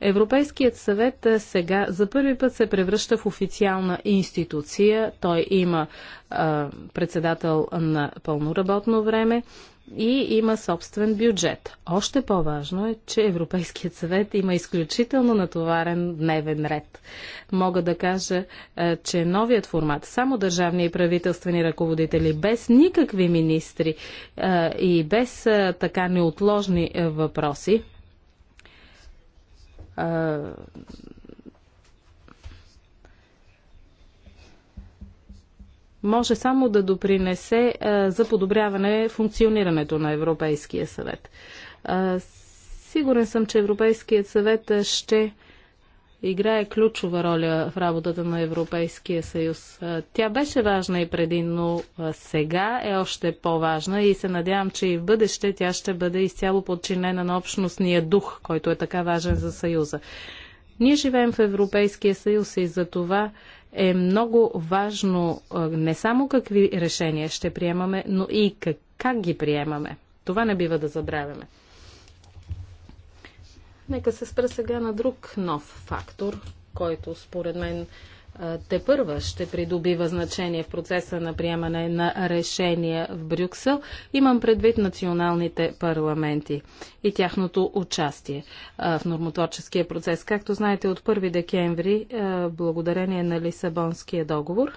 Европейският съвет сега за първи път се превръща в официална институция. Той има а, председател на пълно работно време и има собствен бюджет. Още по-важно е, че Европейският съвет има изключително натоварен дневен ред. Мога да кажа, че новият формат, само държавни и правителствени ръководители, без никакви министри и без така неотложни въпроси, може само да допринесе за подобряване функционирането на Европейския съвет. сигурен съм, че Европейският съвет ще играе ключова роля в работата на Европейския съюз. Тя беше важна и преди, но сега е още по-важна и се надявам, че и в бъдеще тя ще бъде изцяло подчинена на общностния дух, който е така важен за съюза. Ние живеем в Европейския съюз и за това е много важно не само какви решения ще приемаме, но и как, как ги приемаме. Това не бива да забравяме. Нека се спра сега на друг нов фактор, който според мен те първа ще придобива значение в процеса на приемане на решения в Брюксел. Имам предвид националните парламенти и тяхното участие в нормотворческия процес. Както знаете, от 1 декември, благодарение на Лисабонския договор,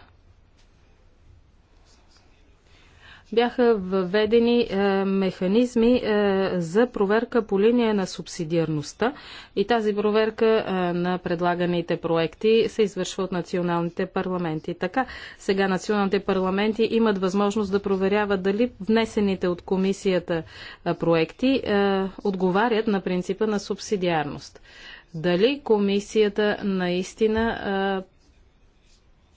бяха въведени е, механизми е, за проверка по линия на субсидиарността и тази проверка е, на предлаганите проекти се извършва от националните парламенти. Така, сега националните парламенти имат възможност да проверяват дали внесените от комисията проекти отговарят на принципа на субсидиарност. Дали комисията наистина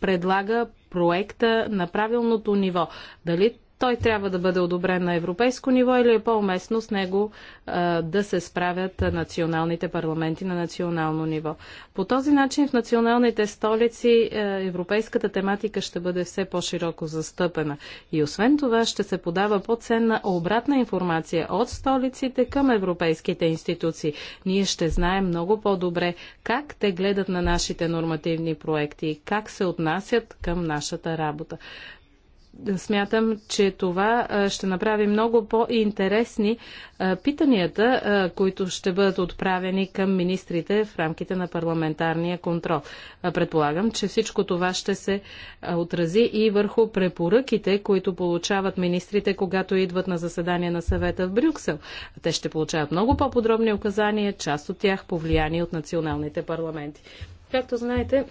предлага проекта на правилното ниво. Дали той трябва да бъде одобрен на европейско ниво или е по-уместно с него а, да се справят националните парламенти на национално ниво. По този начин в националните столици а, европейската тематика ще бъде все по-широко застъпена. И освен това ще се подава по-ценна обратна информация от столиците към европейските институции. Ние ще знаем много по-добре как те гледат на нашите нормативни проекти и как се отнасят към нашата работа смятам, че това ще направи много по-интересни питанията, които ще бъдат отправени към министрите в рамките на парламентарния контрол. Предполагам, че всичко това ще се отрази и върху препоръките, които получават министрите, когато идват на заседание на съвета в Брюксел. Те ще получават много по-подробни указания, част от тях повлияни от националните парламенти. Както знаете,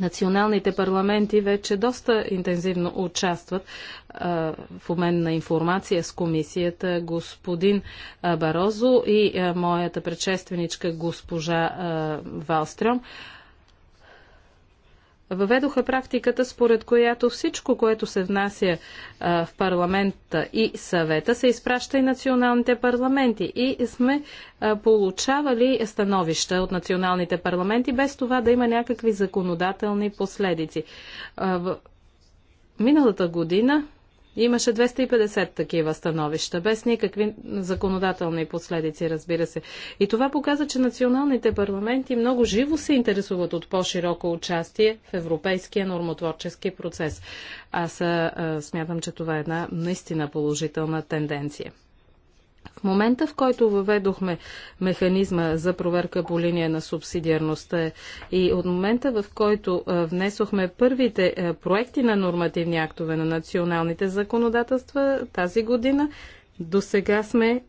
Националните парламенти вече доста интензивно участват а, в обмен на информация с комисията. Господин Барозо и а, моята предшественичка госпожа Валстрем въведоха практиката, според която всичко, което се внася а, в парламента и съвета, се изпраща и националните парламенти. И сме а, получавали становища от националните парламенти, без това да има някакви законодателни последици. А, в... Миналата година Имаше 250 такива становища, без никакви законодателни последици, разбира се. И това показа, че националните парламенти много живо се интересуват от по-широко участие в европейския нормотворчески процес. Аз а, смятам, че това е една наистина положителна тенденция. В момента, в който въведохме механизма за проверка по линия на субсидиарността и от момента, в който внесохме първите проекти на нормативни актове на националните законодателства тази година, до сега сме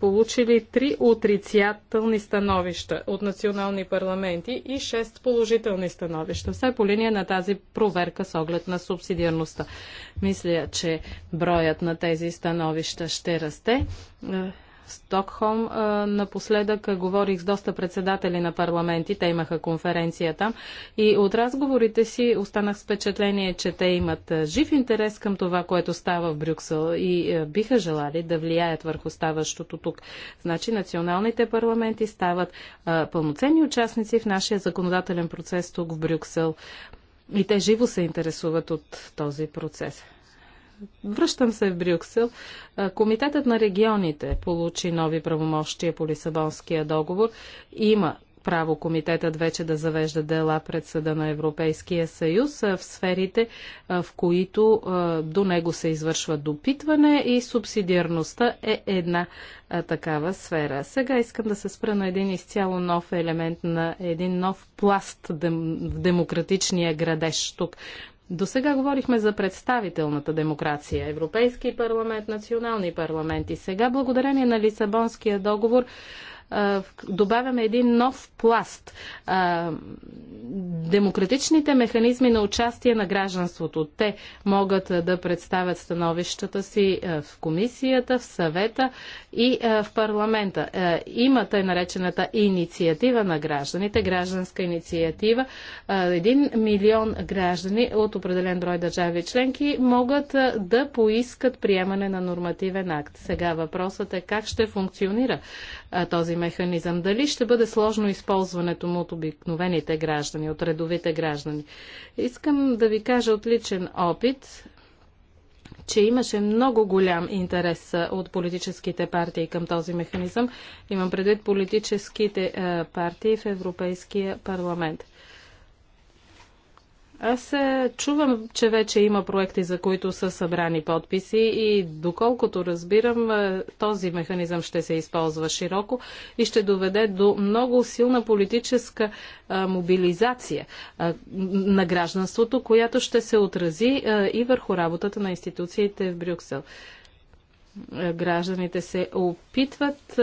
получили три отрицателни становища от национални парламенти и шест положителни становища. Все по линия на тази проверка с оглед на субсидиарността. Мисля, че броят на тези становища ще расте. Е, Стокхолм. Напоследък говорих с доста председатели на парламенти, те имаха конференция там и от разговорите си останах с впечатление, че те имат жив интерес към това, което става в Брюксел и биха желали да влияят върху ставащото тук. Значи националните парламенти стават пълноценни участници в нашия законодателен процес тук в Брюксел и те живо се интересуват от този процес. Връщам се в Брюксел. Комитетът на регионите получи нови правомощия по Лисабонския договор. Има право комитетът вече да завежда дела пред съда на Европейския съюз в сферите, в които до него се извършва допитване и субсидиарността е една такава сфера. Сега искам да се спра на един изцяло нов елемент, на един нов пласт в демократичния градеж тук до сега говорихме за представителната демокрация, Европейски парламент, национални парламенти. Сега, благодарение на Лисабонския договор, добавяме един нов пласт. Демократичните механизми на участие на гражданството. Те могат да представят становищата си в комисията, в съвета и в парламента. Има тъй наречената инициатива на гражданите, гражданска инициатива. Един милион граждани от определен брой държави членки могат да поискат приемане на нормативен акт. Сега въпросът е как ще функционира този механизъм. Дали ще бъде сложно използването му от обикновените граждани, от редовите граждани? Искам да ви кажа от личен опит, че имаше много голям интерес от политическите партии към този механизъм. Имам предвид политическите партии в Европейския парламент. Аз е, чувам, че вече има проекти, за които са събрани подписи и доколкото разбирам, е, този механизъм ще се използва широко и ще доведе до много силна политическа е, мобилизация на гражданството, която ще се отрази и върху работата на институциите в Брюксел гражданите се опитват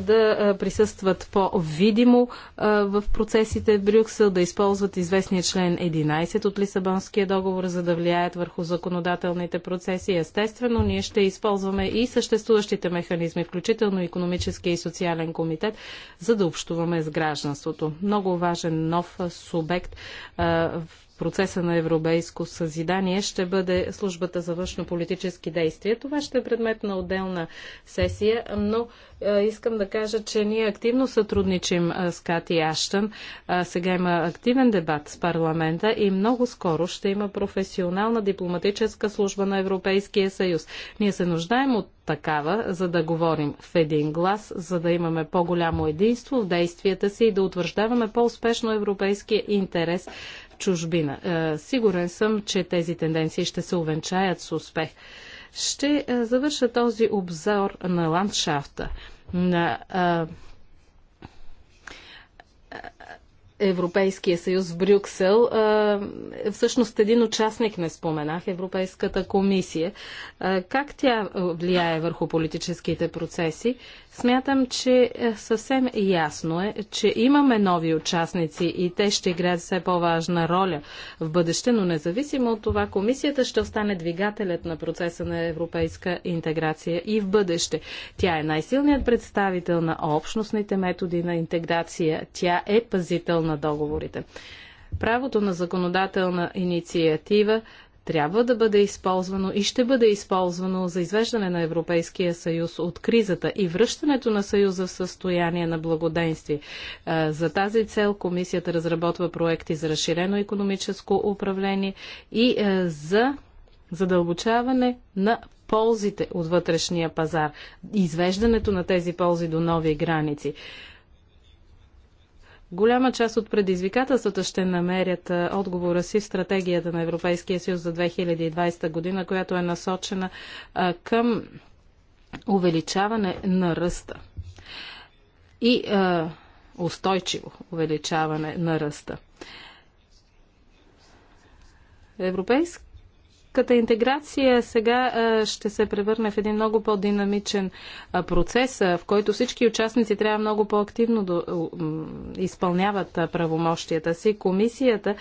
да присъстват по-видимо в процесите в Брюксел, да използват известния член 11 от Лисабонския договор, за да влияят върху законодателните процеси. Естествено, ние ще използваме и съществуващите механизми, включително економическия и социален комитет, за да общуваме с гражданството. Много важен нов субект в процеса на европейско съзидание ще бъде службата за външно-политически действия. Това ще е предмет на отделна сесия, но е, искам да кажа, че ние активно сътрудничим е, с Кати Аштън. Е, сега има активен дебат с парламента и много скоро ще има професионална дипломатическа служба на Европейския съюз. Ние се нуждаем от такава, за да говорим в един глас, за да имаме по-голямо единство в действията си и да утвърждаваме по-успешно европейския интерес чужбина. Е, сигурен съм, че тези тенденции ще се увенчаят с успех. Ще е, завърша този обзор на ландшафта, на е, Европейския съюз в Брюксел. Всъщност един участник не споменах, Европейската комисия. Как тя влияе върху политическите процеси? Смятам, че е, съвсем ясно е, че имаме нови участници и те ще играят все по-важна роля в бъдеще, но независимо от това, комисията ще остане двигателят на процеса на европейска интеграция и в бъдеще. Тя е най-силният представител на общностните методи на интеграция. Тя е пазител на договорите. Правото на законодателна инициатива трябва да бъде използвано и ще бъде използвано за извеждане на Европейския съюз от кризата и връщането на съюза в състояние на благоденствие. Е, за тази цел комисията разработва проекти за разширено економическо управление и е, за задълбочаване на ползите от вътрешния пазар, извеждането на тези ползи до нови граници. Голяма част от предизвикателствата ще намерят отговора си в стратегията на Европейския съюз за 2020 година, която е насочена към увеличаване на ръста. И устойчиво увеличаване на ръста. Европейски Европейската интеграция сега ще се превърне в един много по-динамичен процес, в който всички участници трябва много по-активно да изпълняват правомощията си. Комисията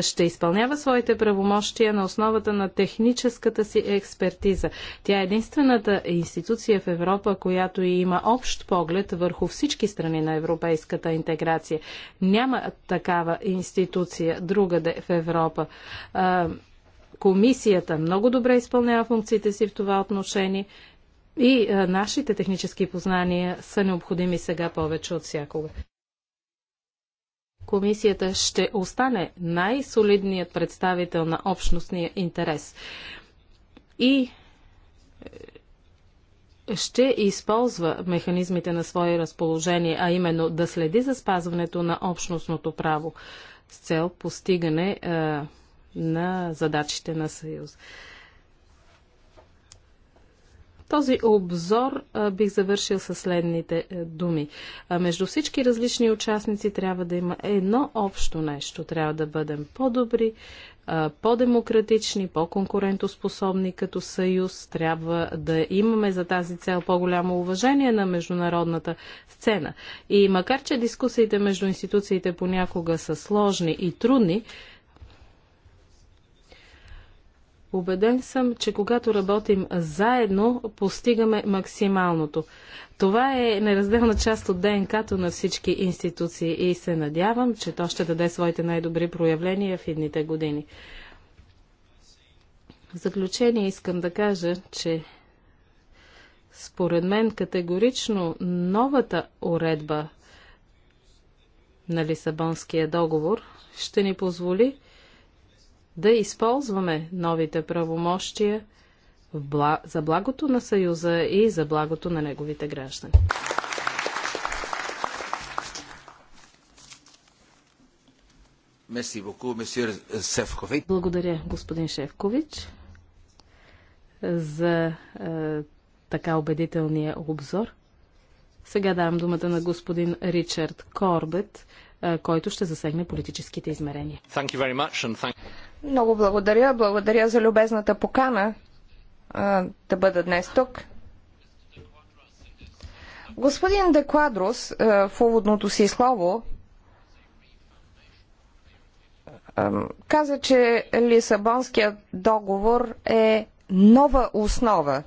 ще изпълнява своите правомощия на основата на техническата си експертиза. Тя е единствената институция в Европа, която има общ поглед върху всички страни на европейската интеграция. Няма такава институция другаде в Европа. Комисията много добре изпълнява функциите си в това отношение и нашите технически познания са необходими сега повече от всякога. Комисията ще остане най-солидният представител на общностния интерес и е, ще използва механизмите на свое разположение, а именно да следи за спазването на общностното право с цел постигане а, е, на задачите на Съюз. Този обзор а, бих завършил със следните е, думи. А, между всички различни участници трябва да има едно общо нещо. Трябва да бъдем по-добри, по-демократични, по-конкурентоспособни като съюз. Трябва да имаме за тази цел по-голямо уважение на международната сцена. И макар, че дискусиите между институциите понякога са сложни и трудни, Убеден съм, че когато работим заедно, постигаме максималното. Това е неразделна част от ДНК-то на всички институции и се надявам, че то ще даде своите най-добри проявления в едните години. В заключение искам да кажа, че според мен категорично новата уредба на Лисабонския договор ще ни позволи да използваме новите правомощия за благото на Съюза и за благото на неговите граждани. Благодаря, господин Шевкович, за е, така убедителния обзор. Сега давам думата на господин Ричард Корбет, е, който ще засегне политическите измерения. Много благодаря. Благодаря за любезната покана а, да бъда днес тук. Господин Деквадрос а, в уводното си слово каза, че Лисабонският договор е нова основа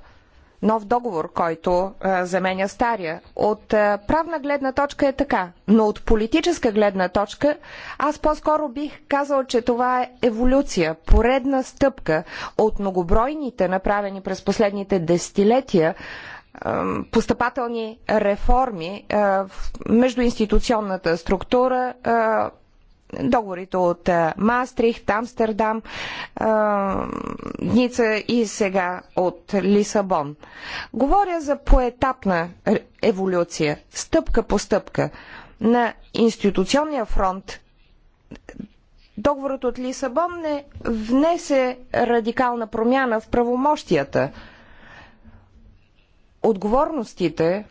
нов договор, който а, е, заменя стария. От а, е, правна гледна точка е така, но от политическа гледна точка аз по-скоро бих казал, че това е еволюция, поредна стъпка от многобройните, направени през последните десетилетия, е, постъпателни реформи в междуинституционната структура, договорите от Мастрихт, Амстердам, Ница и сега от Лисабон. Говоря за поетапна еволюция, стъпка по стъпка на институционния фронт. Договорът от Лисабон не внесе радикална промяна в правомощията. Отговорностите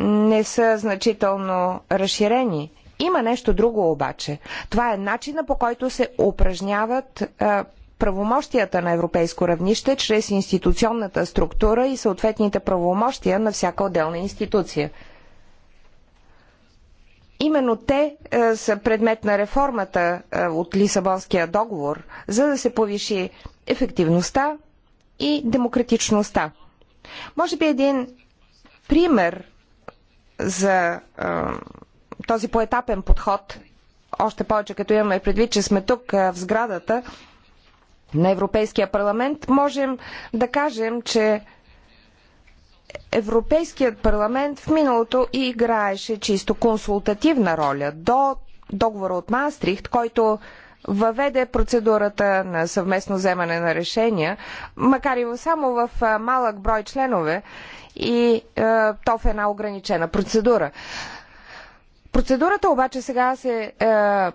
не са значително разширени има нещо друго обаче. Това е начина по който се упражняват правомощията на европейско равнище чрез институционната структура и съответните правомощия на всяка отделна институция. Именно те е, са предмет на реформата е, от Лисабонския договор, за да се повиши ефективността и демократичността. Може би един пример за е, този поетапен подход, още повече като имаме предвид, че сме тук в сградата на Европейския парламент, можем да кажем, че Европейският парламент в миналото и играеше чисто консултативна роля до договора от Маастрихт, който въведе процедурата на съвместно вземане на решения, макар и само в малък брой членове и е, то в една ограничена процедура. Процедурата обаче сега се е,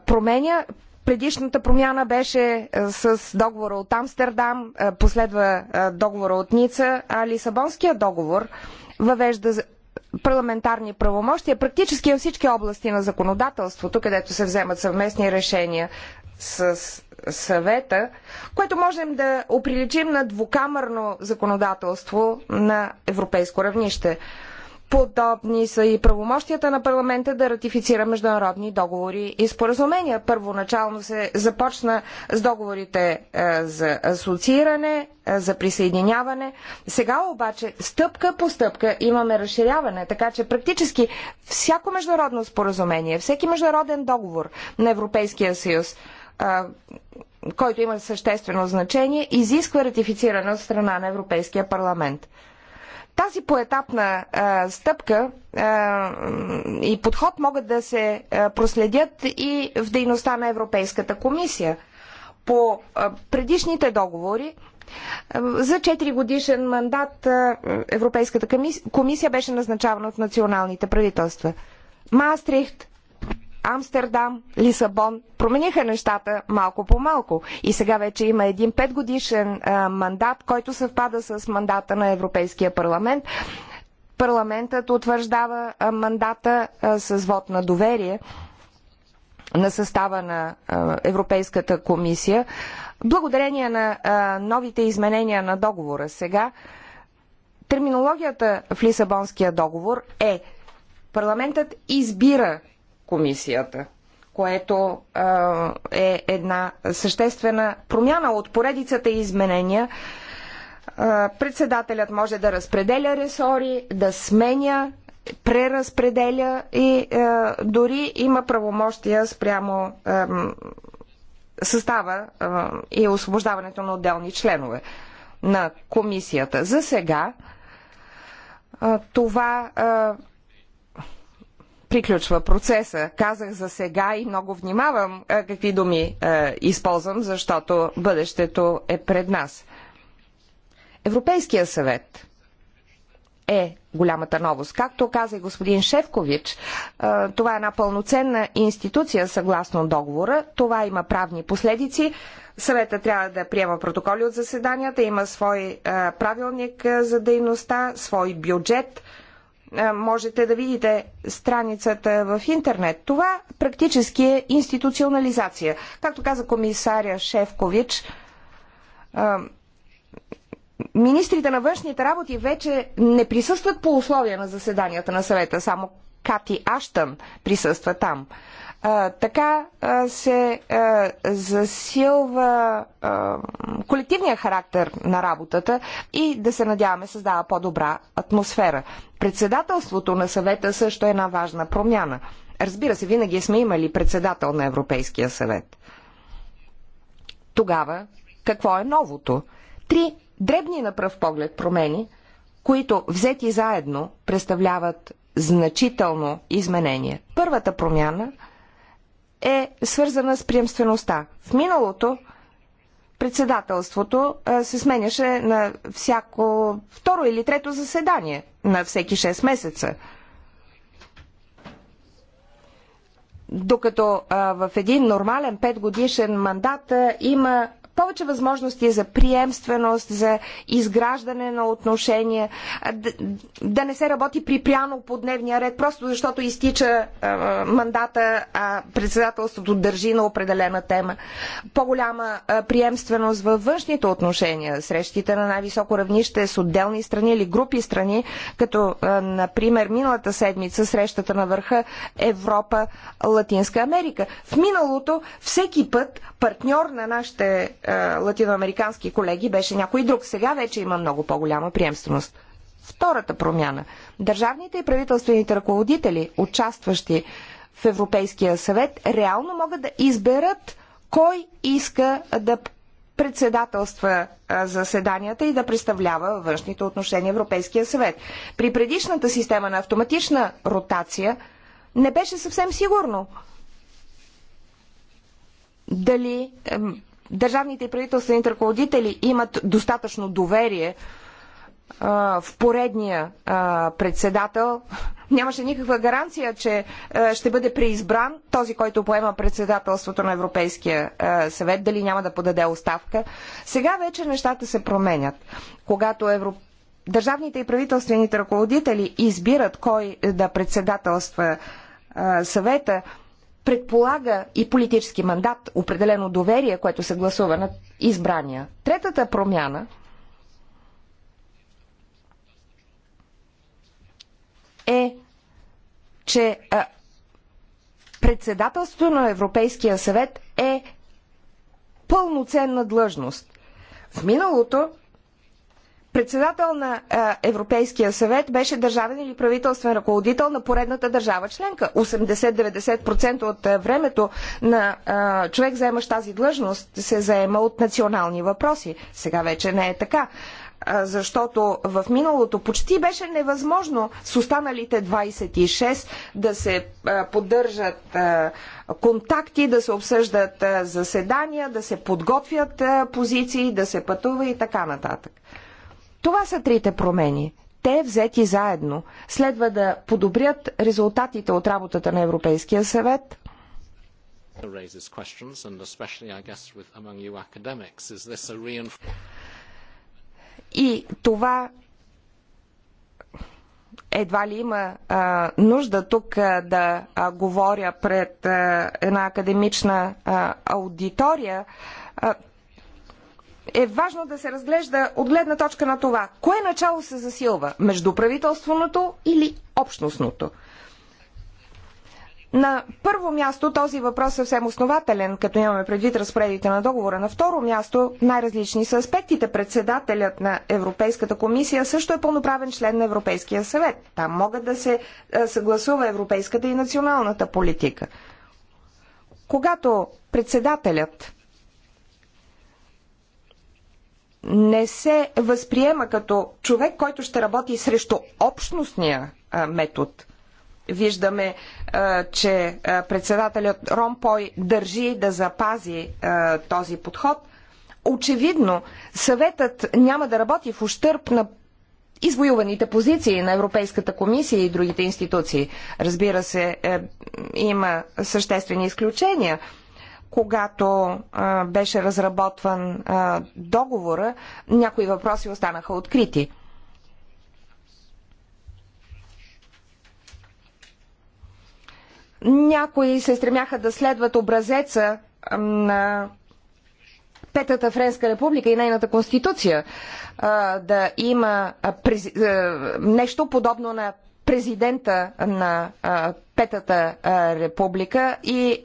променя. Предишната промяна беше е, с договора от Амстердам, е, последва договора от Ница, а Лисабонския договор въвежда парламентарни правомощия практически във всички области на законодателството, където се вземат съвместни решения с съвета, което можем да оприличим на двукамърно законодателство на европейско равнище. Подобни са и правомощията на парламента да ратифицира международни договори и споразумения. Първоначално се започна с договорите е, за асоцииране, е, за присъединяване. Сега обаче стъпка по стъпка имаме разширяване, така че практически всяко международно споразумение, всеки международен договор на Европейския съюз, е, който има съществено значение, изисква ратифициране от страна на Европейския парламент. Тази поетапна а, стъпка а, и подход могат да се а, проследят и в дейността на Европейската комисия. По а, предишните договори за 4 годишен мандат Европейската комисия беше назначавана от националните правителства. Маастрихт, Амстердам, Лисабон промениха нещата малко по малко. И сега вече има един петгодишен мандат, който съвпада с мандата на Европейския парламент. Парламентът утвърждава мандата с вод на доверие на състава на Европейската комисия. Благодарение на новите изменения на договора сега, терминологията в Лисабонския договор е парламентът избира комисията, което е една съществена промяна от поредицата и изменения. Председателят може да разпределя ресори, да сменя, преразпределя и дори има правомощия спрямо състава и освобождаването на отделни членове на комисията. За сега това приключва процеса. Казах за сега и много внимавам какви думи използвам, защото бъдещето е пред нас. Европейския съвет е голямата новост. Както каза и господин Шевкович, това е една пълноценна институция съгласно договора. Това има правни последици. Съвета трябва да приема протоколи от заседанията, има свой правилник за дейността, свой бюджет – е, можете да видите страницата в интернет. Това практически е институционализация. Както каза комисаря Шефкович, е, министрите на външните работи вече не присъстват по условия на заседанията на съвета, само Кати Аштън присъства там. А, така а, се а, засилва а, колективния характер на работата и да се надяваме създава по-добра атмосфера. Председателството на съвета също е една важна промяна. Разбира се, винаги сме имали председател на Европейския съвет. Тогава какво е новото? Три дребни на пръв поглед промени, които взети заедно представляват значително изменение. Първата промяна – е свързана с приемствеността. В миналото председателството се сменяше на всяко второ или трето заседание на всеки 6 месеца. Докато в един нормален 5 годишен мандат има повече възможности за приемственост, за изграждане на отношения, да, да не се работи припряно по дневния ред, просто защото изтича а, мандата, а председателството държи на определена тема. По-голяма приемственост във външните отношения, срещите на най-високо равнище с отделни страни или групи страни, като, а, например, миналата седмица срещата на върха Европа, Латинска Америка. В миналото всеки път партньор на нашите е, латиноамерикански колеги беше някой друг. Сега вече има много по-голяма приемственост. Втората промяна. Държавните и правителствените ръководители, участващи в Европейския съвет, реално могат да изберат кой иска да председателства е, заседанията и да представлява външните отношения Европейския съвет. При предишната система на автоматична ротация не беше съвсем сигурно дали държавните и правителствените ръководители имат достатъчно доверие в поредния председател. Нямаше никаква гаранция, че ще бъде преизбран този, който поема председателството на Европейския съвет, дали няма да подаде оставка. Сега вече нещата се променят. Когато Европ... държавните и правителствените ръководители избират кой да председателства съвета, предполага и политически мандат, определено доверие, което се гласува на избрания. Третата промяна е, че а, председателството на Европейския съвет е пълноценна длъжност. В миналото председател на Европейския съвет беше държавен или правителствен ръководител на поредната държава членка. 80-90% от времето на човек, заемащ тази длъжност, се заема от национални въпроси. Сега вече не е така. Защото в миналото почти беше невъзможно с останалите 26 да се поддържат контакти, да се обсъждат заседания, да се подготвят позиции, да се пътува и така нататък. Това са трите промени. Те, взети заедно, следва да подобрят резултатите от работата на Европейския съвет. И това едва ли има а, нужда тук а, да а, говоря пред а, една академична а, аудитория. А, е важно да се разглежда от гледна точка на това, кое начало се засилва, между правителственото или общностното. На първо място този въпрос е съвсем основателен, като имаме предвид разпоредите на договора. На второ място най-различни са аспектите. Председателят на Европейската комисия също е пълноправен член на Европейския съвет. Там могат да се е, съгласува европейската и националната политика. Когато председателят не се възприема като човек, който ще работи срещу общностния метод. Виждаме, че председателят Ромпой държи да запази този подход. Очевидно, съветът няма да работи в ущърп на извоюваните позиции на Европейската комисия и другите институции. Разбира се, е, има съществени изключения когато а, беше разработван а, договора, някои въпроси останаха открити. Някои се стремяха да следват образеца на Петата Френска република и нейната конституция а, да има през... нещо подобно на президента на Петата република и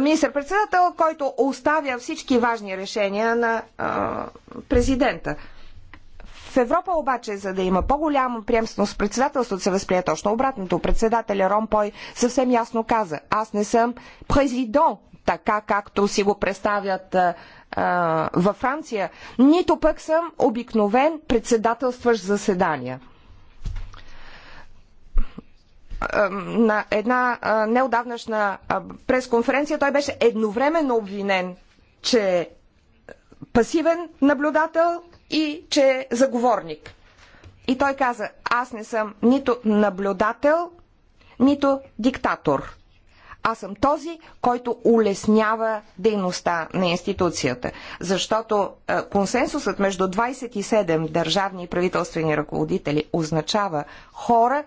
министър-председател, който оставя всички важни решения на а, президента. В Европа обаче, за да има по-голяма приемственост, председателството се възприе точно обратното. Председателя Ромпой съвсем ясно каза, аз не съм президент, така както си го представят а, във Франция, нито пък съм обикновен председателстващ заседания на една неодавнашна пресконференция той беше едновременно обвинен, че е пасивен наблюдател и че е заговорник. И той каза, аз не съм нито наблюдател, нито диктатор. Аз съм този, който улеснява дейността на институцията. Защото консенсусът между 27 държавни и правителствени ръководители означава хора,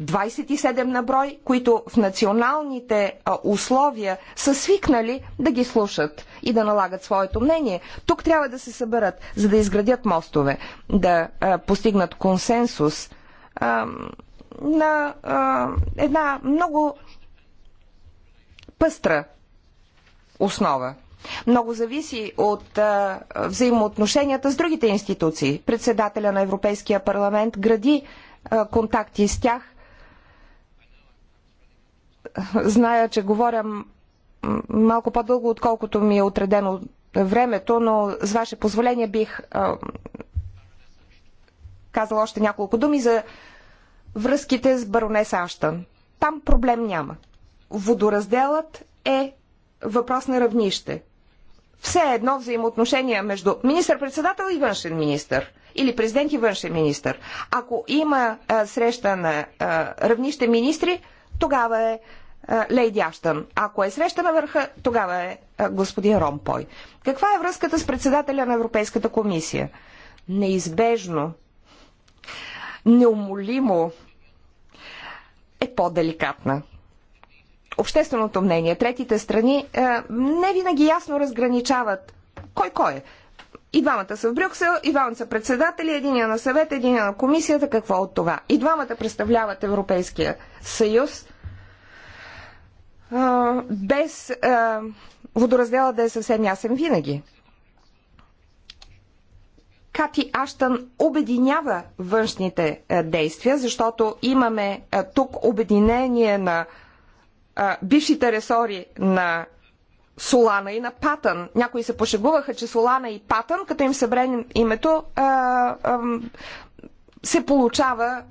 27 на брой, които в националните условия са свикнали да ги слушат и да налагат своето мнение. Тук трябва да се съберат, за да изградят мостове, да постигнат консенсус на една много пъстра основа. Много зависи от а, взаимоотношенията с другите институции. Председателя на Европейския парламент гради а, контакти с тях Зная, че говоря малко по-дълго, отколкото ми е отредено времето, но с ваше позволение бих казала още няколко думи за връзките с баронес Аштън. Там проблем няма. Водоразделът е въпрос на равнище. Все едно взаимоотношение между министър-председател и външен министр или президент и външен министр. Ако има а, среща на а, равнище министри, тогава е е, Лейди Аштън. Ако е среща на върха, тогава е, е господин Ромпой. Каква е връзката с председателя на Европейската комисия? Неизбежно, неумолимо е по-деликатна. Общественото мнение, третите страни е, не винаги ясно разграничават кой кой е. И двамата са в Брюксел, и двамата са председатели, единия на съвет, единия на комисията. Какво от това? И двамата представляват Европейския съюз без водораздела да е съвсем ясен винаги. Кати Аштън обединява външните действия, защото имаме тук обединение на бившите ресори на Солана и на Патън. Някои се пошегуваха, че Солана и Патън, като им събре името, се получава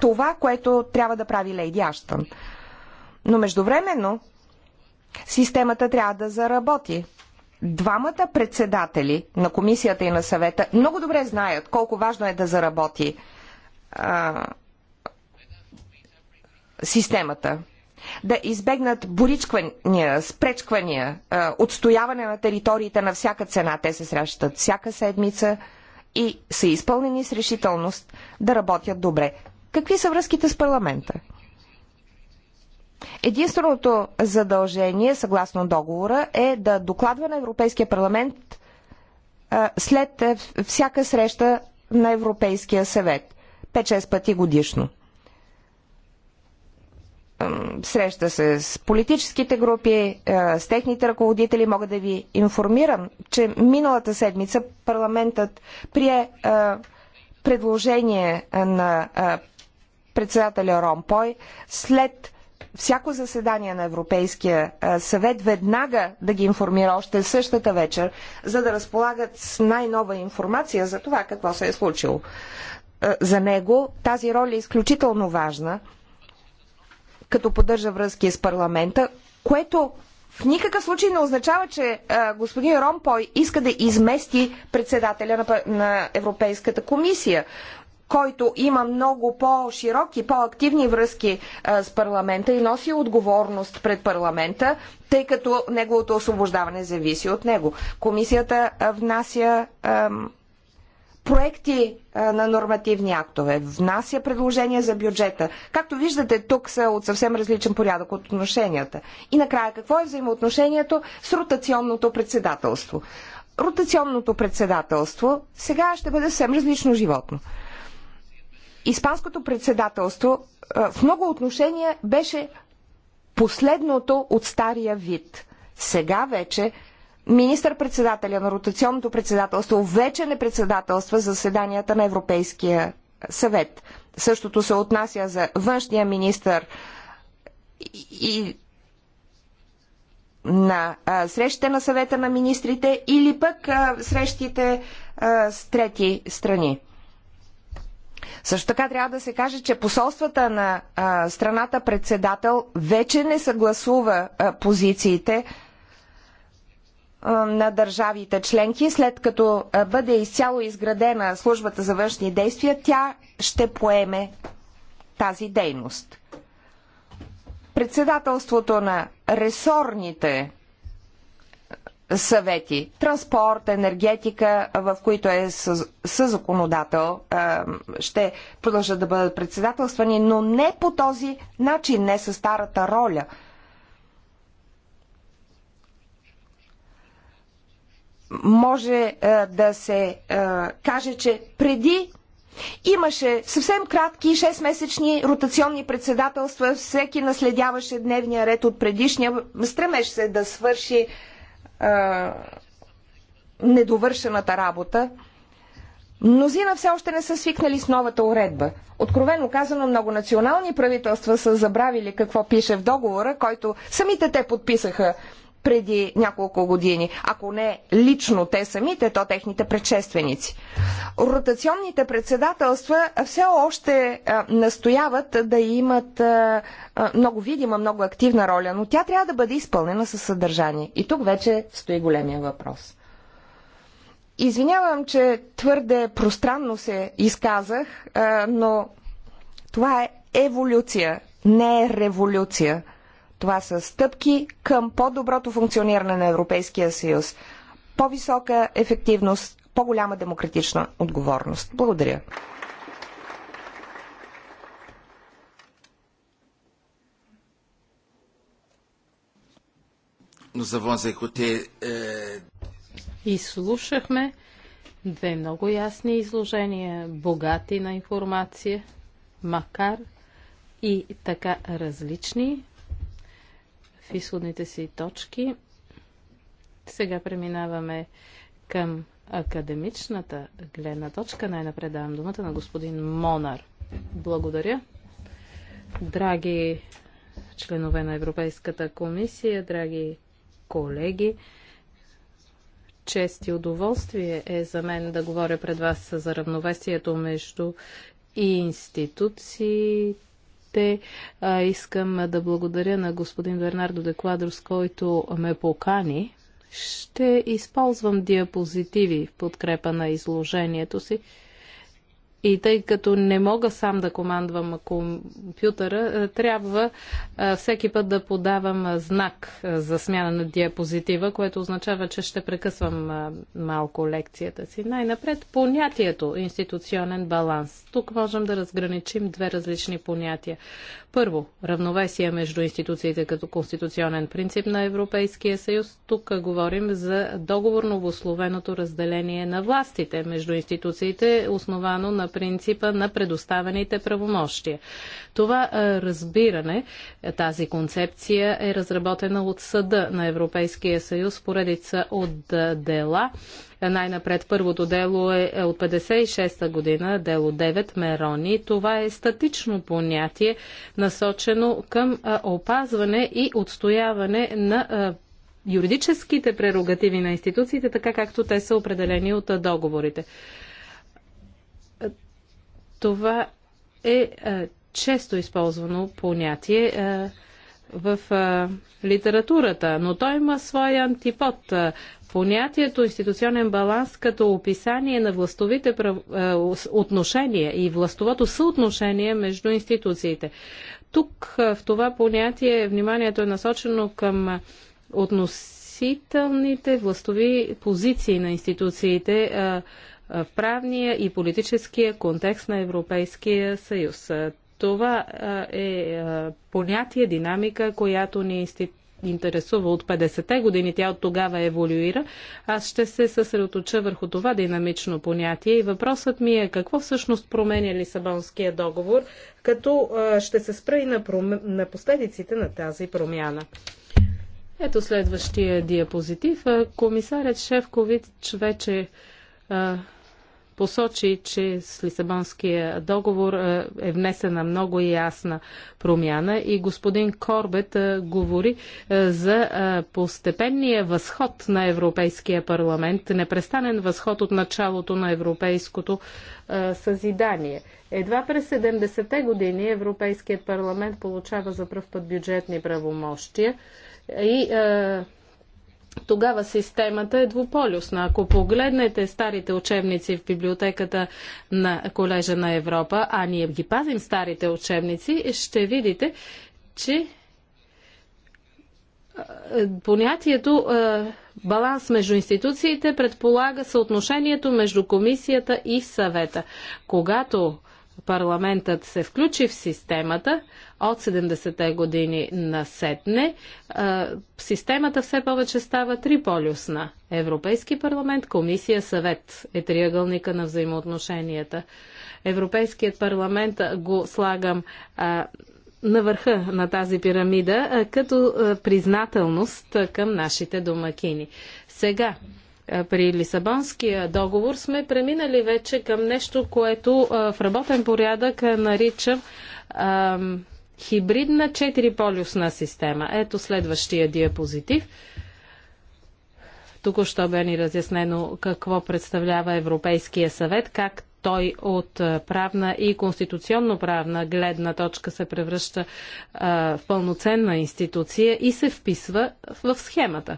това, което трябва да прави Лейди Аштън. Но междувременно системата трябва да заработи. Двамата председатели на комисията и на съвета много добре знаят колко важно е да заработи а, системата. Да избегнат боричквания, спречквания, а, отстояване на териториите на всяка цена. Те се срещат всяка седмица и са изпълнени с решителност да работят добре. Какви са връзките с парламента? Единственото задължение, съгласно договора, е да докладва на Европейския парламент след е, всяка среща на Европейския съвет. 5-6 пъти годишно. Среща се с политическите групи, е, с техните ръководители. Мога да ви информирам, че миналата седмица парламентът прие предложение на председателя Ромпой след всяко заседание на Европейския съвет веднага да ги информира още същата вечер, за да разполагат с най-нова информация за това какво се е случило. За него тази роля е изключително важна, като поддържа връзки с парламента, което в никакъв случай не означава, че а, господин Ромпой иска да измести председателя на, на Европейската комисия който има много по-широки, по-активни връзки е, с парламента и носи отговорност пред парламента, тъй като неговото освобождаване зависи от него. Комисията е, внася проекти е, на нормативни актове, внася предложения за бюджета. Както виждате, тук са от съвсем различен порядък от отношенията. И накрая, какво е взаимоотношението с ротационното председателство? Ротационното председателство сега ще бъде съвсем различно животно. Испанското председателство е, в много отношения беше последното от стария вид. Сега вече министър-председателя на ротационното председателство вече не председателства заседанията на Европейския съвет. Същото се отнася за външния министър и на срещите на съвета на министрите или пък а, срещите а, с трети страни. Също така трябва да се каже, че посолствата на а, страната председател вече не съгласува а, позициите а, на държавите членки. След като а, бъде изцяло изградена службата за външни действия, тя ще поеме тази дейност. Председателството на ресорните съвети транспорт, енергетика, в които е съзаконодател, е, ще продължат да бъдат председателствани, но не по този начин, не със старата роля. Може е, да се е, каже, че преди Имаше съвсем кратки 6-месечни ротационни председателства, всеки наследяваше дневния ред от предишния, стремеше се да свърши а, недовършената работа. Мнозина все още не са свикнали с новата уредба. Откровено казано, много национални правителства са забравили какво пише в договора, който самите те подписаха преди няколко години. Ако не лично те самите, то техните предшественици. Ротационните председателства все още настояват да имат много видима, много активна роля, но тя трябва да бъде изпълнена със съдържание. И тук вече стои големия въпрос. Извинявам, че твърде пространно се изказах, но това е еволюция, не е революция. Това са стъпки към по-доброто функциониране на Европейския съюз, по-висока ефективност, по-голяма демократична отговорност. Благодаря. Euh, и слушахме две много ясни изложения, богати на информация, макар и така различни, изходните си точки. Сега преминаваме към академичната гледна точка. Най-напред давам думата на господин Монар. Благодаря. Драги членове на Европейската комисия, драги колеги, чест и удоволствие е за мен да говоря пред вас за равновесието между институции, институциите, те. А, искам да благодаря на господин Бернардо Декладрос, който ме покани. Ще използвам диапозитиви в подкрепа на изложението си. И тъй като не мога сам да командвам компютъра, е, трябва е, всеки път да подавам е, знак за смяна на диапозитива, което означава, че ще прекъсвам малко лекцията си. Най-напред понятието институционен баланс. Тук можем да разграничим две различни понятия. Първо, равновесие между институциите като конституционен принцип на Европейския съюз. Тук говорим за договорно обословеното разделение на властите между институциите, основано на принципа на предоставените правомощия. Това разбиране, тази концепция е разработена от Съда на Европейския съюз поредица от дела най-напред първото дело е, е от 56-та година, дело 9 Мерони. Това е статично понятие, насочено към опазване и отстояване на юридическите прерогативи на институциите, така както те са определени от договорите. Това е често използвано понятие в литературата, но той има своя антипод. Понятието институционен баланс като описание на властовите прав... Е, отношения и властовото съотношение между институциите. Тук е, в това понятие вниманието е насочено към относителните властови позиции на институциите е, в правния и политическия контекст на Европейския съюз. Това е понятие, динамика, която ни институ интересува от 50-те години, тя от тогава еволюира, аз ще се съсредоточа върху това динамично понятие и въпросът ми е какво всъщност променя Лисабонския договор, като ще се спра и на, на последиците на тази промяна. Ето следващия диапозитив. Комисарят Шефкович вече посочи, че с Лисабонския договор е, е внесена много ясна промяна и господин Корбет е, говори е, за постепенния възход на Европейския парламент, непрестанен възход от началото на европейското съзидание. Едва през 70-те години Европейският парламент получава за пръв път бюджетни правомощия и тогава системата е двуполюсна. Ако погледнете старите учебници в библиотеката на Колежа на Европа, а ние ги пазим старите учебници, ще видите, че понятието баланс между институциите предполага съотношението между комисията и съвета. Когато парламентът се включи в системата от 70-те години насетне, системата все повече става триполюсна. Европейски парламент, комисия, съвет е триъгълника на взаимоотношенията. Европейският парламент го слагам на върха на тази пирамида като признателност към нашите домакини. Сега, е, при Лисабонския договор сме преминали вече към нещо, което е, в работен порядък наричам е, хибридна четириполюсна система. Ето следващия диапозитив. Току-що бе ни разяснено какво представлява Европейския съвет, как той от правна и конституционно-правна гледна точка се превръща а, в пълноценна институция и се вписва в схемата.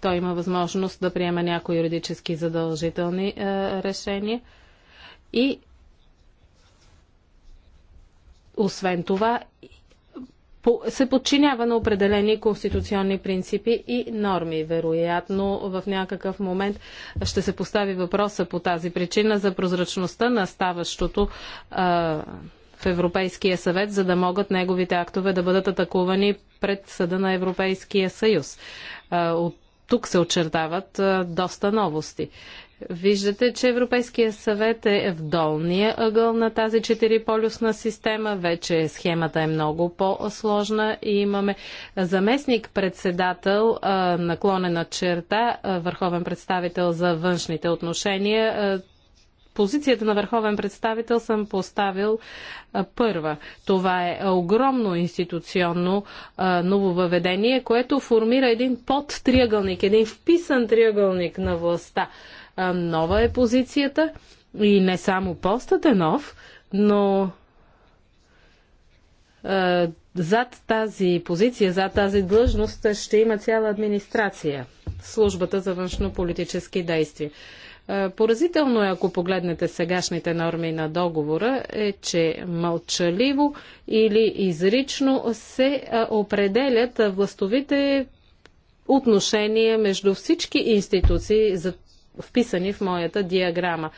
Той има възможност да приема някои юридически задължителни е, решения. И освен това, се подчинява на определени конституционни принципи и норми. Вероятно, в някакъв момент ще се постави въпроса по тази причина за прозрачността на ставащото Е, в Европейския съвет, за да могат неговите актове да бъдат атакувани пред съда на Европейския съюз. Е, от тук се очертават доста новости. Виждате, че Европейския съвет е в долния ъгъл на тази четириполюсна система. Вече схемата е много по-сложна и имаме заместник председател, наклонена черта, върховен представител за външните отношения позицията на върховен представител съм поставил първа. Това е огромно институционно нововъведение, което формира един подтриъгълник, един вписан триъгълник на властта. Нова е позицията и не само постът е нов, но зад тази позиция, зад тази длъжност ще има цяла администрация, службата за външно-политически действия. Е, поразително е, ако погледнете сегашните норми на договора, е, че мълчаливо или изрично се е, определят е, властовите отношения между всички институции, вписани в моята диаграма.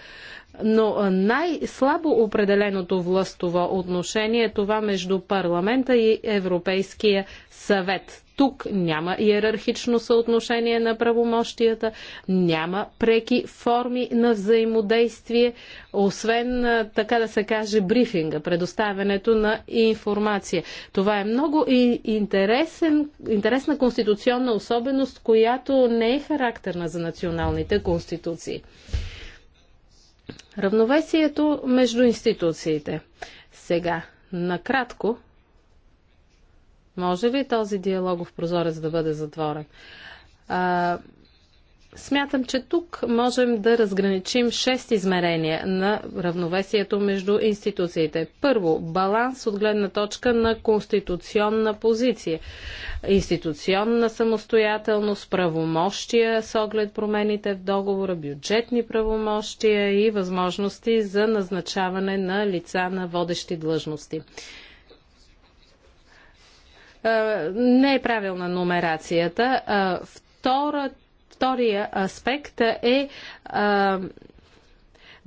Но най-слабо определеното властово отношение е това между парламента и Европейския съвет. Тук няма иерархично съотношение на правомощията, няма преки форми на взаимодействие, освен, така да се каже, брифинга, предоставянето на информация. Това е много интересен, интересна конституционна особеност, която не е характерна за националните конституции. Равновесието между институциите. Сега, накратко, може ли този диалогов прозорец да бъде затворен? А, смятам, че тук можем да разграничим шест измерения на равновесието между институциите. Първо, баланс от гледна точка на конституционна позиция, институционна самостоятелност, правомощия с оглед промените в договора, бюджетни правомощия и възможности за назначаване на лица на водещи длъжности. Е, не е правилна номерацията. Е, втора, втория аспект е, е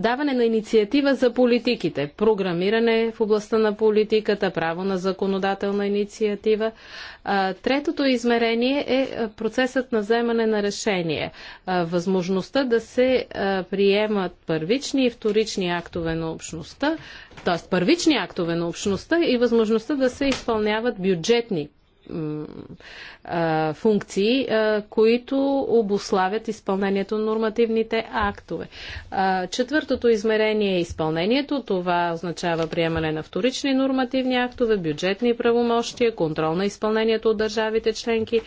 даване на инициатива за политиките, програмиране в областта на политиката, право на законодателна инициатива. Третото измерение е, е процесът на вземане на решение, възможността да се приемат първични и вторични актове на общността, т.е. първични актове на общността и възможността да се изпълняват бюджетни функции, които обославят изпълнението на нормативните актове. Четвъртото измерение е изпълнението. Това означава приемане на вторични нормативни актове, бюджетни правомощия, контрол на изпълнението от държавите членки,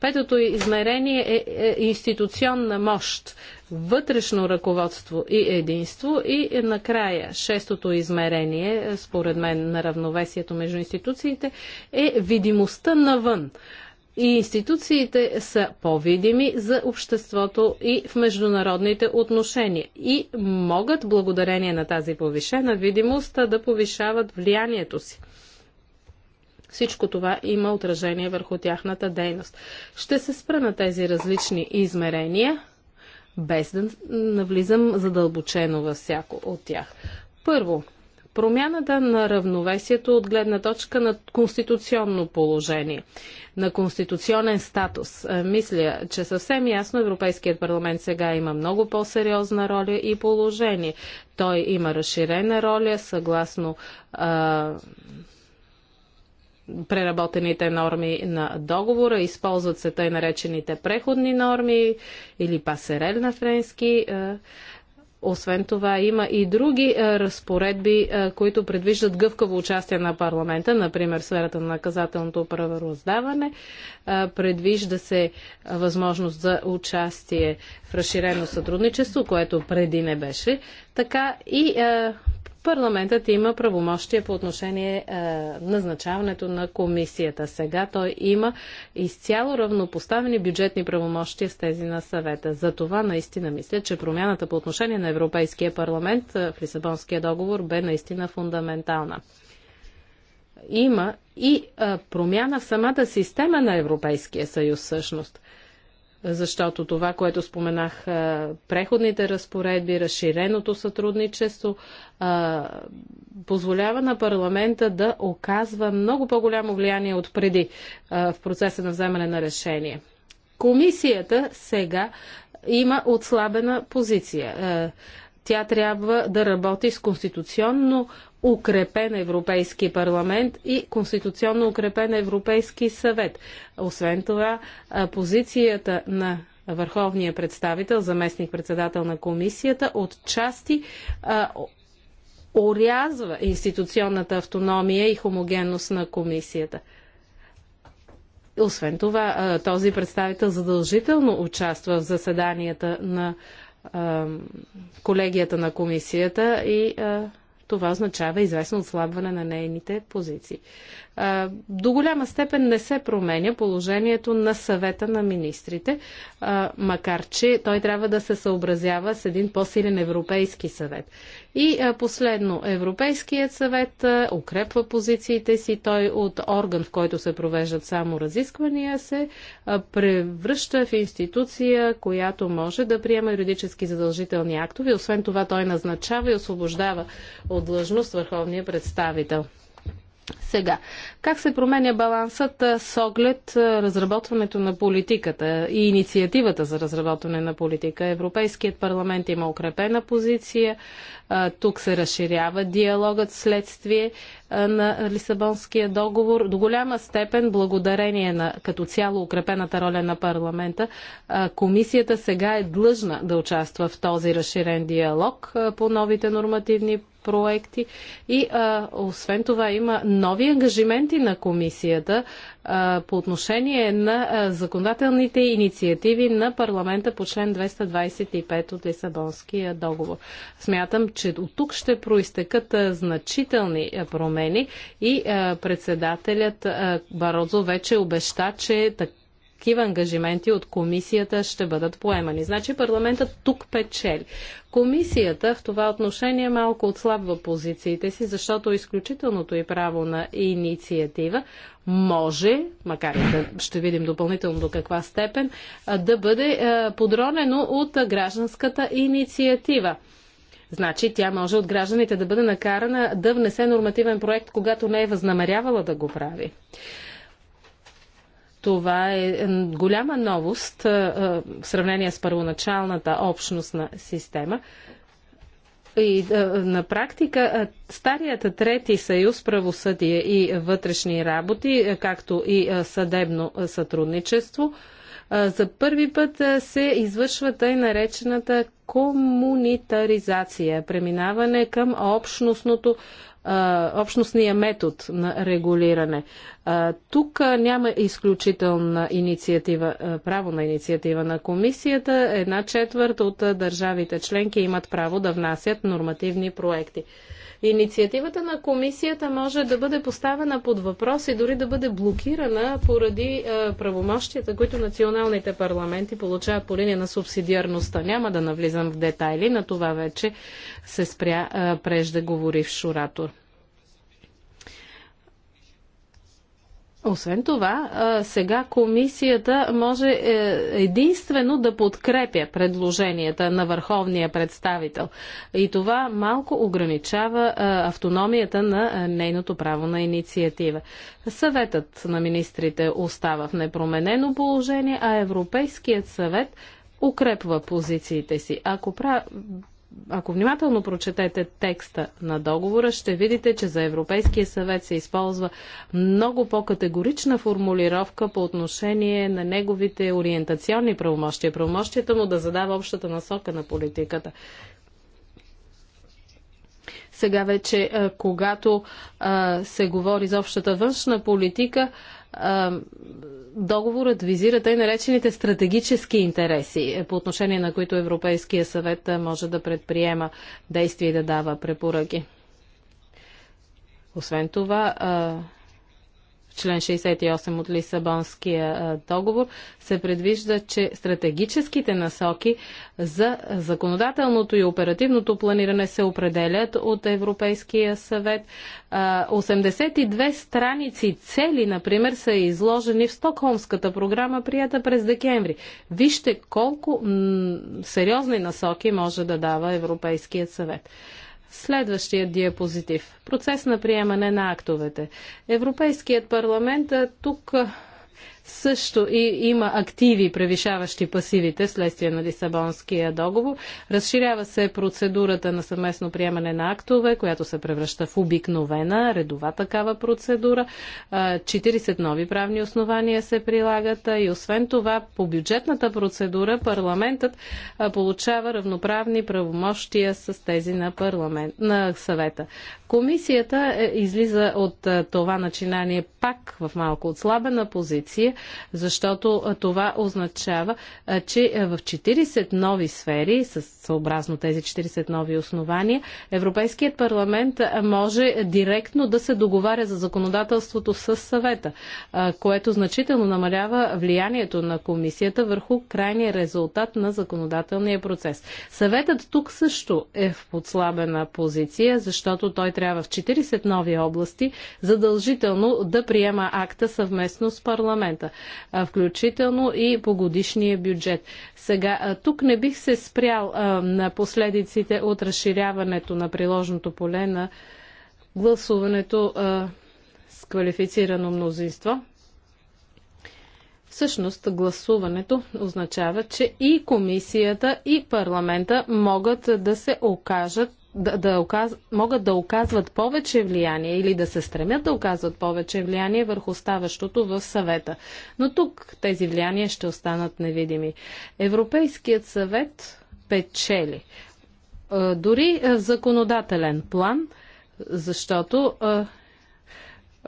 Петото измерение е, е институционна мощ, вътрешно ръководство и единство. И накрая, шестото измерение, е, според мен, на равновесието между институциите е видимостта навън и институциите са по-видими за обществото и в международните отношения и могат благодарение на тази повишена видимост да повишават влиянието си. Всичко това има отражение върху тяхната дейност. Ще се спра на тези различни измерения, без да навлизам задълбочено във всяко от тях. Първо, промяната на равновесието от гледна точка на конституционно положение, на конституционен статус. Е, мисля, че съвсем ясно Европейският парламент сега има много по-сериозна роля и положение. Той има разширена роля съгласно а, преработените норми на договора, използват се тъй наречените преходни норми или пасерель на френски. Е, освен това, има и други е, разпоредби, е, които предвиждат гъвкаво участие на парламента, например сферата на наказателното правораздаване. предвижда се възможност за участие в разширено сътрудничество, което преди не беше. Така и Парламентът има правомощия по отношение а, е, назначаването на комисията. Сега той има изцяло равнопоставени бюджетни правомощия с тези на съвета. За това наистина мисля, че промяната по отношение на Европейския парламент е, в Лисабонския договор бе наистина фундаментална има и а, е, промяна в самата система на Европейския съюз всъщност защото това, което споменах, преходните разпоредби, разширеното сътрудничество, позволява на парламента да оказва много по-голямо влияние от преди в процеса на вземане на решение. Комисията сега има отслабена позиция. Тя трябва да работи с конституционно укрепен Европейски парламент и конституционно укрепен Европейски съвет. Освен това, позицията на върховния представител, заместник-председател на комисията, от части орязва институционната автономия и хомогенност на комисията. Освен това, този представител задължително участва в заседанията на колегията на комисията и това означава известно отслабване на нейните позиции до голяма степен не се променя положението на съвета на министрите, макар че той трябва да се съобразява с един по-силен Европейски съвет. И последно, Европейският съвет укрепва позициите си, той от орган, в който се провеждат само разисквания, се превръща в институция, която може да приема юридически задължителни актове. Освен това, той назначава и освобождава от длъжност върховния представител. Сега, как се променя балансът с оглед разработването на политиката и инициативата за разработване на политика? Европейският парламент има укрепена позиция, тук се разширява диалогът следствие на Лисабонския договор. До голяма степен, благодарение на като цяло укрепената роля на парламента, комисията сега е длъжна да участва в този разширен диалог по новите нормативни проекти и а, освен това има нови ангажименти на комисията а, по отношение на а, законодателните инициативи на парламента по член 225 от Лисабонския договор. Смятам, че от тук ще проистекат а, значителни а, промени и а, председателят а, Барозо вече обеща, че так, такива ангажименти от комисията ще бъдат поемани. Значи парламентът тук печели. Комисията в това отношение е малко отслабва позициите си, защото изключителното и право на инициатива може, макар и да ще видим допълнително до каква степен, да бъде подронено от гражданската инициатива. Значи тя може от гражданите да бъде накарана да внесе нормативен проект, когато не е възнамерявала да го прави. Това е, е голяма новост е, е, в сравнение с първоначалната общностна система. И на практика старият трети съюз правосъдие и вътрешни работи, както и съдебно сътрудничество, за първи път се извършва тъй наречената комунитаризация, преминаване към общностното общностния метод на регулиране. тук няма изключителна инициатива, право на инициатива на комисията. Една четвърт от държавите членки имат право да внасят нормативни проекти. Инициативата на комисията може да бъде поставена под въпрос и дори да бъде блокирана поради е, правомощията, които националните парламенти получават по линия на субсидиарността. Няма да навлизам в детайли, на това вече се спря е, преждеговоривш оратор. Освен това, сега комисията може е, единствено да подкрепя предложенията на върховния представител. И това малко ограничава автономията на нейното право на инициатива. Съветът на министрите остава в непроменено положение, а Европейският съвет укрепва позициите си. Ако прав ако внимателно прочетете текста на договора, ще видите, че за Европейския съвет се използва много по-категорична формулировка по отношение на неговите ориентационни правомощия, правомощията му да задава общата насока на политиката. Сега вече, когато се говори за общата външна политика, договорът визира тъй наречените стратегически интереси, е, по отношение на които Европейския съвет може да предприема действия и да дава препоръки. Освен това, член 68 от Лисабонския договор, се предвижда, че стратегическите насоки за законодателното и оперативното планиране се определят от Европейския съвет. 82 страници цели, например, са изложени в Стокхолмската програма, прията през декември. Вижте колко сериозни насоки може да дава Европейският съвет. Следващия диапозитив. Процес на приемане на актовете. Европейският парламент тук също и има активи, превишаващи пасивите следствие на Лисабонския договор. Разширява се процедурата на съвместно приемане на актове, която се превръща в обикновена, редова такава процедура. 40 нови правни основания се прилагат и освен това по бюджетната процедура парламентът получава равноправни правомощия с тези на, парламент, на съвета. Комисията е, излиза от това начинание пак в малко отслабена позиция, защото това означава, че в 40 нови сфери, съобразно тези 40 нови основания, Европейският парламент може директно да се договаря за законодателството с съвета, което значително намалява влиянието на комисията върху крайния резултат на законодателния процес. Съветът тук също е в подслабена позиция, защото той трябва в 40 нови области задължително да приема акта съвместно с парламента годината, включително и по годишния бюджет. Сега, тук не бих се спрял на последиците от разширяването на приложното поле на гласуването с квалифицирано мнозинство. Всъщност гласуването означава, че и комисията, и парламента могат да се окажат да, да оказ... могат да оказват повече влияние или да се стремят да оказват повече влияние върху ставащото в съвета. Но тук тези влияния ще останат невидими. Европейският съвет печели. Е, дори в е, законодателен план, защото е,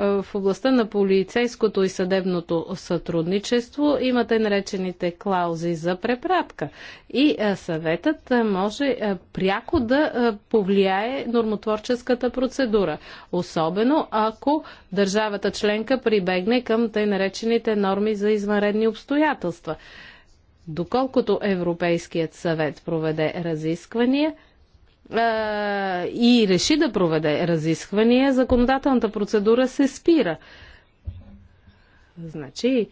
е, в областта на полицейското и съдебното сътрудничество има тъй наречените клаузи за препратка. И е, съветът е, може пряко да повлияе нормотворческата процедура, особено ако държавата членка прибегне към тъй наречените норми за извънредни обстоятелства. Доколкото Европейският съвет проведе разисквания, е, и реши да проведе разисквания, законодателната процедура се спира. Значи,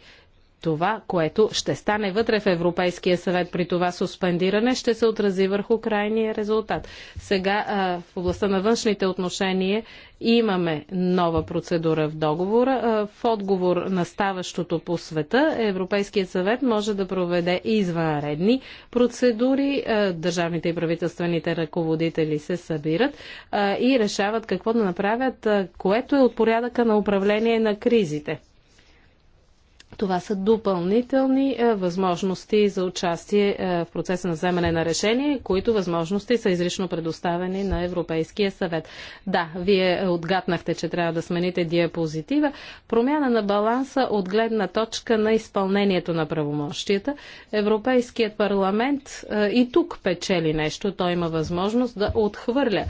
това, което ще стане вътре в Европейския съвет при това суспендиране, ще се отрази върху крайния резултат. Сега в областта на външните отношения имаме нова процедура в договора. В отговор на ставащото по света, Европейският съвет може да проведе извънредни процедури. Държавните и правителствените ръководители се събират и решават какво да направят, което е от порядъка на управление на кризите. Това са допълнителни е, възможности за участие е, в процеса на вземане на решение, които възможности са изрично предоставени на Европейския съвет. Да, вие отгаднахте, че трябва да смените диапозитива. Промяна на баланса от гледна точка на изпълнението на правомощията. Европейският парламент е, и тук печели нещо. Той има възможност да отхвърля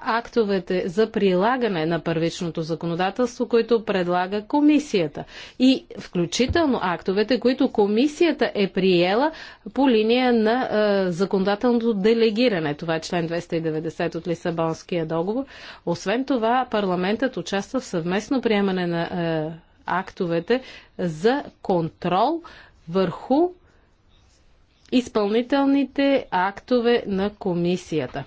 актовете за прилагане на първичното законодателство, които предлага комисията. И включително актовете, които комисията е приела по линия на е, законодателното делегиране. Това е член 290 от Лисабонския договор. Освен това, парламентът участва в съвместно приемане на е, актовете за контрол върху изпълнителните актове на комисията.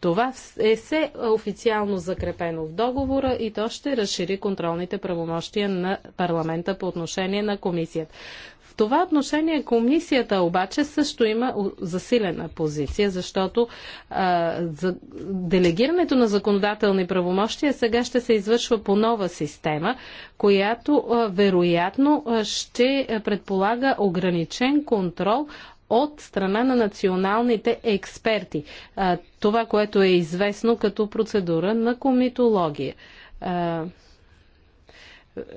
Това е все официално закрепено в договора и то ще разшири контролните правомощия на парламента по отношение на комисията. В това отношение комисията обаче също има засилена позиция, защото а, за делегирането на законодателни правомощия сега ще се извършва по нова система, която а, вероятно ще предполага ограничен контрол от страна на националните експерти. Това, което е известно като процедура на комитология.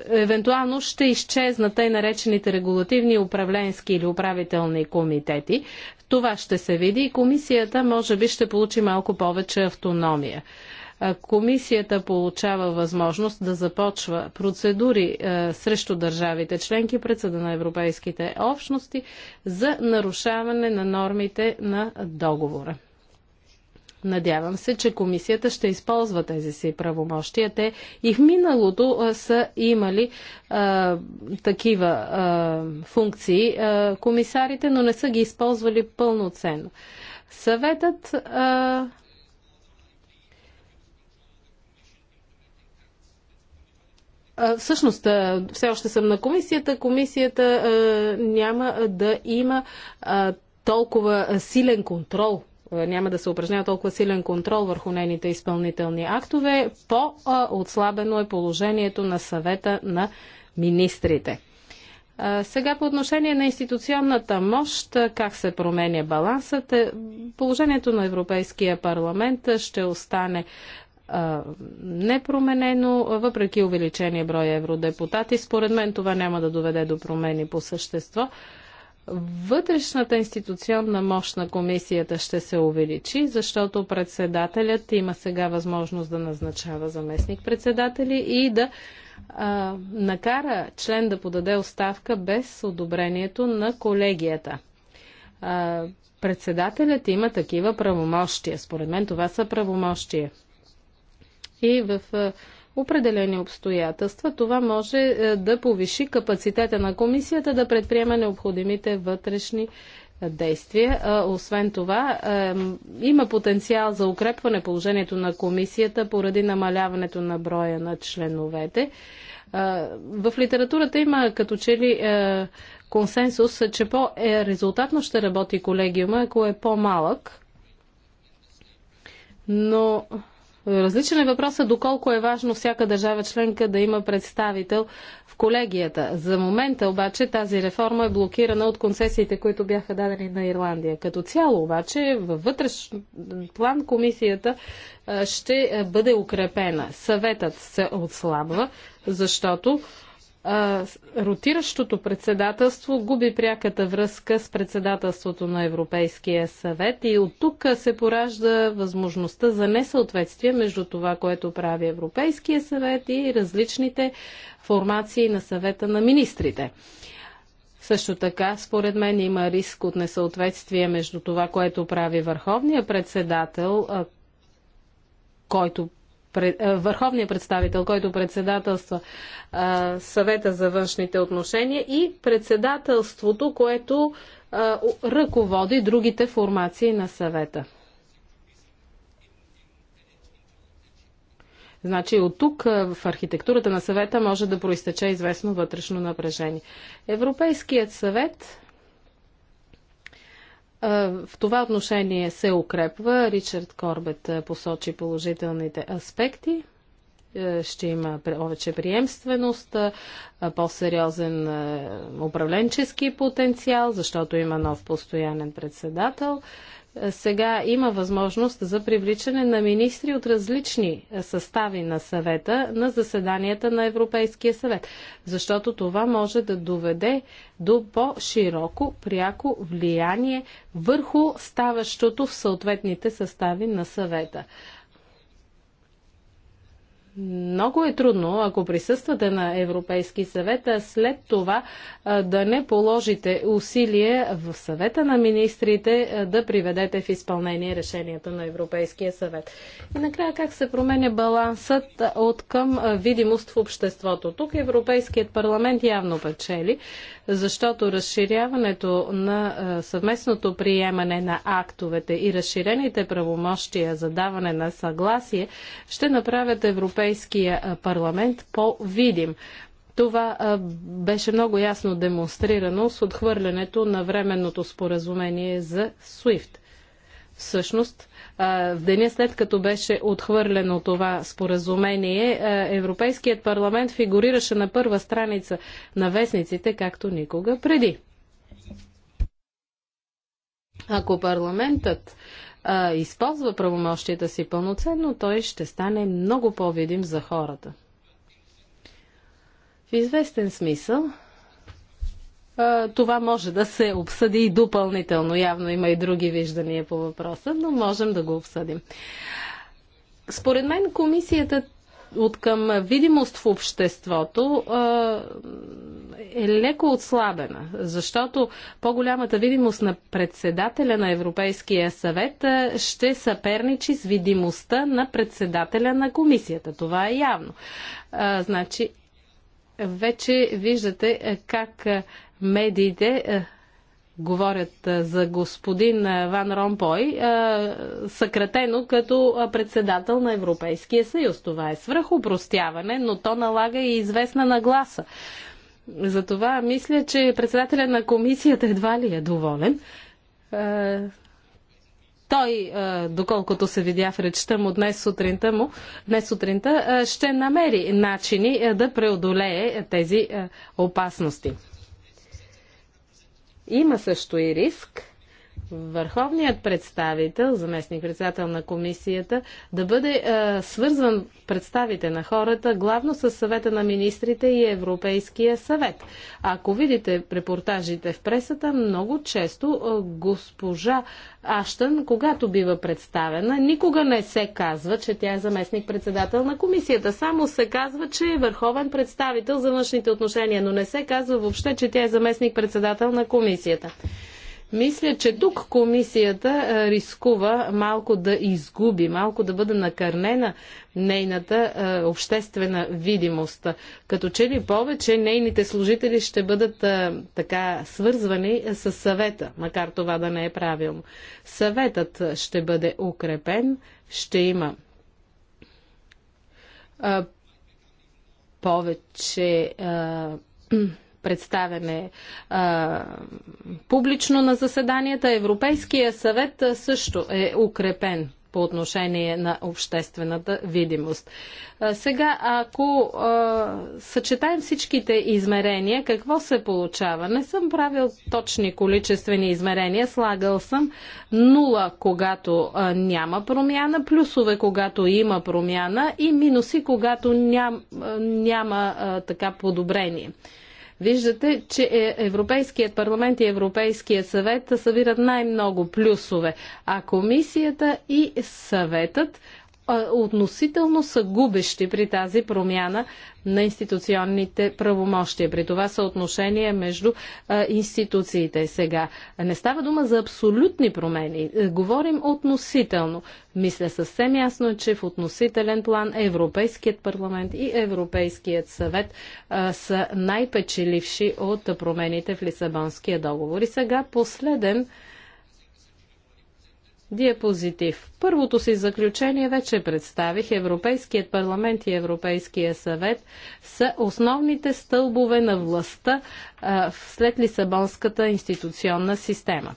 Евентуално ще изчезнат тъй наречените регулативни управленски или управителни комитети. Това ще се види и комисията може би ще получи малко повече автономия. Комисията получава възможност да започва процедури срещу държавите членки пред съда на европейските общности за нарушаване на нормите на договора. Надявам се, че комисията ще използва тези си правомощия. Те и в миналото са имали а, такива а, функции а, комисарите, но не са ги използвали пълноценно. Съветът а, Всъщност, все още съм на комисията. Комисията няма да има толкова силен контрол няма да се упражнява толкова силен контрол върху нейните изпълнителни актове, по-отслабено е положението на съвета на министрите. Сега по отношение на институционната мощ, как се променя балансът, е, положението на Европейския парламент ще остане непроменено, въпреки увеличение брой евродепутати. Според мен това няма да доведе до промени по същество. Вътрешната институционна мощ на комисията ще се увеличи, защото председателят има сега възможност да назначава заместник-председатели и да а, накара член да подаде оставка без одобрението на колегията. А, председателят има такива правомощия. Според мен това са правомощия и в определени обстоятелства. Това може да повиши капацитета на комисията да предприема необходимите вътрешни действия. Освен това, има потенциал за укрепване положението на комисията поради намаляването на броя на членовете. В литературата има като че ли консенсус, че по-резултатно е, ще работи колегиума, ако е по-малък. Но Различен е въпросът доколко е важно всяка държава членка да има представител в колегията. За момента обаче тази реформа е блокирана от концесиите, които бяха дадени на Ирландия. Като цяло обаче във вътрешен план комисията ще бъде укрепена. Съветът се отслабва, защото а, ротиращото председателство губи пряката връзка с председателството на Европейския съвет и от тук се поражда възможността за несъответствие между това, което прави Европейския съвет и различните формации на съвета на министрите. Също така, според мен има риск от несъответствие между това, което прави върховния председател, който върховния представител, който председателства съвета за външните отношения и председателството, което ръководи другите формации на съвета. Значи от тук в архитектурата на съвета може да проистече известно вътрешно напрежение. Европейският съвет в това отношение се укрепва. Ричард Корбет посочи положителните аспекти. Е, ще има повече приемственост, по-сериозен управленчески потенциал, защото има нов постоянен председател сега има възможност за привличане на министри от различни състави на съвета на заседанията на Европейския съвет, защото това може да доведе до по-широко пряко влияние върху ставащото в съответните състави на съвета. Много е трудно, ако присъствате на Европейски съвет, а след това да не положите усилие в съвета на министрите да приведете в изпълнение решенията на Европейския съвет. И накрая как се променя балансът от към видимост в обществото. Тук Европейският парламент явно печели, защото разширяването на съвместното приемане на актовете и разширените правомощия за даване на съгласие ще направят Европейския парламент по-видим. Това беше много ясно демонстрирано с отхвърлянето на временното споразумение за SWIFT. Всъщност, в деня след като беше отхвърлено това споразумение, Европейският парламент фигурираше на първа страница на вестниците, както никога преди. Ако парламентът а, използва правомощията си пълноценно, той ще стане много по-видим за хората. В известен смисъл, това може да се обсъди и допълнително. Явно има и други виждания по въпроса, но можем да го обсъдим. Според мен комисията от към видимост в обществото е леко отслабена, защото по-голямата видимост на председателя на Европейския съвет ще съперничи с видимостта на председателя на комисията. Това е явно. Значи, вече виждате как медиите е, говорят е, за господин е, Ван Ромпой, е, съкратено като председател на Европейския съюз. Това е свръхопростяване, но то налага и известна нагласа. Затова мисля, че председателя на комисията едва ли е доволен. Той, доколкото се видя в речта му днес сутринта, му, днес сутринта ще намери начини да преодолее тези опасности. Има също и риск върховният представител, заместник-председател на комисията, да бъде е, свързван представите на хората, главно с съвета на министрите и Европейския съвет. Ако видите репортажите в пресата, много често е, госпожа Аштън, когато бива представена, никога не се казва, че тя е заместник-председател на комисията. Само се казва, че е върховен представител за външните отношения, но не се казва въобще, че тя е заместник-председател на комисията. Мисля, че тук комисията рискува малко да изгуби, малко да бъде накърнена нейната обществена видимост. Като че ли повече нейните служители ще бъдат така свързвани с съвета, макар това да не е правилно. Съветът ще бъде укрепен, ще има повече Представяне а, публично на заседанията. Европейския съвет също е укрепен по отношение на обществената видимост. А, сега, ако а, съчетаем всичките измерения, какво се получава? Не съм правил точни количествени измерения, слагал съм нула, когато а, няма промяна, плюсове, когато има промяна и минуси, когато ням, а, няма а, така подобрение. Виждате, че е, Европейският парламент и Европейският съвет събират най-много плюсове, а комисията и съветът относително са губещи при тази промяна на институционните правомощия, при това съотношение между институциите сега. Не става дума за абсолютни промени, е, говорим относително. Мисля съвсем ясно, е, че в относителен план Европейският парламент и Европейският съвет а, са най-печеливши от промените в Лисабонския договор. И сега последен диапозитив. Първото си заключение вече представих. Европейският парламент и Европейския съвет са основните стълбове на властта а, след Лисабонската институционна система.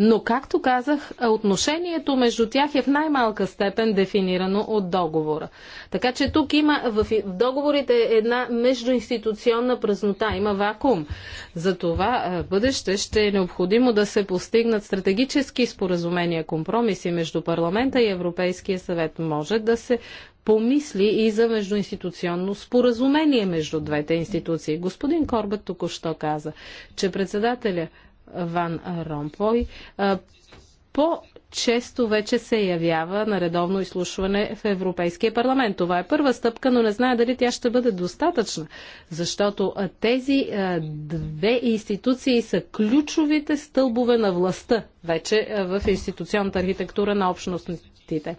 Но, както казах, отношението между тях е в най-малка степен дефинирано от договора. Така че тук има в договорите една междуинституционна празнота, има вакуум. За това в бъдеще ще е необходимо да се постигнат стратегически споразумения, компромиси между парламента и Европейския съвет. Може да се помисли и за междуинституционно споразумение между двете институции. Господин Корбет току-що каза, че председателя Ван Ромпой по-често вече се явява на редовно изслушване в Европейския парламент. Това е първа стъпка, но не знае дали тя ще бъде достатъчна, защото тези две институции са ключовите стълбове на властта вече в институционната архитектура на общностите.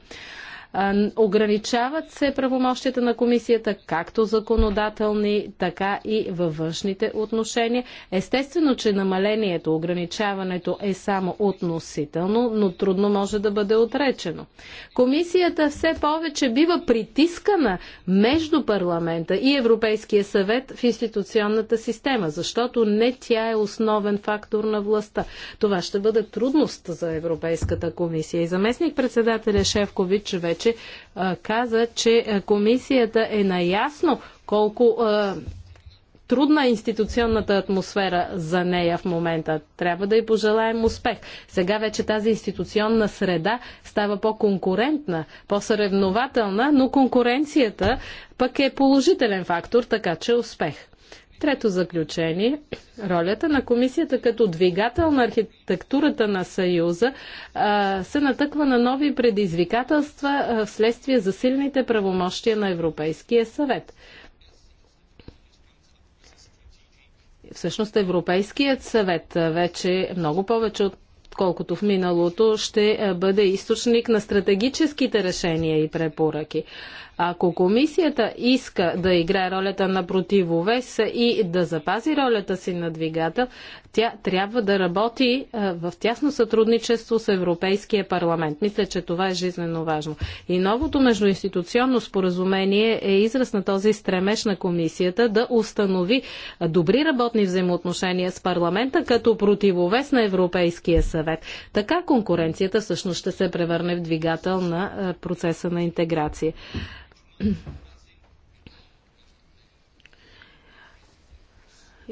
Ограничават се правомощията на комисията, както законодателни, така и във външните отношения. Естествено, че намалението, ограничаването е само относително, но трудно може да бъде отречено. Комисията все повече бива притискана между парламента и Европейския съвет в институционната система, защото не тя е основен фактор на властта. Това ще бъде трудност за Европейската комисия. И заместник председателя Шевкович вече вече каза, че комисията е наясно колко трудна е институционната атмосфера за нея в момента. Трябва да й пожелаем успех. Сега вече тази институционна среда става по-конкурентна, по-съревнователна, но конкуренцията пък е положителен фактор, така че успех. Трето заключение. Ролята на комисията като двигател на архитектурата на Съюза се натъква на нови предизвикателства вследствие за силните правомощия на Европейския съвет. Всъщност Европейският съвет вече много повече от отколкото в миналото, ще бъде източник на стратегическите решения и препоръки. Ако комисията иска да играе ролята на противовес и да запази ролята си на двигател, тя трябва да работи е, в тясно сътрудничество с Европейския парламент. Мисля, че това е жизненно важно. И новото междуинституционно споразумение е израз на този стремеж на комисията да установи добри работни взаимоотношения с парламента като противовес на Европейския съвет. Така конкуренцията всъщност ще се превърне в двигател на е, процеса на интеграция.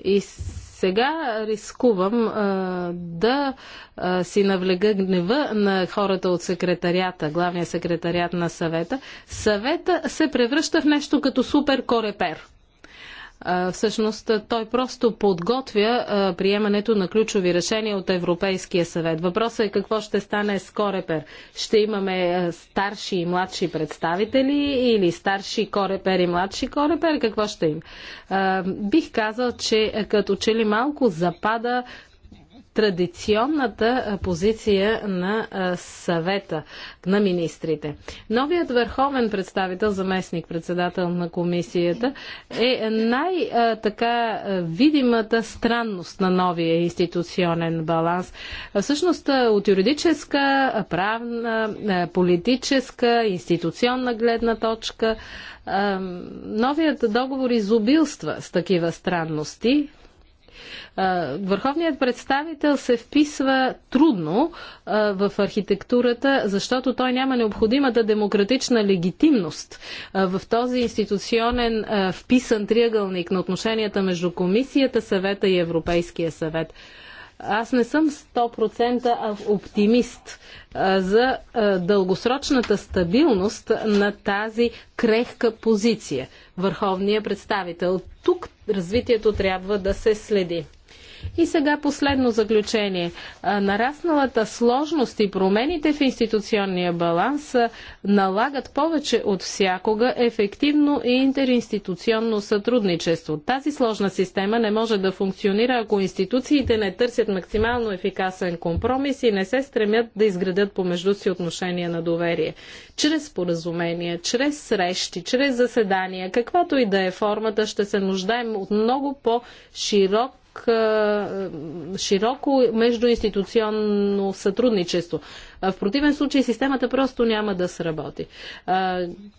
И сега рискувам а, да а, си навлега гнева на хората от секретарията, главния секретарият на съвета. Съвета се превръща в нещо като супер корепер. Всъщност той просто подготвя приемането на ключови решения от Европейския съвет. Въпросът е какво ще стане с Корепер. Ще имаме старши и младши представители или старши Корепер и младши Корепер? Какво ще има? Бих казал, че като че ли малко запада традиционната позиция на съвета на министрите. Новият върховен представител, заместник председател на комисията, е най-така видимата странност на новия институционен баланс. Всъщност от юридическа, правна, политическа, институционна гледна точка, новият договор изобилства с такива странности, Върховният представител се вписва трудно в архитектурата, защото той няма необходимата демократична легитимност в този институционен вписан триъгълник на отношенията между Комисията, Съвета и Европейския съвет. Аз не съм 100% оптимист за дългосрочната стабилност на тази крехка позиция върховния представител. Тук развитието трябва да се следи. И сега последно заключение. Нарасналата сложност и промените в институционния баланс налагат повече от всякога ефективно и интеринституционно сътрудничество. Тази сложна система не може да функционира, ако институциите не търсят максимално ефикасен компромис и не се стремят да изградят помежду си отношения на доверие. Чрез споразумения, чрез срещи, чрез заседания, каквато и да е формата, ще се нуждаем от много по-широк широко междуинституционно сътрудничество. В противен случай системата просто няма да сработи.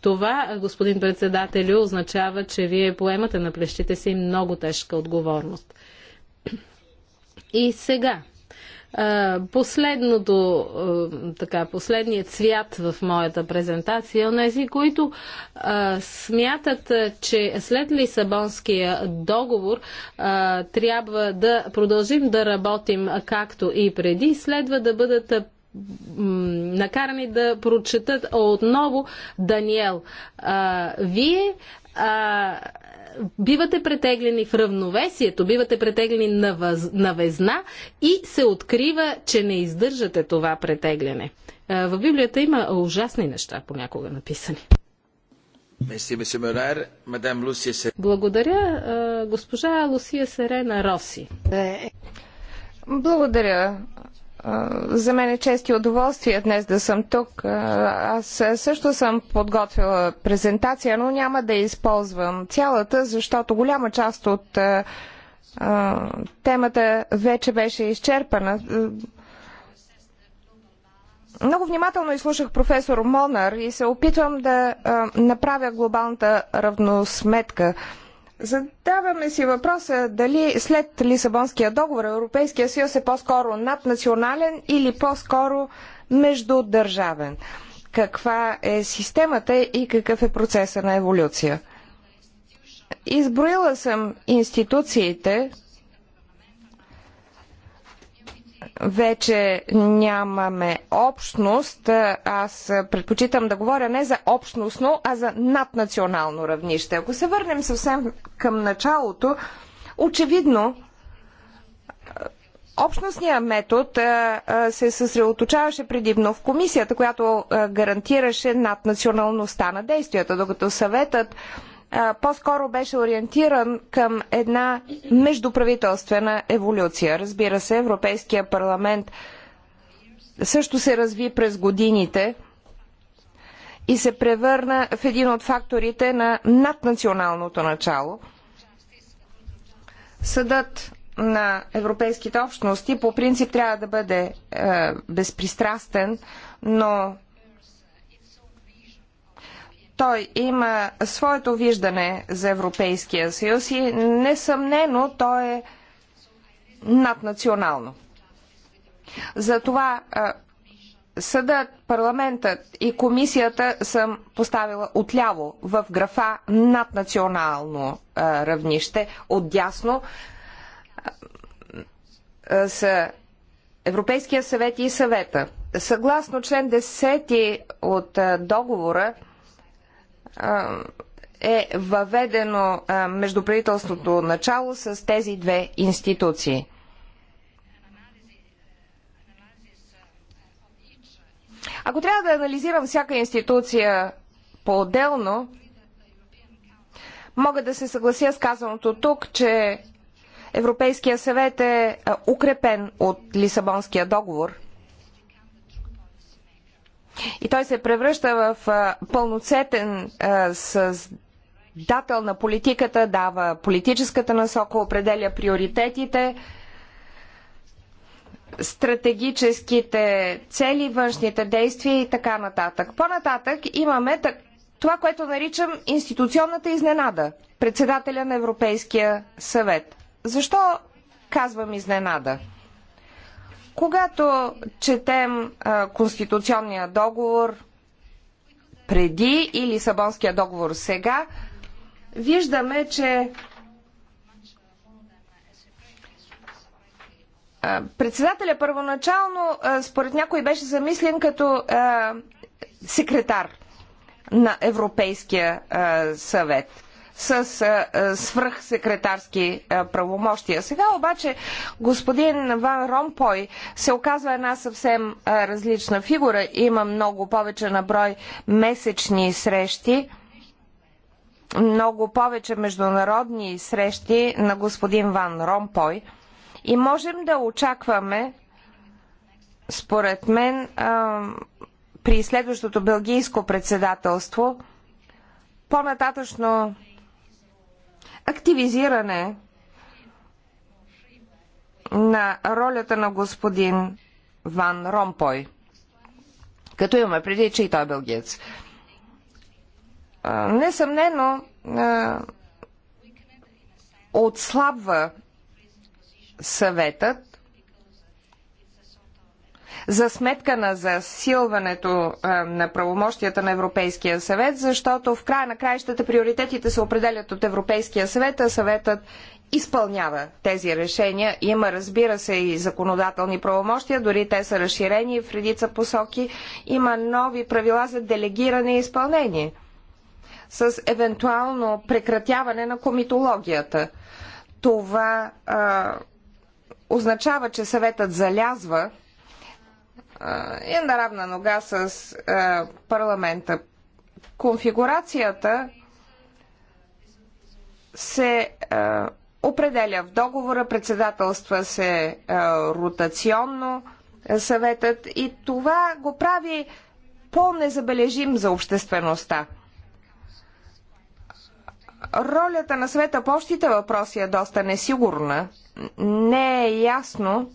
Това, господин председателю, означава, че вие поемате на плещите си много тежка отговорност. И сега Последното, така, последният цвят в моята презентация е тези, които а, смятат, че след Лисабонския договор а, трябва да продължим да работим както и преди, следва да бъдат накарани да прочетат отново Даниел. А, вие а, бивате претеглени в равновесието, бивате претеглени на, въз, на везна и се открива, че не издържате това претегляне. В Библията има ужасни неща понякога написани. Благодаря, госпожа Лусия Серена Роси. Благодаря, за мен е чест и удоволствие днес да съм тук. Аз също съм подготвила презентация, но няма да я използвам цялата, защото голяма част от темата вече беше изчерпана. Много внимателно изслушах професор Монар и се опитвам да направя глобалната равносметка. Задаваме си въпроса дали след Лисабонския договор Европейския съюз е по-скоро наднационален или по-скоро междудържавен. Каква е системата и какъв е процеса на еволюция? Изброила съм институциите, вече нямаме общност. Аз предпочитам да говоря не за общностно, а за наднационално равнище. Ако се върнем съвсем към началото, очевидно Общностният метод се съсредоточаваше предимно в комисията, която гарантираше наднационалността на действията, докато съветът по-скоро беше ориентиран към една междуправителствена еволюция. Разбира се, Европейския парламент също се разви през годините и се превърна в един от факторите на наднационалното начало. Съдът на европейските общности по принцип трябва да бъде е, безпристрастен, но той има своето виждане за Европейския съюз и несъмнено то е наднационално. Затова съдът, парламентът и комисията съм поставила отляво в графа наднационално равнище, отдясно с Европейския съвет и съвета. Съгласно член 10 от договора, е въведено междуправителството начало с тези две институции. Ако трябва да анализирам всяка институция по-отделно, мога да се съглася с казаното тук, че Европейския съвет е укрепен от Лисабонския договор – и той се превръща в пълноцетен създател на политиката, дава политическата насока, определя приоритетите, стратегическите цели, външните действия и така нататък. По-нататък имаме това, което наричам институционната изненада. Председателя на Европейския съвет. Защо казвам изненада? Когато четем а, Конституционния договор преди и Лисабонския договор сега, виждаме, че а, председателя първоначално, а, според някой, беше замислен като секретар на Европейския съвет с свръхсекретарски правомощия. Сега обаче господин Ван Ромпой се оказва една съвсем различна фигура. Има много повече на брой месечни срещи много повече международни срещи на господин Ван Ромпой и можем да очакваме, според мен, при следващото белгийско председателство, по-нататъчно активизиране на ролята на господин Ван Ромпой, като имаме преди, че и той е бългиец. Несъмнено отслабва съветът за сметка на засилването на правомощията на Европейския съвет, защото в края на краищата приоритетите се определят от Европейския съвет, а съветът изпълнява тези решения. Има, разбира се, и законодателни правомощия, дори те са разширени в редица посоки. Има нови правила за делегиране и изпълнение с евентуално прекратяване на комитологията. Това а, означава, че съветът залязва е на равна нога с парламента. Конфигурацията се определя в договора, председателства се ротационно съветът и това го прави по-незабележим за обществеността. Ролята на света по общите въпроси е доста несигурна. Не е ясно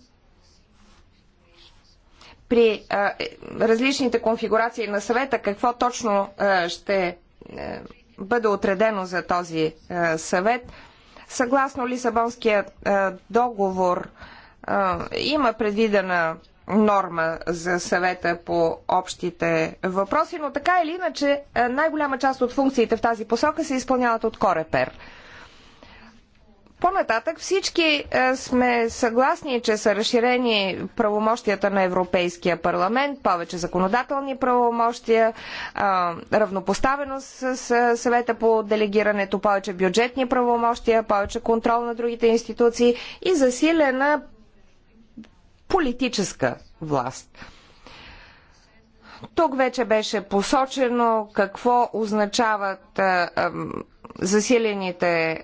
при а, е, различните конфигурации на съвета какво точно а, ще а, е, бъде отредено за този а, е, съвет. Съгласно Лисабонския а, договор а, има предвидена норма за съвета по общите въпроси, но така или иначе най-голяма част от функциите в тази посока се изпълняват от Корепер. По-нататък всички е, сме съгласни, че са разширени правомощията на Европейския парламент, повече законодателни правомощия, е, равнопоставеност с съвета по делегирането, повече бюджетни правомощия, повече контрол на другите институции и засилена политическа власт. Тук вече беше посочено какво означават засилените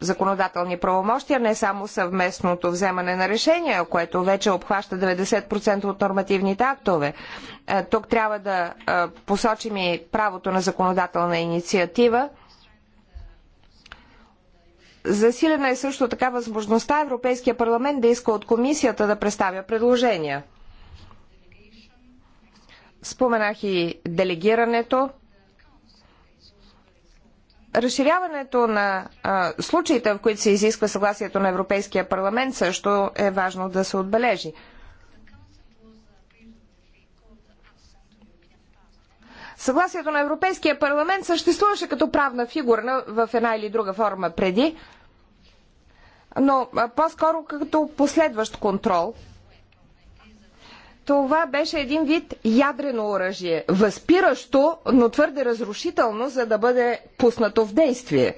законодателни правомощия, не само съвместното вземане на решения, което вече обхваща 90% от нормативните актове. тук трябва да посочим и правото на законодателна инициатива. Засилена е също така възможността Европейския парламент да иска от комисията да представя предложения. Споменах и делегирането. Разширяването на а, случаите, в които се изисква съгласието на Европейския парламент, също е важно да се отбележи. Съгласието на Европейския парламент съществуваше като правна фигура в една или друга форма преди, но по-скоро като последващ контрол – това беше един вид ядрено оръжие, възпиращо, но твърде разрушително, за да бъде пуснато в действие.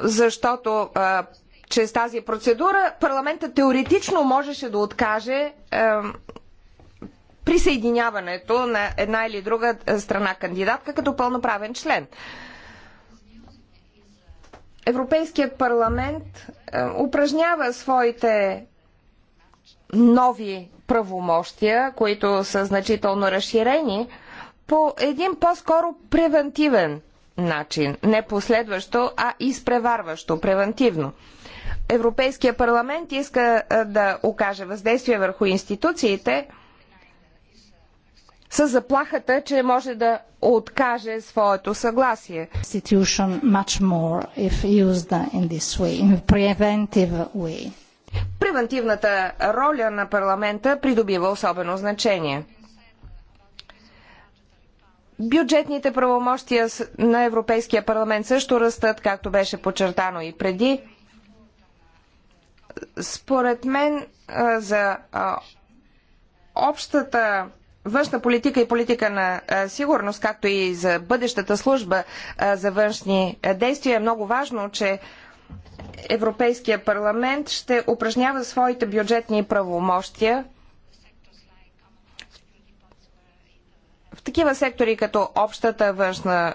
Защото а, чрез тази процедура парламента теоретично можеше да откаже а, присъединяването на една или друга страна кандидатка като пълноправен член. Европейският парламент упражнява своите нови правомощия, които са значително разширени, по един по-скоро превентивен начин. Не последващо, а изпреварващо, превентивно. Европейския парламент иска да окаже въздействие върху институциите с заплахата, че може да откаже своето съгласие. Much more if used in this way, in preventive way. Превентивната роля на парламента придобива особено значение. Бюджетните правомощия на Европейския парламент също растат, както беше подчертано и преди. Според мен за общата външна политика и политика на сигурност, както и за бъдещата служба за външни действия, е много важно, че Европейския парламент ще упражнява своите бюджетни правомощия в такива сектори като общата външна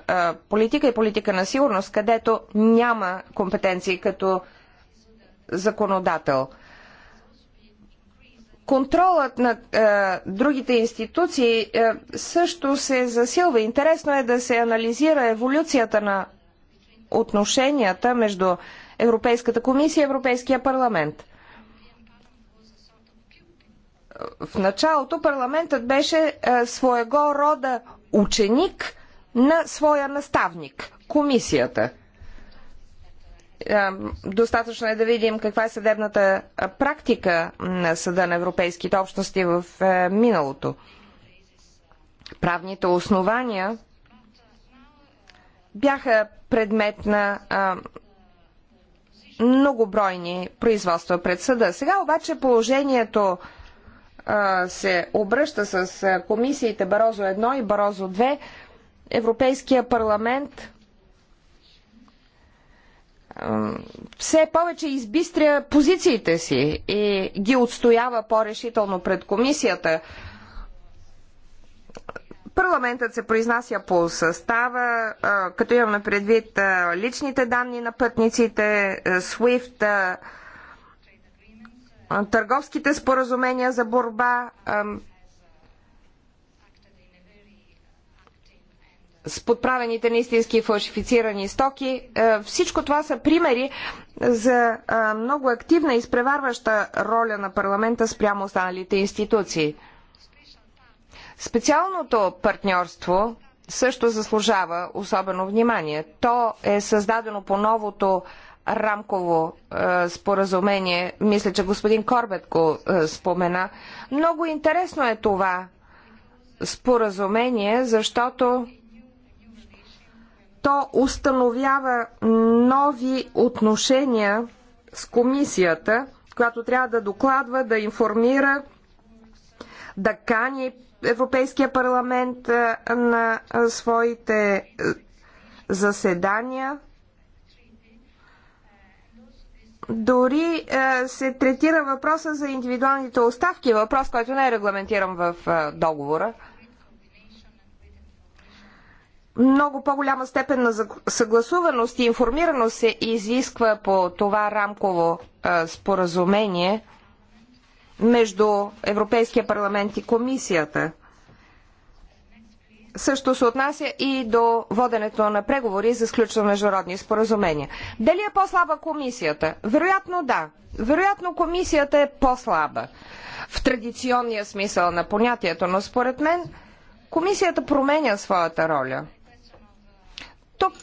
политика и политика на сигурност, където няма компетенции като законодател. Контролът на е, другите институции е, също се засилва. Интересно е да се анализира еволюцията на отношенията между Европейската комисия и Европейския парламент. В началото парламентът беше е, своего рода ученик на своя наставник, комисията е, достатъчно е да видим каква е съдебната е, практика на Съда на Европейските общности в миналото. Правните основания бяха предмет на многобройни производства пред съда. Сега обаче положението а, се обръща с комисиите Барозо 1 и Барозо 2. Европейския парламент а, все повече избистря позициите си и ги отстоява по-решително пред комисията. Парламентът се произнася по състава, като имаме предвид личните данни на пътниците, SWIFT, търговските споразумения за борба с подправените на истински фалшифицирани стоки. Всичко това са примери за много активна и изпреварваща роля на парламента спрямо останалите институции. Специалното партньорство също заслужава особено внимание. То е създадено по новото рамково е, споразумение. Мисля, че господин Корбет го е, спомена. Много интересно е това споразумение, защото то установява нови отношения с комисията, която трябва да докладва, да информира, да кани Европейския парламент на своите заседания. Дори се третира въпроса за индивидуалните оставки, въпрос, който не е регламентиран в договора. Много по-голяма степен на съгласуваност и информираност се изисква по това рамково споразумение – между Европейския парламент и комисията. Също се отнася и до воденето на преговори за сключване на международни споразумения. Дали е по-слаба комисията? Вероятно да. Вероятно комисията е по-слаба в традиционния смисъл на понятието, но според мен комисията променя своята роля. Тук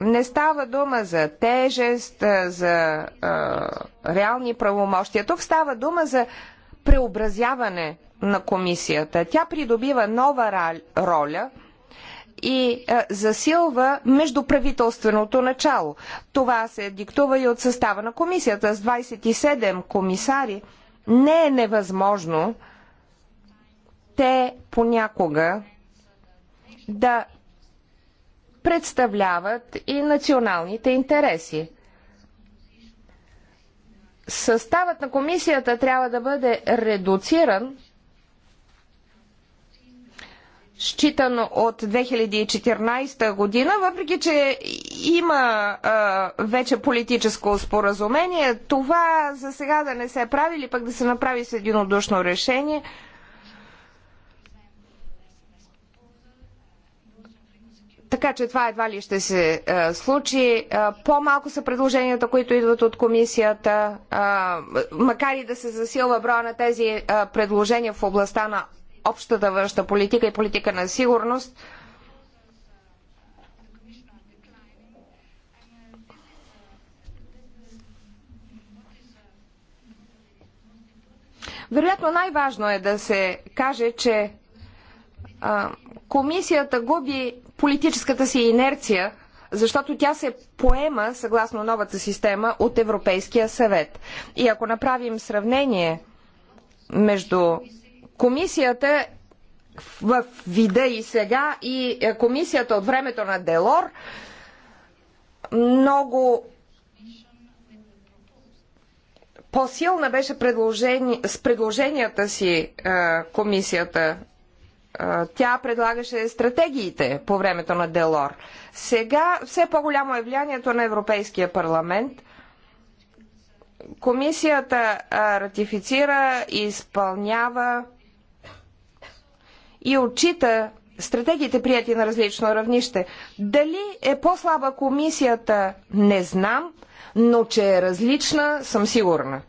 не става дума за тежест, за а, реални правомощия. Тук става дума за преобразяване на комисията. Тя придобива нова роля и засилва междуправителственото начало. Това се диктува и от състава на комисията с 27 комисари. Не е невъзможно те понякога да представляват и националните интереси. Съставът на комисията трябва да бъде редуциран, считано от 2014 година, въпреки че има а, вече политическо споразумение, това за сега да не се прави или пък да се направи с единодушно решение – Така че това едва ли ще се а, е, случи. Е, по-малко са предложенията, които идват от комисията, а, е, макар и да се засилва броя на тези а, предложения в областта на общата външна политика и политика на сигурност. Вероятно най-важно е да се каже, че комисията губи политическата си инерция, защото тя се поема, съгласно новата система, от Европейския съвет. И ако направим сравнение между комисията в вида и сега и комисията от времето на Делор, много по-силна беше предложение, с предложенията си комисията тя предлагаше стратегиите по времето на Делор. Сега все по-голямо е влиянието на Европейския парламент. Комисията ратифицира, изпълнява и отчита стратегиите, прияти на различно равнище. Дали е по-слаба комисията, не знам, но че е различна, съм сигурна.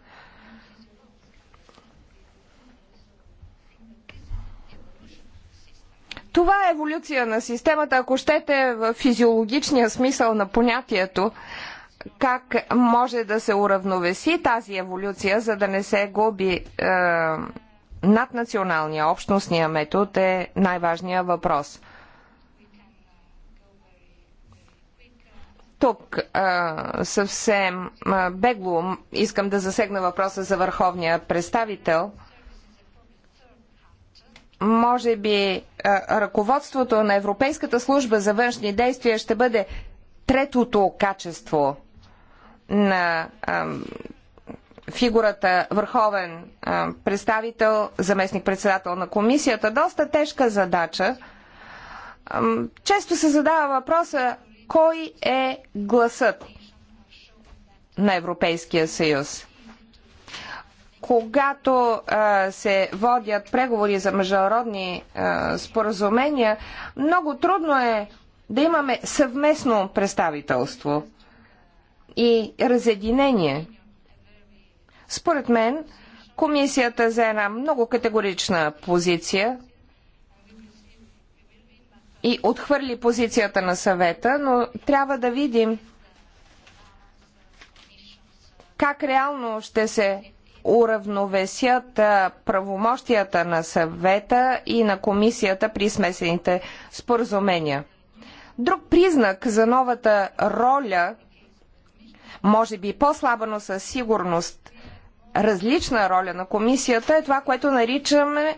Това е еволюция на системата, ако щете в физиологичния смисъл на понятието, как може да се уравновеси тази еволюция, за да не се губи е, наднационалния, общностния метод е най-важният въпрос. Тук е, съвсем е, бегло искам да засегна въпроса за върховния представител – може би е, ръководството на Европейската служба за външни действия ще бъде третото качество на фигурата върховен представител, заместник-председател на комисията. Доста тежка задача. Често се задава въпроса кой е гласът на Европейския съюз когато а, се водят преговори за международни а, споразумения, много трудно е да имаме съвместно представителство и разединение. Според мен, комисията за една много категорична позиция и отхвърли позицията на съвета, но трябва да видим как реално ще се уравновесят правомощията на съвета и на комисията при смесените споразумения. Друг признак за новата роля, може би по-слаба, но със сигурност различна роля на комисията е това, което наричаме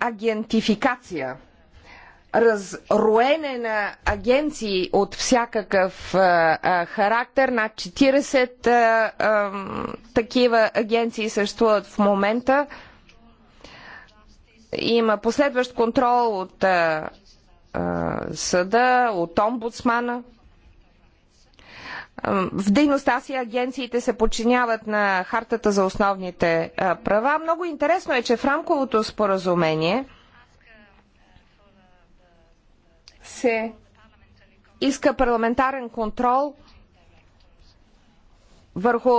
агентификация – разроене на агенции от всякакъв а, а, характер. Над 40 а, такива агенции съществуват в момента. Има последващ контрол от съда, от омбудсмана. В дейността си агенциите се подчиняват на Хартата за основните права. Много интересно е, че в рамковото споразумение – се иска парламентарен контрол върху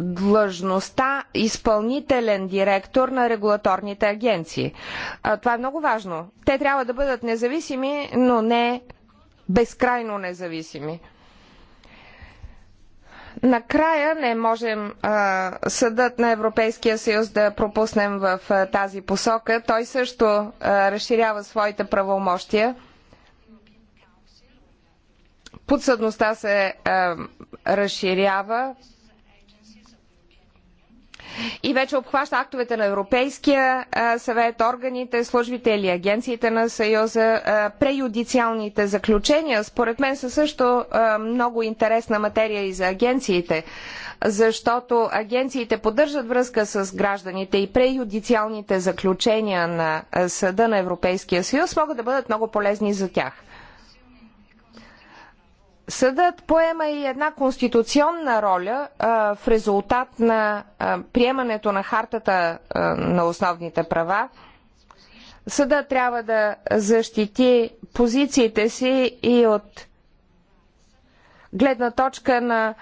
длъжността изпълнителен директор на регулаторните агенции. А, това е много важно. Те трябва да бъдат независими, но не безкрайно независими. Накрая не можем а, съдът на Европейския съюз да пропуснем в а, тази посока. Той също а, разширява своите правомощия. Подсъдността се а, разширява, и вече обхваща актовете на Европейския съвет, органите, службите или агенциите на Съюза, преюдициалните заключения. Според мен са също много интересна материя и за агенциите, защото агенциите поддържат връзка с гражданите и преюдициалните заключения на Съда на Европейския съюз могат да бъдат много полезни за тях. Съдът поема и една конституционна роля а, в резултат на а, приемането на хартата а, на основните права. Съда трябва да защити позициите си и от гледна точка на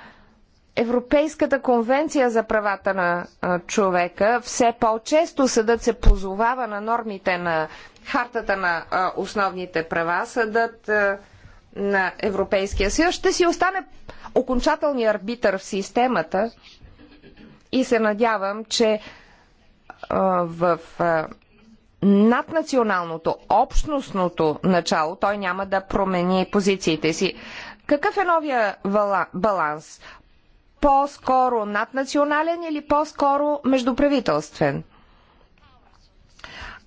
Европейската конвенция за правата на човека. Все по-често съдът се позовава на нормите на хартата на основните права. Съдът на Европейския съюз, ще си остане окончателният арбитър в системата и се надявам, че в наднационалното, общностното начало той няма да промени позициите си. Какъв е новия баланс? По-скоро наднационален или по-скоро междуправителствен?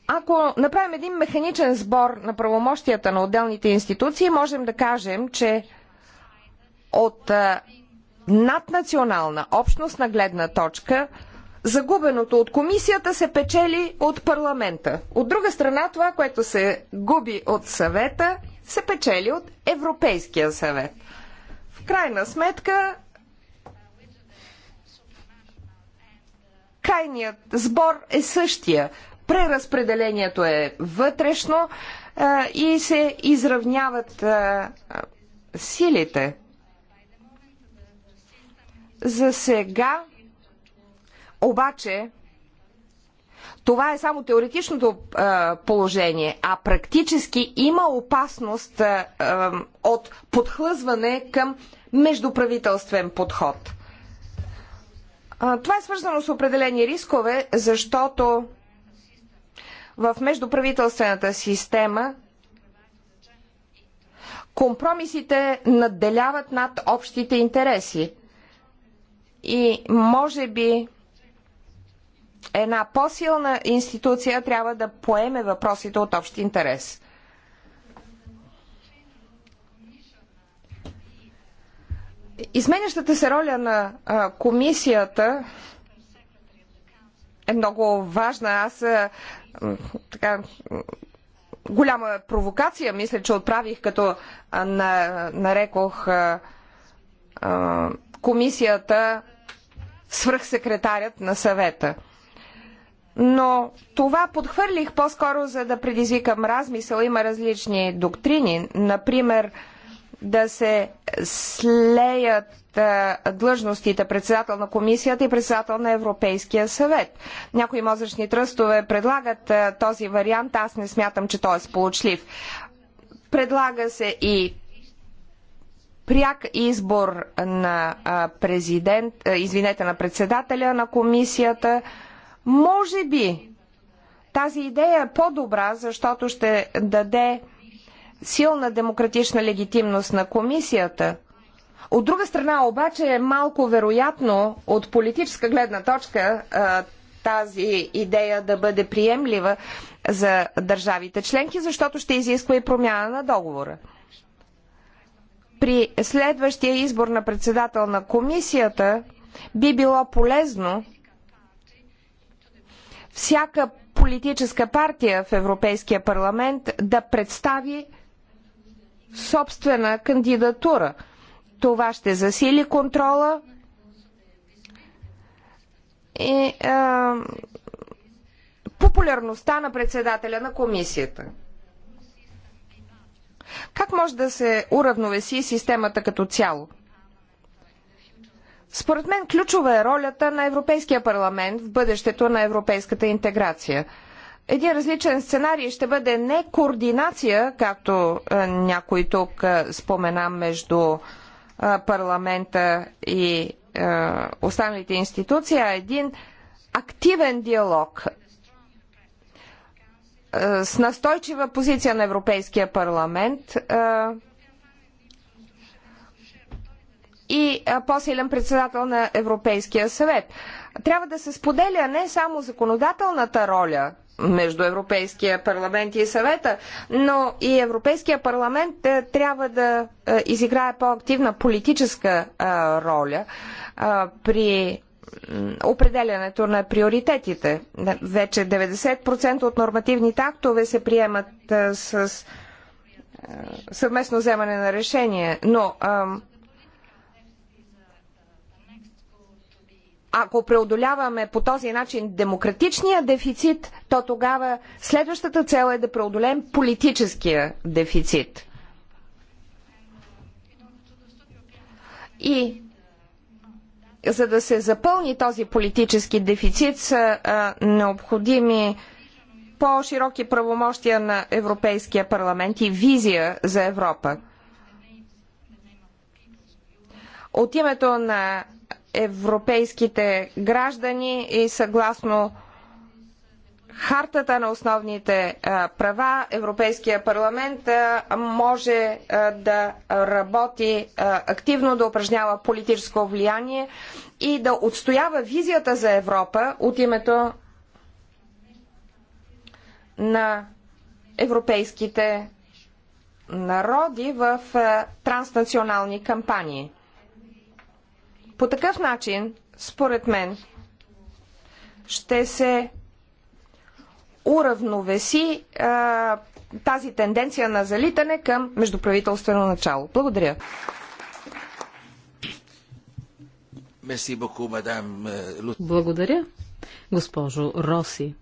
Ако направим един механичен сбор на правомощията на отделните институции, можем да кажем, че от наднационална общност на гледна точка, загубеното от комисията се печели от парламента. От друга страна, това, което се губи от съвета, се печели от Европейския съвет. В крайна сметка, крайният сбор е същия преразпределението е вътрешно е, и се изравняват е, силите. За сега обаче това е само теоретичното е, положение, а практически има опасност от подхлъзване към междуправителствен подход. това е свързано с определени рискове, защото в междуправителствената система компромисите надделяват над общите интереси. И може би една по-силна институция трябва да поеме въпросите от общ интерес. Изменящата се роля на комисията е много важна. Аз е, така, голяма провокация, мисля, че отправих, като на, нарекох а, е, а, е, комисията свръхсекретарят на съвета. Но това подхвърлих по-скоро, за да предизвикам размисъл. Има различни доктрини. Например, а, да се слеят длъжностите председател на комисията и председател на Европейския съвет. Някои мозъчни тръстове предлагат този вариант. Аз не смятам, че той е сполучлив. Предлага се и пряк избор на президент, извинете, на председателя на комисията. Може би тази идея е по-добра, защото ще даде силна демократична легитимност на комисията. От друга страна обаче е малко вероятно от политическа гледна точка тази идея да бъде приемлива за държавите членки, защото ще изисква и промяна на договора. При следващия избор на председател на комисията би било полезно всяка политическа партия в Европейския парламент да представи собствена кандидатура. Това ще засили контрола и а, популярността на председателя на комисията. Как може да се уравновеси системата като цяло? Според мен ключова е ролята на Европейския парламент в бъдещето на европейската интеграция – един различен сценарий ще бъде не координация, както е, някой тук е, спомена между е, парламента и останалите институции, а един активен диалог с настойчива позиция на Европейския парламент и по-силен председател на Европейския съвет трябва да се споделя не само законодателната роля между Европейския парламент и съвета, но и Европейския парламент е, трябва да е, изиграе по-активна политическа е, роля при определянето на приоритетите. Вече 90% от нормативните актове се приемат с съвместно вземане на решение, но Ако преодоляваме по този начин демократичния дефицит, то тогава следващата цел е да преодолеем политическия дефицит. И за да се запълни този политически дефицит са а, необходими по-широки правомощия на Европейския парламент и визия за Европа. От името на европейските граждани и съгласно Хартата на основните права Европейския парламент може да работи активно, да упражнява политическо влияние и да отстоява визията за Европа от името на европейските народи в транснационални кампании. По такъв начин, според мен, ще се уравновеси а, тази тенденция на залитане към междуправителствено начало. Благодаря. Благодаря, госпожо Роси.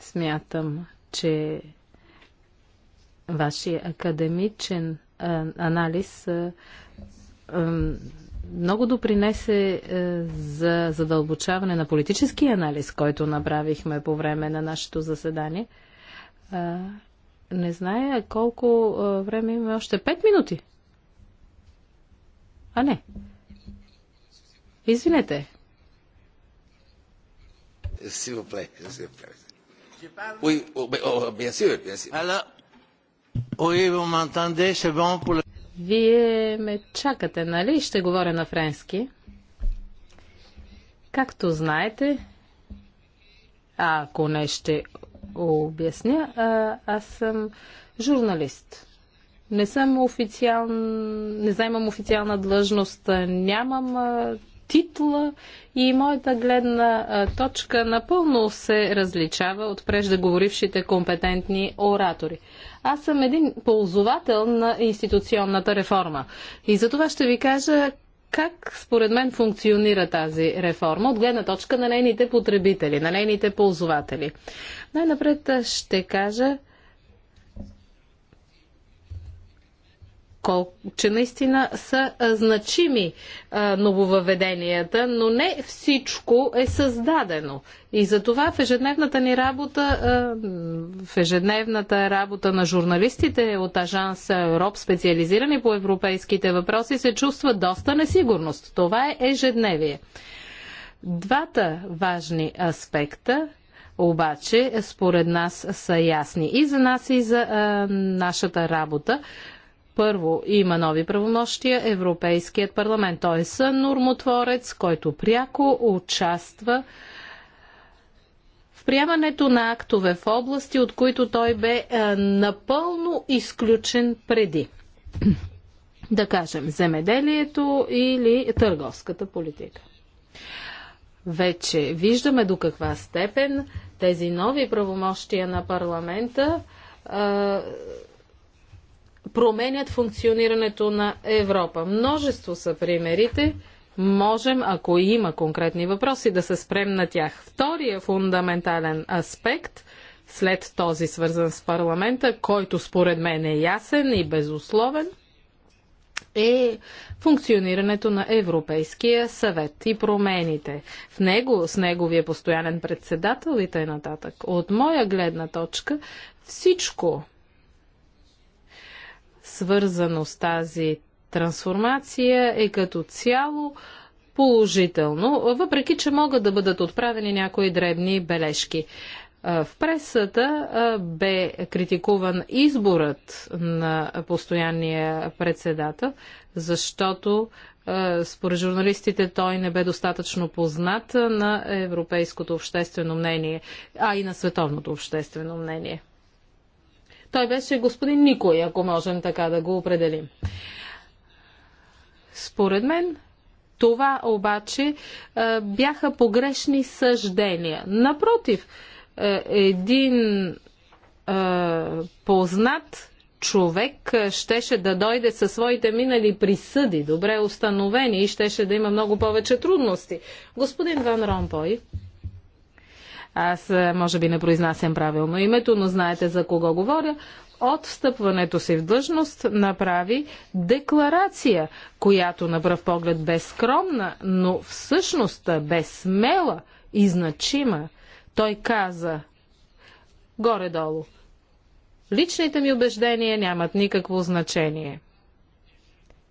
Смятам, че вашия академичен анализ много допринесе е, за задълбочаване на политически анализ, който направихме по време на нашето заседание. Не зная колко време имаме още. Пет минути. А не. Извинете. S'il vous Oui, oh, oh, bien sûr, bien sûr. Alors, oui, vous m'entendez, c'est bon pour le... Вие ме чакате, нали? Ще говоря на френски. Както знаете, а ако не ще обясня, а, аз съм журналист. Не съм официал, не заемам официална длъжност, нямам а, титла и моята гледна а, точка напълно се различава от преждеговорившите компетентни оратори. Аз съм един ползовател на институционната реформа. И за това ще ви кажа как според мен функционира тази реформа от гледна точка на нейните потребители, на нейните ползватели. Най-напред ще кажа че наистина са значими нововъведенията, но не всичко е създадено. И затова в ежедневната ни работа, в ежедневната работа на журналистите от Ажанс Европ, специализирани по европейските въпроси, се чувства доста несигурност. Това е ежедневие. Двата важни аспекта обаче според нас са ясни и за нас и за а, нашата работа. Първо, има нови правомощия Европейският парламент. Той е сън нормотворец, който пряко участва в приемането на актове в области, от които той бе е, напълно изключен преди. да кажем, земеделието или търговската политика. Вече виждаме до каква степен тези нови правомощия на парламента е, променят функционирането на Европа. Множество са примерите. Можем, ако има конкретни въпроси, да се спрем на тях. Втория фундаментален аспект, след този свързан с парламента, който според мен е ясен и безусловен, е функционирането на Европейския съвет и промените в него, с неговия постоянен председател и т.н. От моя гледна точка, всичко свързано с тази трансформация е като цяло положително, въпреки че могат да бъдат отправени някои дребни бележки. В пресата бе критикуван изборът на постоянния председател, защото според журналистите той не бе достатъчно познат на европейското обществено мнение, а и на световното обществено мнение. Той беше господин Никой, ако можем така да го определим. Според мен, това обаче е, бяха погрешни съждения. Напротив, е, един е, познат човек щеше да дойде със своите минали присъди, добре установени и щеше да има много повече трудности. Господин Ван Ромпой аз е, може би не произнасям правилно името, но знаете за кого говоря. От встъпването си в длъжност направи декларация, която на пръв поглед бе скромна, но всъщност бе смела и значима. Той каза горе-долу. Личните ми убеждения нямат никакво значение.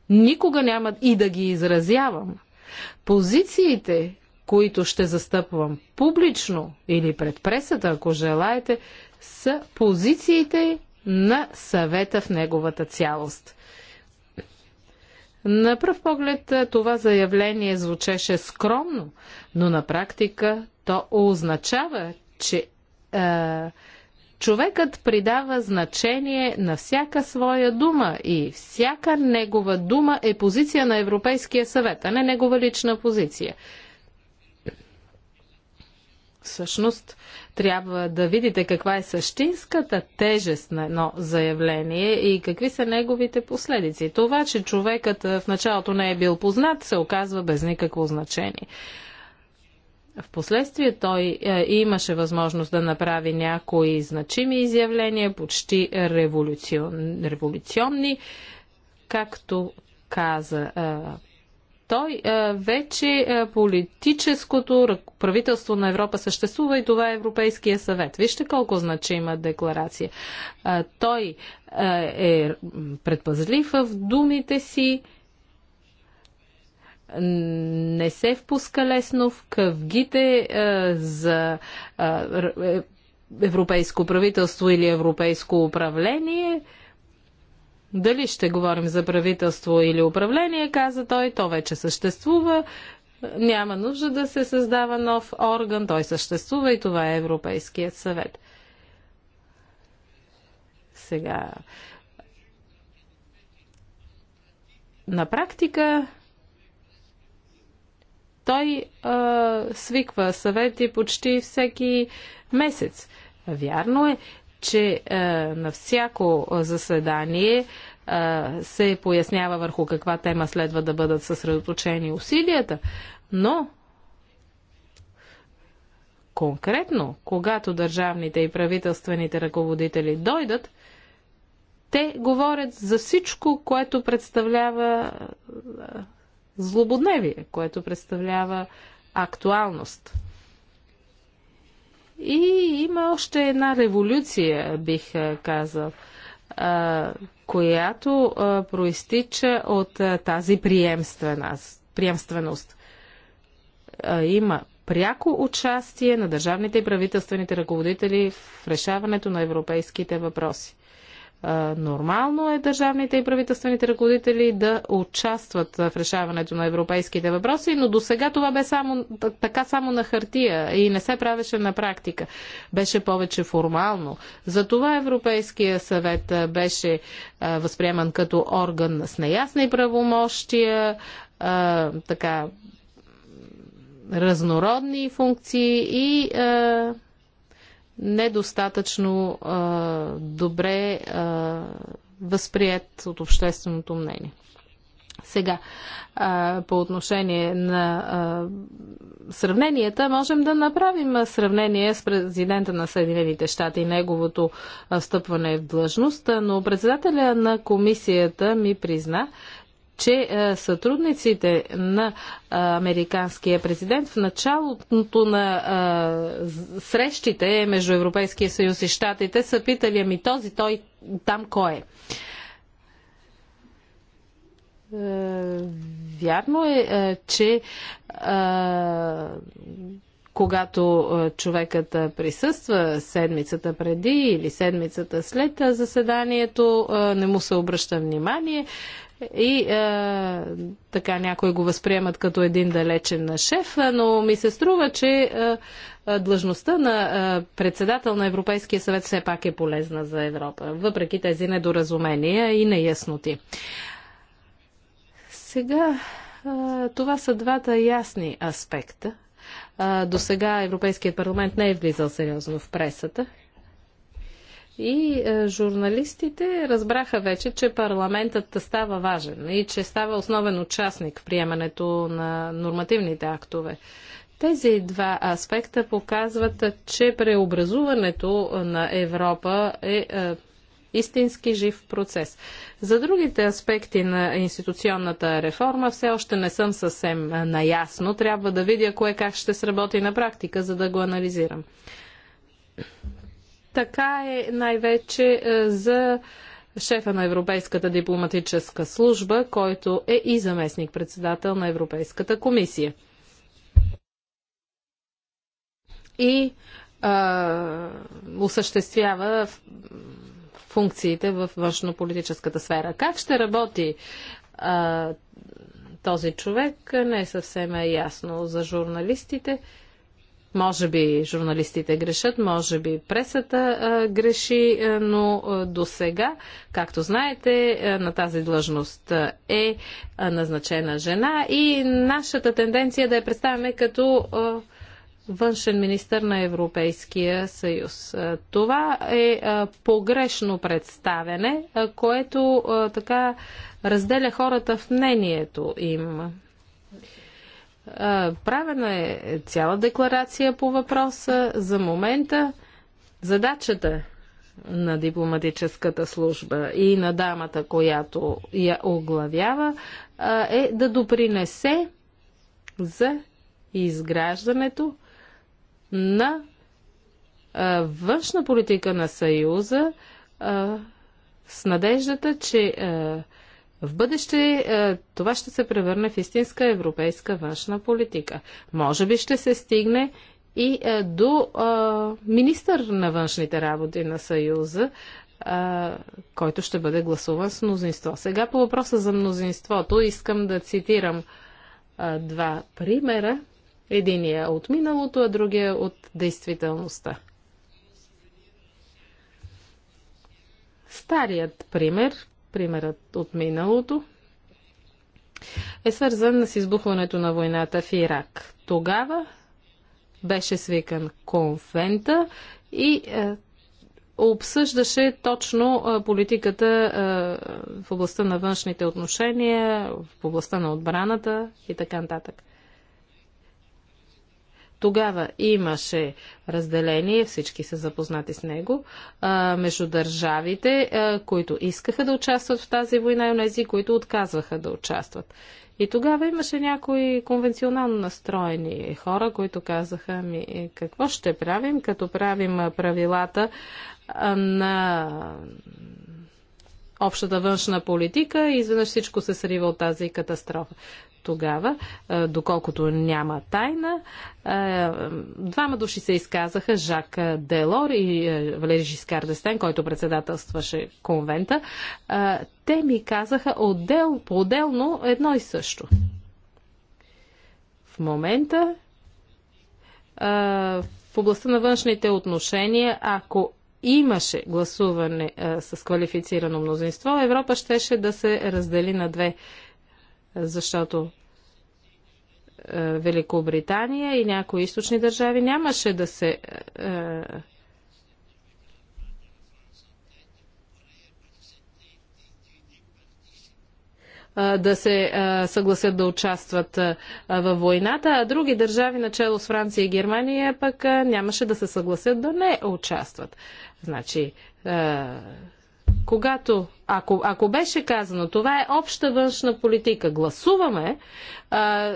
Никога нямат и да ги изразявам. Позициите, които ще застъпвам публично или пред пресата, ако желаете, са позициите на съвета в неговата цялост. На пръв поглед това заявление звучеше скромно, но на практика то означава, че е, човекът придава значение на всяка своя дума и всяка негова дума е позиция на Европейския съвет, а не негова лична позиция. Всъщност, трябва да видите каква е същинската тежест на едно заявление и какви са неговите последици. Това, че човекът в началото не е бил познат, се оказва без никакво значение. Впоследствие той е, имаше възможност да направи някои значими изявления, почти революцион, революционни, както каза е, той е, вече е, политическото правителство на Европа съществува и това е Европейския съвет. Вижте колко значима декларация. Е, той е предпазлив в думите си, не се впуска лесно в къвгите за европейско правителство или европейско управление – дали ще говорим за правителство или управление, каза той, то вече съществува. Няма нужда да се създава нов орган, той съществува и това е Европейският съвет. Сега. На практика той а, свиква съвети почти всеки месец. Вярно е, че е, на всяко е, заседание е, се пояснява върху каква тема следва да бъдат съсредоточени усилията, но конкретно, когато държавните и правителствените ръководители дойдат, те говорят за всичко, което представлява злободневие, което представлява актуалност. И има още една революция, бих казал, която проистича от тази приемственост. Има пряко участие на държавните и правителствените ръководители в решаването на европейските въпроси. Е, нормално е държавните и правителствените ръководители да участват в решаването на европейските въпроси, но до сега това бе само, така само на хартия и не се правеше на практика. Беше повече формално. Затова Европейския съвет е, беше е, възприеман като орган с неясни правомощия, така разнородни функции и недостатъчно а, добре а, възприет от общественото мнение. Сега, а, по отношение на а, сравненията, можем да направим сравнение с президента на Съединените щати и неговото встъпване в длъжност, но председателя на комисията ми призна, че е, сътрудниците на е, американския президент в началото на е, срещите между Европейския съюз и Штатите са питали, ами този той там кой е? Вярно е, че когато човекът присъства седмицата преди или седмицата след заседанието, не му се обръща внимание. И е, така някои го възприемат като един далечен шеф, е, но ми се струва, че е, е длъжността на е, председател на Европейския съвет все пак е полезна за Европа, въпреки тези недоразумения и неясноти. Сега това са двата ясни аспекта. До сега Европейският парламент не е влизал сериозно в пресата и е, журналистите разбраха вече, че парламентът става важен и че става основен участник в приемането на нормативните актове. Тези два аспекта показват, че преобразуването на Европа е, е истински жив процес. За другите аспекти на институционната реформа все още не съм съвсем е, наясно. Трябва да видя кое как ще сработи на практика, за да го анализирам. Така е най-вече е, за шефа на Европейската дипломатическа служба, който е и заместник-председател на Европейската комисия. И а, е, осъществява функциите в външнополитическата сфера. Как ще работи а, е, този човек не е съвсем ясно за журналистите. Може би журналистите грешат, може би пресата греши, но до сега, както знаете, на тази длъжност е назначена жена и нашата тенденция е да я представяме като външен министр на Европейския съюз. Това е погрешно представяне, което така разделя хората в мнението им. Правена е цяла декларация по въпроса. За момента задачата на дипломатическата служба и на дамата, която я оглавява, е да допринесе за изграждането на външна политика на Съюза с надеждата, че в бъдеще е, това ще се превърне в истинска европейска външна политика. Може би ще се стигне и е, до е, министър на външните работи на Съюза, който ще бъде гласуван с мнозинство. Сега по въпроса за мнозинството искам да цитирам два примера. Единия от миналото, а другия от действителността. Старият пример примерът от миналото, е свързан с избухването на войната в Ирак. Тогава беше свикан конфента и е, обсъждаше точно е, политиката е, в областта на външните отношения, в областта на отбраната и така нататък. Тогава имаше разделение, всички са запознати с него, между държавите, които искаха да участват в тази война и тези, които отказваха да участват. И тогава имаше някои конвенционално настроени хора, които казаха ми какво ще правим, като правим правилата на общата външна политика и изведнъж всичко се срива от тази катастрофа тогава, доколкото няма тайна. Двама души се изказаха, Жак Делор и Валери Жискар Дестен, който председателстваше конвента. Те ми казаха отдел, по-отделно едно и също. В момента в областта на външните отношения, ако имаше гласуване а, с квалифицирано мнозинство, Европа щеше да се раздели на две защото е, Великобритания и някои източни държави нямаше да се е, е, да се съгласят да участват във войната, а други държави, начало с Франция и Германия, пък нямаше да се съгласят да не участват. Значи, когато, ако, ако беше казано, това е обща външна политика, гласуваме,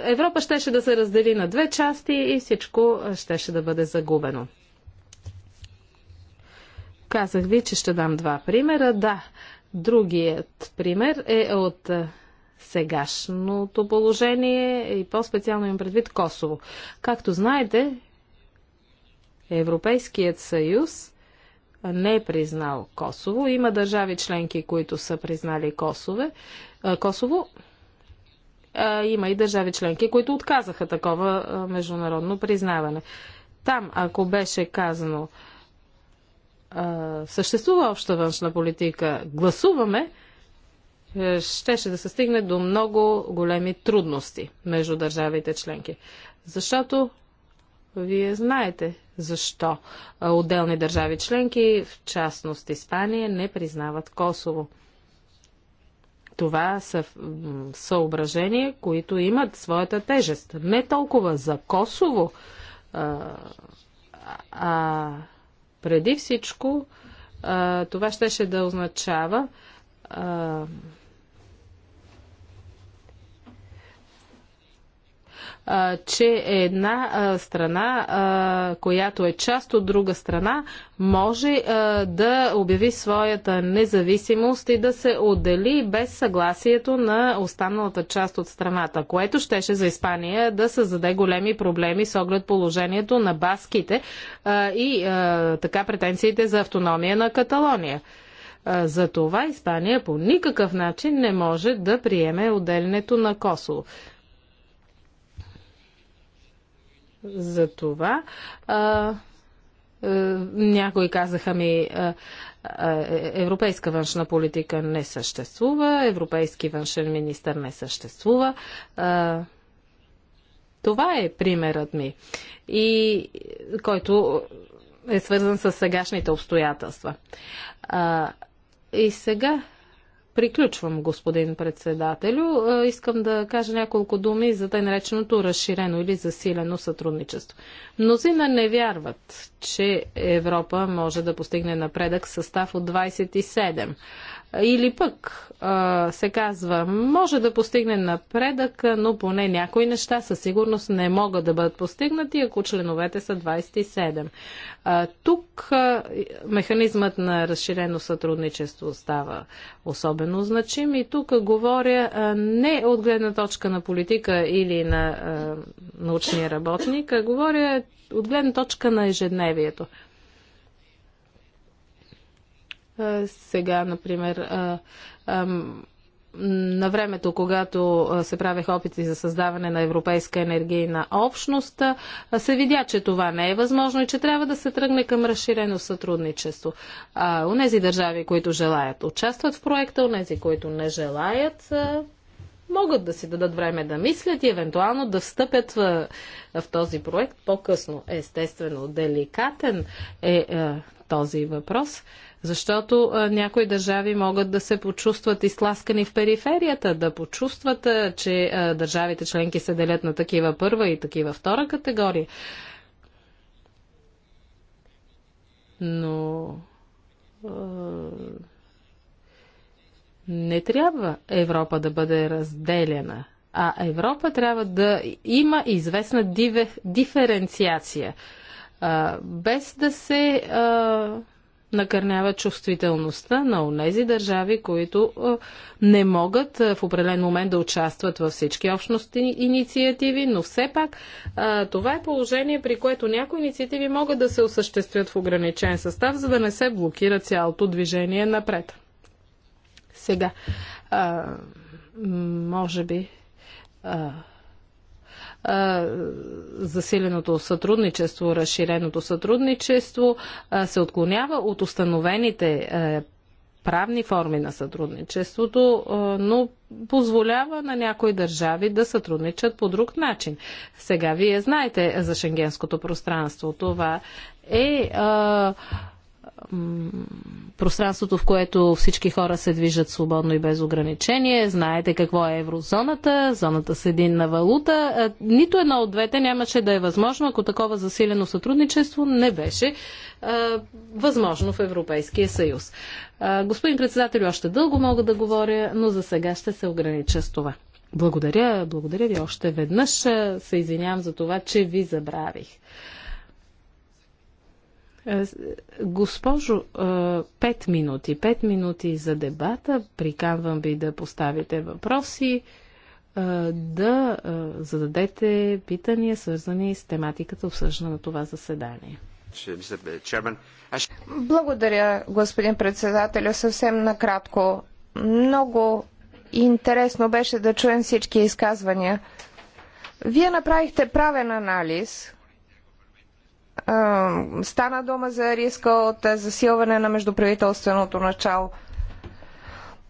Европа щеше да се раздели на две части и всичко щеше да бъде загубено. Казах ви, че ще дам два примера. Да, другият пример е от сегашното положение и по-специално им предвид Косово. Както знаете, Европейският съюз не е признал Косово. Има държави членки, които са признали Косове. Косово. Има и държави членки, които отказаха такова международно признаване. Там, ако беше казано, съществува обща външна политика, гласуваме, щеше да се стигне до много големи трудности между държавите членки. Защото вие знаете, защо отделни държави членки, в частност Испания, не признават Косово. Това са съображения, които имат своята тежест. Не толкова за Косово, а преди всичко това щеше да означава че една страна, която е част от друга страна, може да обяви своята независимост и да се отдели без съгласието на останалата част от страната, което щеше за Испания да създаде големи проблеми с оглед положението на баските и така претенциите за автономия на Каталония. За това Испания по никакъв начин не може да приеме отделянето на Косово. за това. А, а, е, някои казаха ми, а, е, а, е, европейска външна политика не съществува, европейски външен министр не съществува. А, това е примерът ми, и който е свързан с сегашните обстоятелства. А, и сега Приключвам, господин председателю. Е, искам да кажа няколко думи за тъй нареченото разширено или засилено сътрудничество. Мнозина не вярват, че Европа може да постигне напредък състав от 27. Или пък а, се казва, може да постигне напредък, но поне някои неща със сигурност не могат да бъдат постигнати, ако членовете са 27. А, тук а, механизмът на разширено сътрудничество става особено значим и тук говоря а, не от гледна точка на политика или на а, научния работник, а говоря от гледна точка на ежедневието. Сега, например, на времето, когато се правеха опити за създаване на Европейска енергийна общност, се видя, че това не е възможно и че трябва да се тръгне към разширено сътрудничество. У нези държави, които желаят, участват в проекта, унези, които не желаят, могат да си дадат време да мислят и евентуално да встъпят в, в този проект по-късно. Естествено, деликатен е, е този въпрос. Защото някои държави могат да се почувстват изтласкани в периферията, да почувстват, че държавите членки се делят на такива първа и такива втора категория. Но не трябва Европа да бъде разделена, а Европа трябва да има известна диве, диференциация, а, без да се а, накърнява чувствителността на онези държави, които не могат в определен момент да участват във всички общности инициативи, но все пак това е положение, при което някои инициативи могат да се осъществят в ограничен състав, за да не се блокира цялото движение напред. Сега, може би, засиленото сътрудничество, разширеното сътрудничество се отклонява от установените правни форми на сътрудничеството, но позволява на някои държави да сътрудничат по друг начин. Сега вие знаете за шенгенското пространство. Това е а, пространството, в което всички хора се движат свободно и без ограничение. Знаете какво е еврозоната, зоната с единна валута. Нито едно от двете нямаше да е възможно, ако такова засилено сътрудничество не беше възможно в Европейския съюз. господин председател, още дълго мога да говоря, но за сега ще се огранича с това. Благодаря, благодаря ви още веднъж. Се извинявам за това, че ви забравих. Госпожо, пет минути. Пет минути за дебата. Приканвам ви да поставите въпроси, да зададете питания, свързани с тематиката обсъждана на това заседание. Благодаря, господин председателю. Съвсем накратко. Много интересно беше да чуем всички изказвания. Вие направихте правен анализ Стана дума за риска от е, засилване на междуправителственото начало.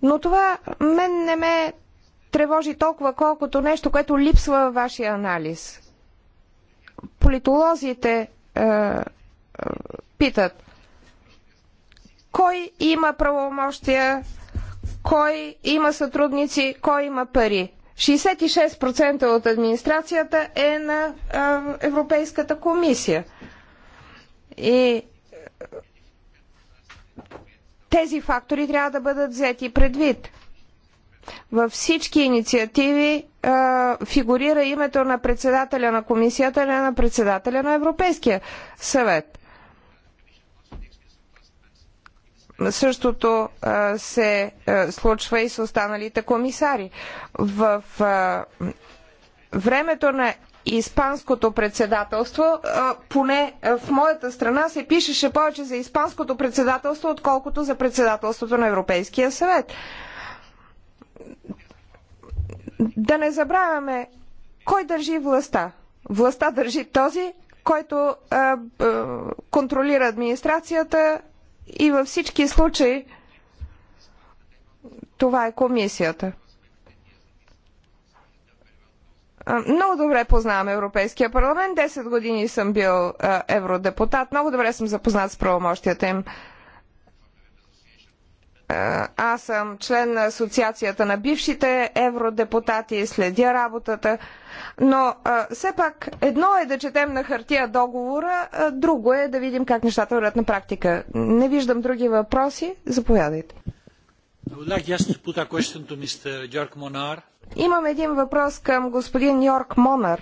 Но това мен не ме тревожи толкова, колкото нещо, което липсва във вашия анализ. Политолозите е, е, питат кой има правомощия, кой има сътрудници, кой има пари. 66% от администрацията е на е, Европейската комисия. И тези фактори трябва да бъдат взети предвид. Във всички инициативи а, фигурира името на председателя на комисията или на председателя на Европейския съвет. Същото а, се а, случва и с останалите комисари. В а, времето на Испанското председателство. Поне в моята страна се пишеше повече за Испанското председателство, отколкото за председателството на Европейския съвет. Да не забравяме кой държи властта. Властта държи този, който а, а, контролира администрацията и във всички случаи това е комисията. Много добре познавам Европейския парламент. 10 години съм бил евродепутат. Много добре съм запознат с правомощията им. Аз съм член на Асоциацията на бившите евродепутати, следя работата, но а, все пак едно е да четем на хартия договора, а друго е да видим как нещата върват на практика. Не виждам други въпроси. Заповядайте. Имам един въпрос към господин Йорк Монар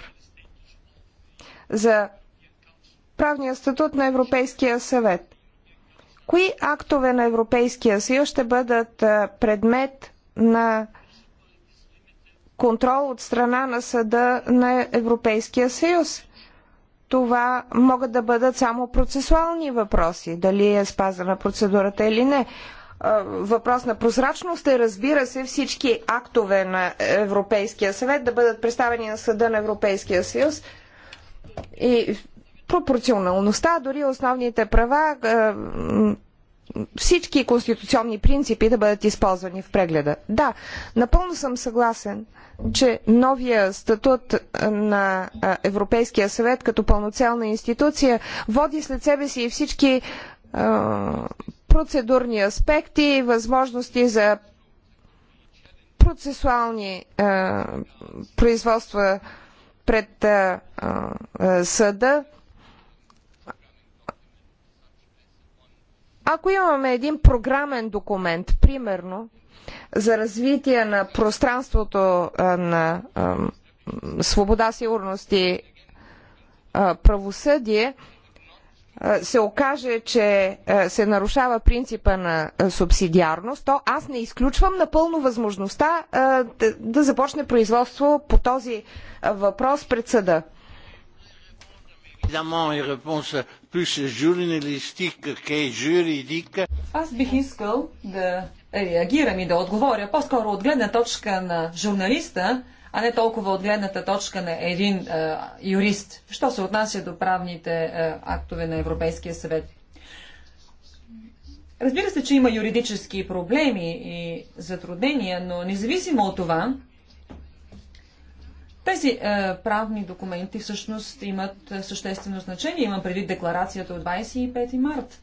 за правния статут на Европейския съвет. Кои актове на Европейския съюз ще бъдат предмет на контрол от страна на съда на Европейския съюз? това могат да бъдат само процесуални въпроси, дали е спазена процедурата или не въпрос на прозрачност е, разбира се, всички актове на Европейския съвет да бъдат представени на Съда на Европейския съюз и пропорционалността, дори основните права, всички конституционни принципи да бъдат използвани в прегледа. Да, напълно съм съгласен, че новия статут на Европейския съвет като пълноцелна институция води след себе си и всички процедурни аспекти, и възможности за процесуални а, е, производства пред а, е, а, е, съда. Ако имаме един програмен документ, примерно, за развитие на пространството а, на а, свобода, сигурност и а, правосъдие, се окаже, че се нарушава принципа на субсидиарност, то аз не изключвам напълно възможността да започне производство по този въпрос пред съда. Аз бих искал да реагирам и да отговоря по-скоро от гледна точка на журналиста, а не толкова от гледната точка на един е, юрист, що се отнася до правните е, актове на Европейския съвет. Разбира се, че има юридически проблеми и затруднения, но независимо от това, тези е, правни документи всъщност имат съществено значение. Имам предвид декларацията от 25 март.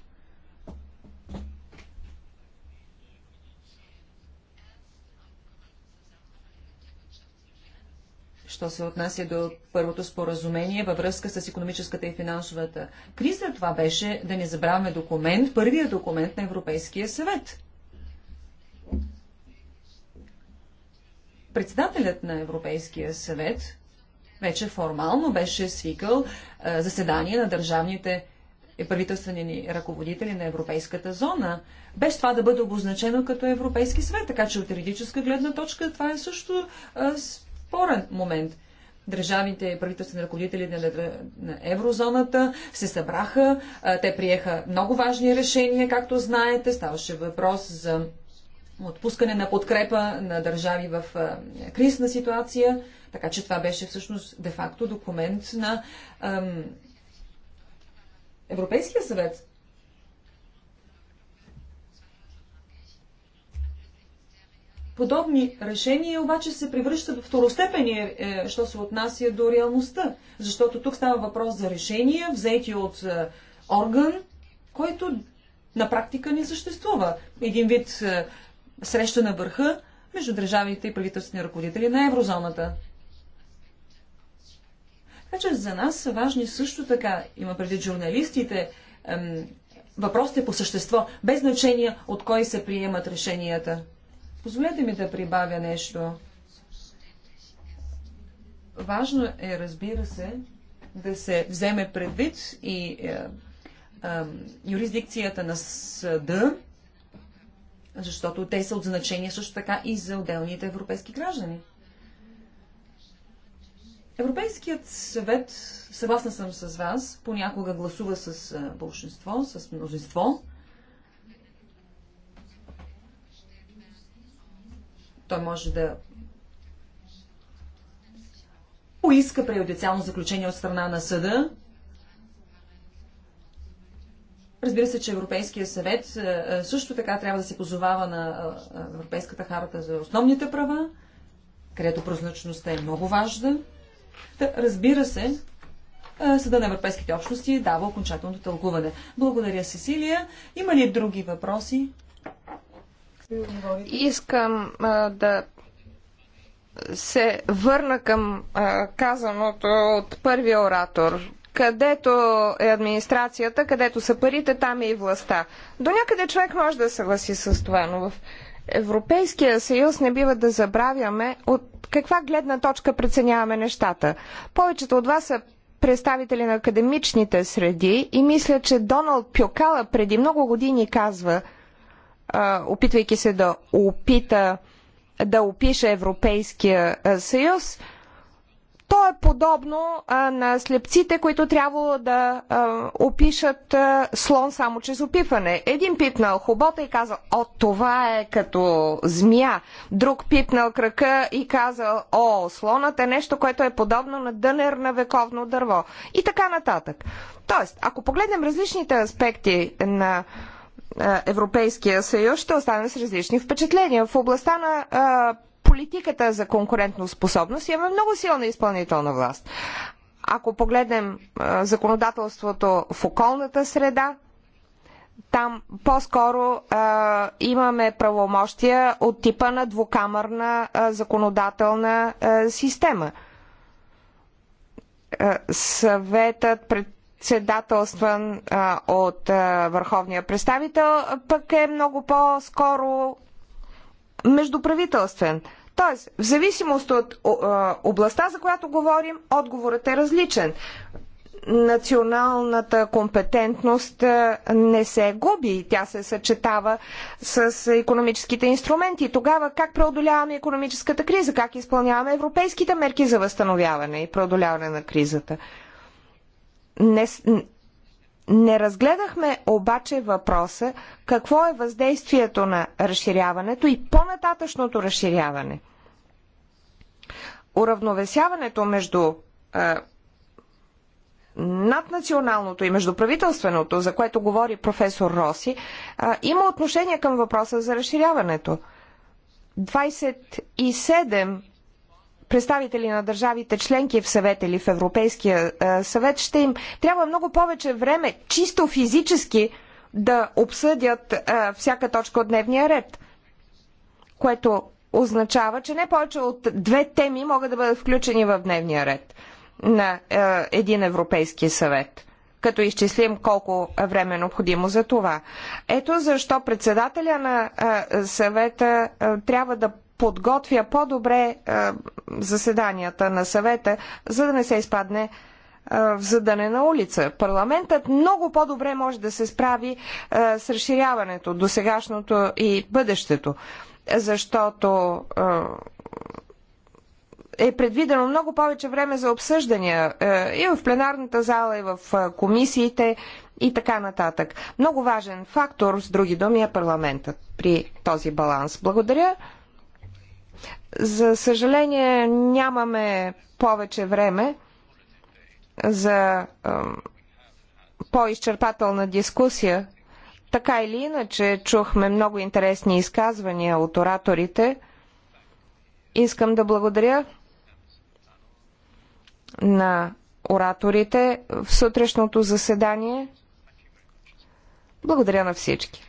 що се отнася до първото споразумение във връзка с економическата и финансовата криза. Това беше, да не забравяме документ, първия документ на Европейския съвет. Председателят на Европейския съвет вече формално беше свикал е, заседание на държавните правителствени ни ръководители на Европейската зона, без това да бъде обозначено като Европейски съвет. Така че от юридическа гледна точка това е също е, спорен момент. Държавните и правителствени ръководители на еврозоната се събраха, те приеха много важни решения, както знаете. Ставаше въпрос за отпускане на подкрепа на държави в кризна ситуация. Така че това беше всъщност де-факто документ на Европейския съвет. Подобни решения обаче се превръщат в второстепени, е, е, що се отнася до реалността. Защото тук става въпрос за решения, взети от е, орган, който на практика не съществува. Един вид среща на върха между държавите и правителствени ръководители на еврозоната. Така че за нас са важни също така, има преди журналистите, въпросите по същество, без значение от кой се приемат решенията. Позволете ми да прибавя нещо. Важно е, разбира се, да се вземе предвид и е, е, юрисдикцията на съда, защото те са от значение също така и за отделните европейски граждани. Европейският съвет, съгласна съм с вас, понякога гласува с е, большинство, с мнозинство, Той може да поиска преюдициално заключение от страна на съда. Разбира се, че Европейския съвет е, е, също така трябва да се позовава на е, Европейската харта за основните права, където прозначността е много важна. разбира се, Съда на Европейските общности дава окончателното тълкуване. Благодаря, Сесилия. Има ли други въпроси? Искам а, да се върна към а, казаното от първия оратор. Където е администрацията, където са парите, там е и властта. До някъде човек може да съгласи с това, но в Европейския съюз не бива да забравяме от каква гледна точка преценяваме нещата. Повечето от вас са представители на академичните среди и мисля, че Доналд Пюкала преди много години казва – опитвайки се да опита да опише Европейския съюз, то е подобно на слепците, които трябвало да опишат слон само чрез опипване. Един пипнал хобота и казал, о, това е като змия. Друг пипнал крака и казал, о, слонът е нещо, което е подобно на дънер на вековно дърво. И така нататък. Тоест, ако погледнем различните аспекти на Европейския съюз, ще останем с различни впечатления. В областта на а, политиката за конкурентноспособност имаме много силна изпълнителна власт. Ако погледнем а, законодателството в околната среда, там по-скоро имаме правомощия от типа на двукамърна а, законодателна а, система. А, съветът пред председателстван от върховния представител, пък е много по-скоро междуправителствен. Тоест, в зависимост от областта, за която говорим, отговорът е различен. Националната компетентност не се губи, тя се съчетава с економическите инструменти. Тогава как преодоляваме економическата криза, как изпълняваме европейските мерки за възстановяване и преодоляване на кризата? Не, не разгледахме обаче въпроса какво е въздействието на разширяването и по-нататъчното разширяване. Уравновесяването между е, наднационалното и междуправителственото, за което говори професор Роси, е, има отношение към въпроса за разширяването. 27 представители на държавите членки в съвет или в Европейския е, съвет, ще им трябва много повече време, чисто физически, да обсъдят е, всяка точка от дневния ред. Което означава, че не повече от две теми могат да бъдат включени в дневния ред на е, един Европейски съвет като изчислим колко време е необходимо за това. Ето защо председателя на съвета трябва да подготвя по-добре е, заседанията на съвета, за да не се изпадне е, в задънена улица. Парламентът много по-добре може да се справи е, с разширяването, до сегашното и бъдещето, защото е предвидено много повече време за обсъждания и в пленарната зала, и в комисиите и така нататък. Много важен фактор, с други думи, е парламентът при този баланс. Благодаря. За съжаление, нямаме повече време за по-изчерпателна дискусия. Така или иначе, чухме много интересни изказвания от ораторите. Искам да благодаря на ораторите в сутрешното заседание. Благодаря на всички.